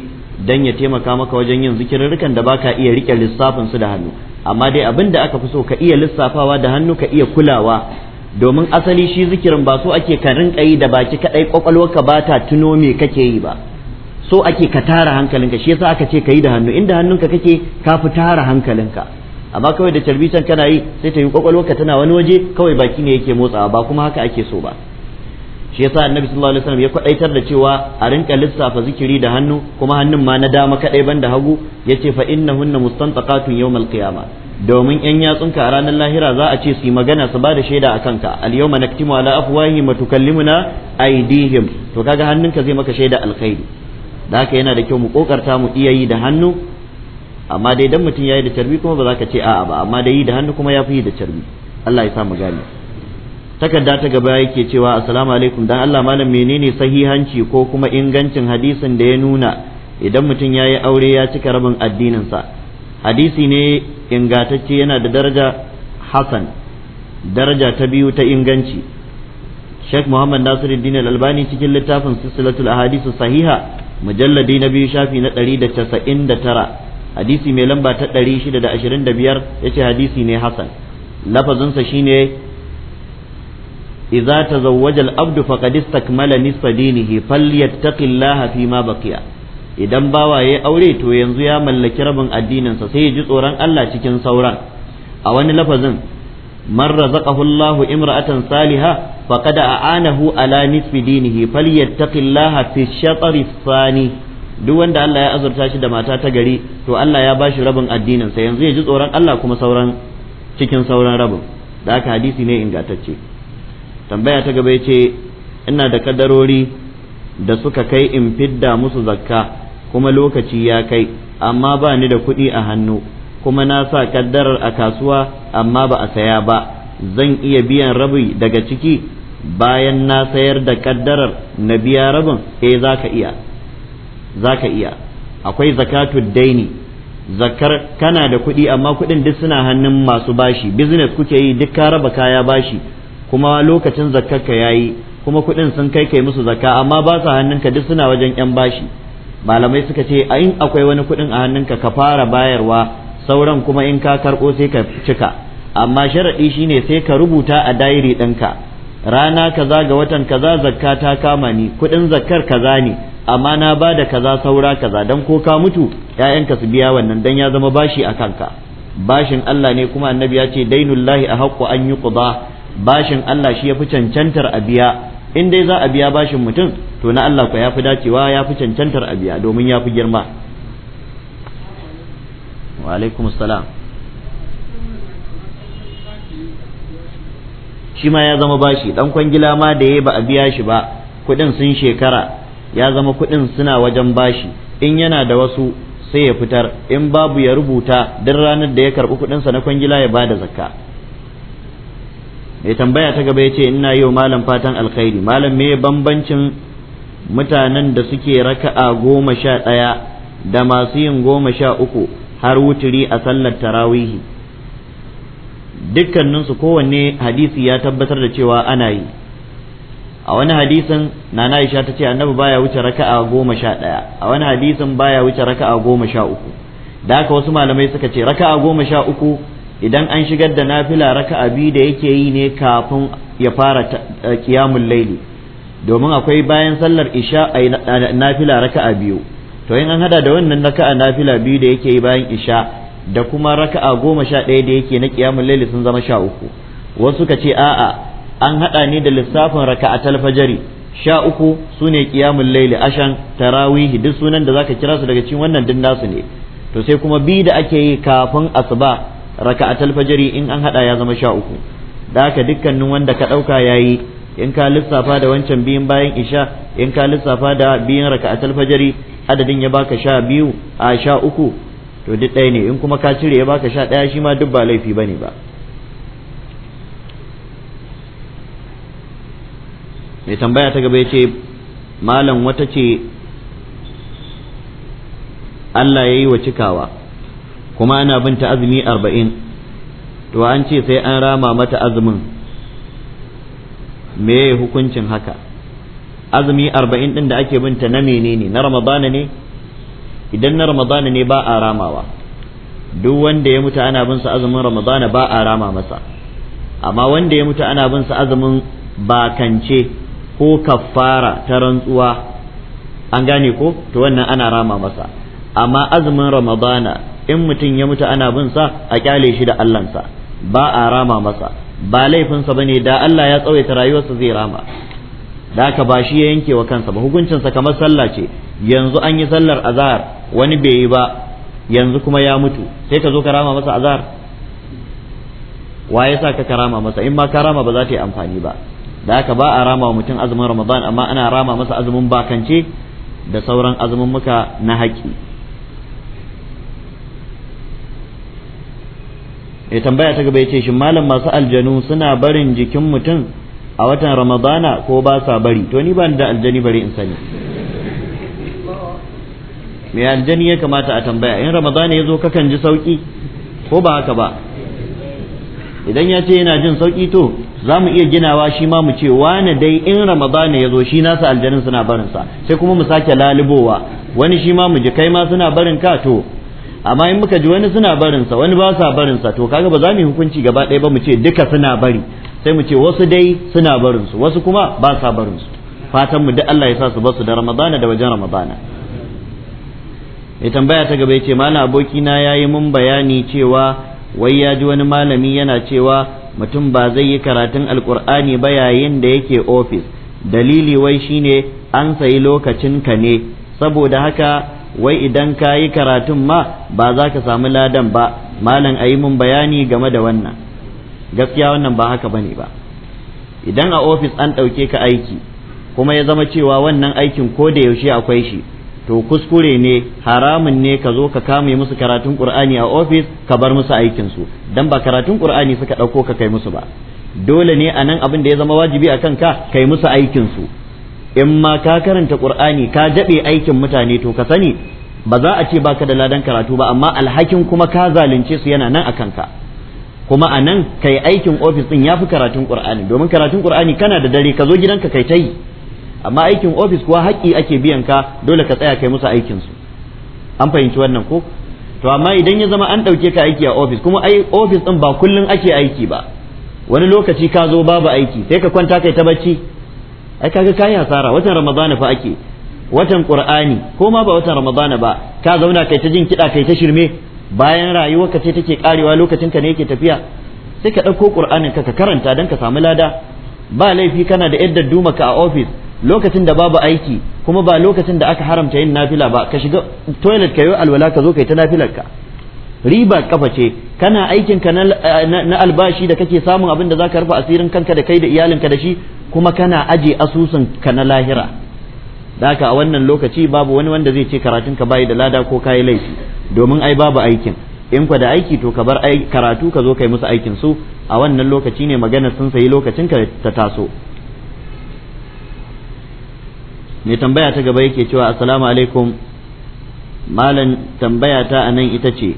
dan ya taimaka maka wajen yin zikirarrukan da baka iya rike lissafin su da hannu amma dai abin da aka fi so ka iya lissafawa da hannu ka iya kulawa domin asali shi zikirin ba so ake ka rinka da baki kadai kwakwalwarka ba ta tuno me kake yi ba so ake ka tara hankalinka shi yasa aka ce ka yi da hannu inda hannunka kake ka fi tara hankalinka amma kawai da can kana yi sai ta yi kwakwalwa ka tana wani waje kawai baki ne yake motsawa ba kuma haka ake so ba shi yasa annabi sallallahu alaihi wasallam ya kwadaitar da cewa a rinka lissafa zikiri da hannu kuma hannun ma na dama kadai banda hagu yace fa innahunna mustantaqatun yawmal qiyamah domin yan yatsunka a ranar lahira za a ce su yi magana su ba da shaida a kanka al-yawma naktimu ala afwahihim wa tukallimuna aydihim to kaga hannunka zai maka shaida alkhairi da haka yana da kyau mu kokarta mu iya yi da hannu amma dai dan mutum yayi da carbi kuma ba za ka ce a'a ba amma dai yi da hannu kuma ya fi yi da carbi Allah ya sa mu gane takarda ta gaba yake cewa assalamu alaikum dan Allah malam menene sahihanci ko kuma ingancin hadisin da ya nuna idan mutum ya yi aure ya cika rabin addinin sa hadisi ne ingatacce yana da daraja hasan daraja ta biyu ta inganci Sheikh Muhammad Nasiruddin Al-Albani cikin littafin Silsilatul Ahadith Sahiha mujalladi na biyu shafi na 199 hadisi mai lamba ta 625 ce hadisi ne hasan lafazinsa shine idza tazawwaja al-abdu faqad istakmala nisfa dinihi falyattaqillaha fi ma baqiya idan bawa yayi aure to yanzu ya mallaki rabin addininsa sai ya ji tsoron Allah cikin sauran a wani lafazin man razaqahu Allahu imra'atan saliha faqad a'anahu ala nisfi dinihi falyattaqillaha fi ash thani duk wanda Allah ya azurta shi da mata ta gari to Allah ya bashi rabin addinin sa yanzu ya ji tsoron Allah kuma sauran cikin sauran rabin da aka hadisi ne ingantacce tambaya ta gaba yace ina da kadarori da suka kai in fidda musu zakka kuma lokaci ya kai amma ba ni da kuɗi a hannu kuma na sa kaddarar a kasuwa amma ba a saya ba zan iya biyan rabi daga ciki bayan na sayar da kaddarar na biya rabin eh za ka iya zaka iya akwai zakatu daini zakar kana da kuɗi amma kuɗin duk suna hannun masu bashi business kuke yi duk ka raba kaya bashi kuma lokacin zakar ka yayi kuma kuɗin sun kai kai musu zakka amma ba su ka duk suna wajen yan bashi malamai suka ce in akwai wani kuɗin a hannunka ka fara bayarwa sauran kuma in ka karɓo sai ka cika amma sharaɗi shine sai ka rubuta a dairi ɗinka rana kaza ga watan kaza zakka ta kama ni kuɗin zakkar kaza ne amma na ba da kaza saura kaza dan ko ka mutu ƴaƴanka su biya wannan dan ya zama bashi a kanka bashin Allah ne kuma annabi ya ce dainullahi a haƙƙo an yuqda bashin Allah shi ya fi cancantar a biya in dai za a biya bashin mutum to na Allah ya fi dacewa ya fi cancantar a biya domin ya fi girma wa alaikum shi ma ya zama bashi dan kwangila ma da yayi ba a biya shi ba kudin sun shekara ya zama kuɗin suna wajen bashi in yana da wasu sai ya fitar in babu ya rubuta duk ranar da ya karɓi kuɗinsa na kwangila ya da zakka mai tambaya ta gaba ya ce ina yau malam fatan alkhairi malam me bambancin mutanen da suke raka'a goma sha ɗaya da masu yin goma sha uku har wuturi a sallar tarawihi dukkaninsu kowanne hadisi ya tabbatar da cewa ana yi a wani hadisin nana isha ta ce annabi baya wuce raka'a goma sha ɗaya a wani hadisin baya wuce raka'a goma sha uku da haka wasu malamai suka ce raka'a goma sha uku idan an shigar da nafila raka'a biyu da yake yi ne kafin ya fara kiyamun eh, laili domin akwai bayan sallar isha a nafila raka'a biyu to in an hada da wannan raka'a nafila biyu da yake yi bayan isha da kuma raka'a goma sha ɗaya da yake na kiyamun laili sun zama sha uku wasu suka ce a'a an haɗa ni da lissafin raka'atul fajari sha uku sune qiyamul laili ashan tarawih duk sunan da zaka kira su daga cikin wannan din nasu ne to sai kuma bi da ake yi kafin asuba raka'atul fajari in an haɗa ya zama sha uku da haka dukkanin wanda ka ɗauka yayi in ka lissafa da wancan biyun bayan isha in ka lissafa da biyun raka'atul fajari adadin ya baka sha biyu a sha uku to duk ɗaya ne in kuma ka cire ya baka sha ɗaya shi ma duk ba laifi bane ba mai tambaya ta gaba ya ce malam wata ce Allah ya yi wa cikawa kuma ana bin ta azumi arba'in to an ce sai an rama mata azumin me hukuncin haka azumi arba'in ɗin da ake binta na menene na ramadana ne idan na ramadana ne ba a ramawa duk wanda ya mutu ana bin sa azumin ramadana ba a rama masa amma wanda ya mutu ana bin sa azumin bakance ko kaffara ta rantsuwa an gane ko to wannan ana rama masa amma azumin ramadana in mutum ya mutu ana bin sa a kyale shi da allansa ba a rama masa ba laifinsa bane da Allah ya tsawaita rayuwarsa zai rama da ka ba shi ya yanke wa kansa ba hukuncinsa kamar sallah ce yanzu an yi sallar azhar wani bai yi ba yanzu kuma ya mutu sai ka zo ka rama masa azhar wa yasa sa ka karama masa in ma karama ba za ta yi amfani ba da haka ba a rama wa mutum azumin ramadan amma ana rama masa azumin bakance da sauran azumin muka na haƙƙi ya eh, tambaya ta gaba ya ce shi malam masu aljanu suna barin jikin mutum a watan ramadana ko ba sa bari to ni ba da aljani bari in sani mai aljani ya kamata a tambaya in ramadana ya zo kakan ji sauki ko ba haka ba idan ya ce yana jin sauki to za mu iya ginawa shi ma mu ce wane dai in ramadana ya zo shi nasa aljanin suna barinsa sai kuma mu sake lalubowa wani shi ma mu ji kai ma suna barin ka to amma in muka ji wani suna barinsa wani ba sa barinsa to kaga ba za mu hukunci gaba ɗaya ba mu ce duka suna bari sai mu ce wasu dai suna barinsu wasu kuma ba sa barinsu fatan mu duk Allah ya sa su basu da ramadan da wajen ramadana ya tambaya ta gaba ya ce mana abokina ya yi mun bayani cewa wai ya ji wani malami yana cewa mutum ba zai yi karatun alkur'ani ba yayin da yake ofis dalili wai shine an sayi lokacin ka ne saboda haka wai idan ka yi karatun ma ba za ka samu ladan ba malam a yi mun bayani game da wannan gaskiya wannan ba haka bane ba idan a ofis an ɗauke ka aiki kuma ya zama cewa wannan aikin ko da yaushe akwai shi to kuskure ne haramun ne ka zo ka kame musu karatun qur'ani a ofis ka bar musu aikin su dan ba karatun qur'ani suka dauko ka kai musu ba dole ne a nan abin da ya zama wajibi a kan ka kai musu aikin su in ma ka karanta qur'ani ka jabe aikin mutane to ka sani ba za a ce baka da ladan karatu ba amma alhakin kuma ka zalunce su yana nan akan ka kuma a nan kai aikin ofis din yafi karatun qur'ani domin karatun qur'ani kana da dare ka zo gidanka kai ta yi amma aikin ofis kuwa haƙƙi ake biyan ka dole ka tsaya kai musu aikin su an fahimci wannan ko to amma idan ya zama an ɗauke ka aiki a ofis kuma ai ofis ɗin ba kullum ake aiki ba wani lokaci ka zo babu aiki sai ka kwanta kai ta bacci ai kaga kayi hasara watan ramadana fa ake watan qur'ani ko ma ba watan ramadana ba ka zauna kai ta jin kiɗa kai ta shirme bayan rayuwar ka ce take karewa lokacin ka ne yake tafiya sai ka ɗauko qur'anin ka ka karanta don ka samu lada ba laifi kana da yadda duma ka a ofis lokacin da babu aiki kuma ba lokacin da aka haramta yin nafila ba ka shiga toilet ka yi alwala ka zo ka ta nafilar ka riba kafa ce kana aikin ka na albashi da kake samun abin da zaka rufe asirin kanka da kai da ka da shi kuma kana aje asusun ka na lahira daka haka a wannan lokaci babu wani wanda zai ce karatun ka bayi da lada ko kayi laifi domin ai babu aikin in kwa da aiki to ka bar karatu ka zo kai musu aikin su a wannan lokaci ne maganar sun sayi lokacin ka ta taso mai tambaya ta gaba yake cewa assalamu alaikum malam tambaya ta a nan ita ce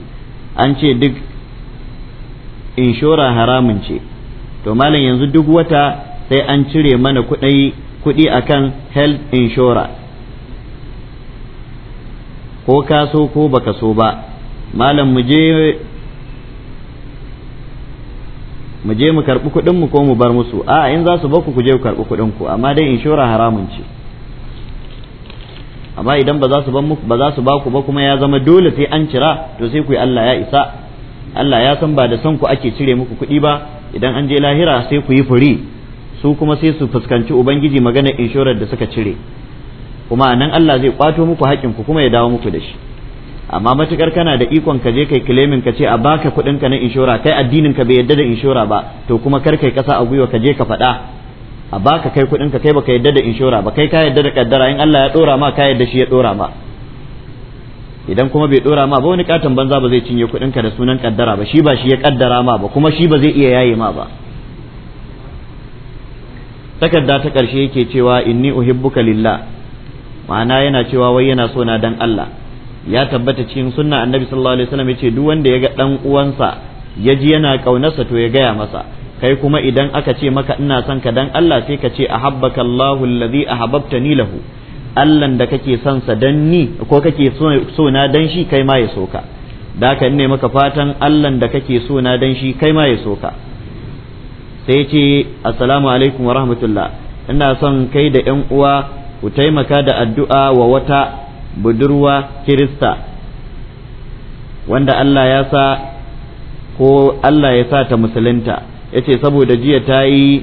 an ce duk inshora haramun ce to malam yanzu duk wata sai an cire mana kuɗi akan health inshora ko ka so ko baka so ba malam mu je mu je mu kudin kuɗinmu ko mu bar musu a in za su baku ku je ku karɓi ku amma dai inshora haramun ce amma idan ba za su ban muku ba za su ba ku ba kuma ya zama dole sai an cira to sai ku yi Allah ya isa Allah ya san ba da son ku ake cire muku kuɗi ba idan an je lahira sai ku yi furi su kuma sai su fuskanci ubangiji maganar inshorar da suka cire kuma nan Allah zai kwato muku haƙƙin ku kuma ya dawo muku da shi amma matukar kana da ikon ka je kai claiming ka ce a baka kuɗin ka na inshora kai addinin ka bai yadda da inshora ba to kuma kar kai kasa a gwiwa ka je ka faɗa a baka kai kuɗin ka kai baka yadda da inshora ba kai ka yadda da kaddara in Allah ya dora ma ka yadda shi ya dora ma idan kuma bai dora ma ba wani katon banza ba zai cinye kuɗin ka da sunan kaddara ba shi ba shi ya kaddara ma ba kuma shi ba zai iya yaye ma ba takarda ta karshe yake cewa inni uhibbuka lillah ma'ana yana cewa wai yana so na dan Allah ya tabbata cikin sunna annabi sallallahu alaihi wasallam yace duk wanda ya ga dan uwansa ya ji yana kaunarsa to ya gaya masa kai kuma idan aka ce maka ina son ka dan Allah sai ka ce ahabbaka Allahu allazi ahabbtani lahu Allahn da kake son sa dan ni ko kake so na dan shi kai ma ya so ka da haka ne maka fatan Allahn da kake so na dan shi kai ma ya so ka sai ce assalamu alaikum wa rahmatullah ina son kai da yan uwa ku taimaka da addu'a wa wata budurwa kirista wanda Allah ya sa ko Allah ya sa ta musulunta yace saboda jiya ta yi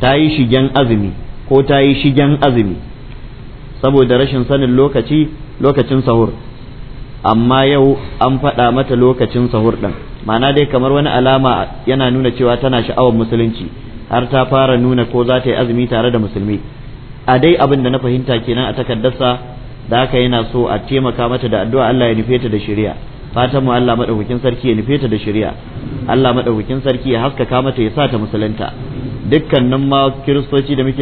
ta yi shigen azumi ko ta yi shigen azumi saboda rashin sanin lokaci lokacin sahur amma yau an faɗa mata lokacin sahur ɗin ma'ana dai kamar wani alama yana nuna cewa tana sha'awar musulunci har ta fara nuna ko za ta yi azumi tare da musulmi a dai abin da na fahimta kenan a takardarsa da haka yana so a taimaka mata da addu'a Allah ya nufe ta da shari'a fatan mu Allah madaukakin sarki ya nufe ta da shari'a Allah madaukakin sarki ya haskaka mata ya sa ta musulunta dukkanin ma kiristoci da muke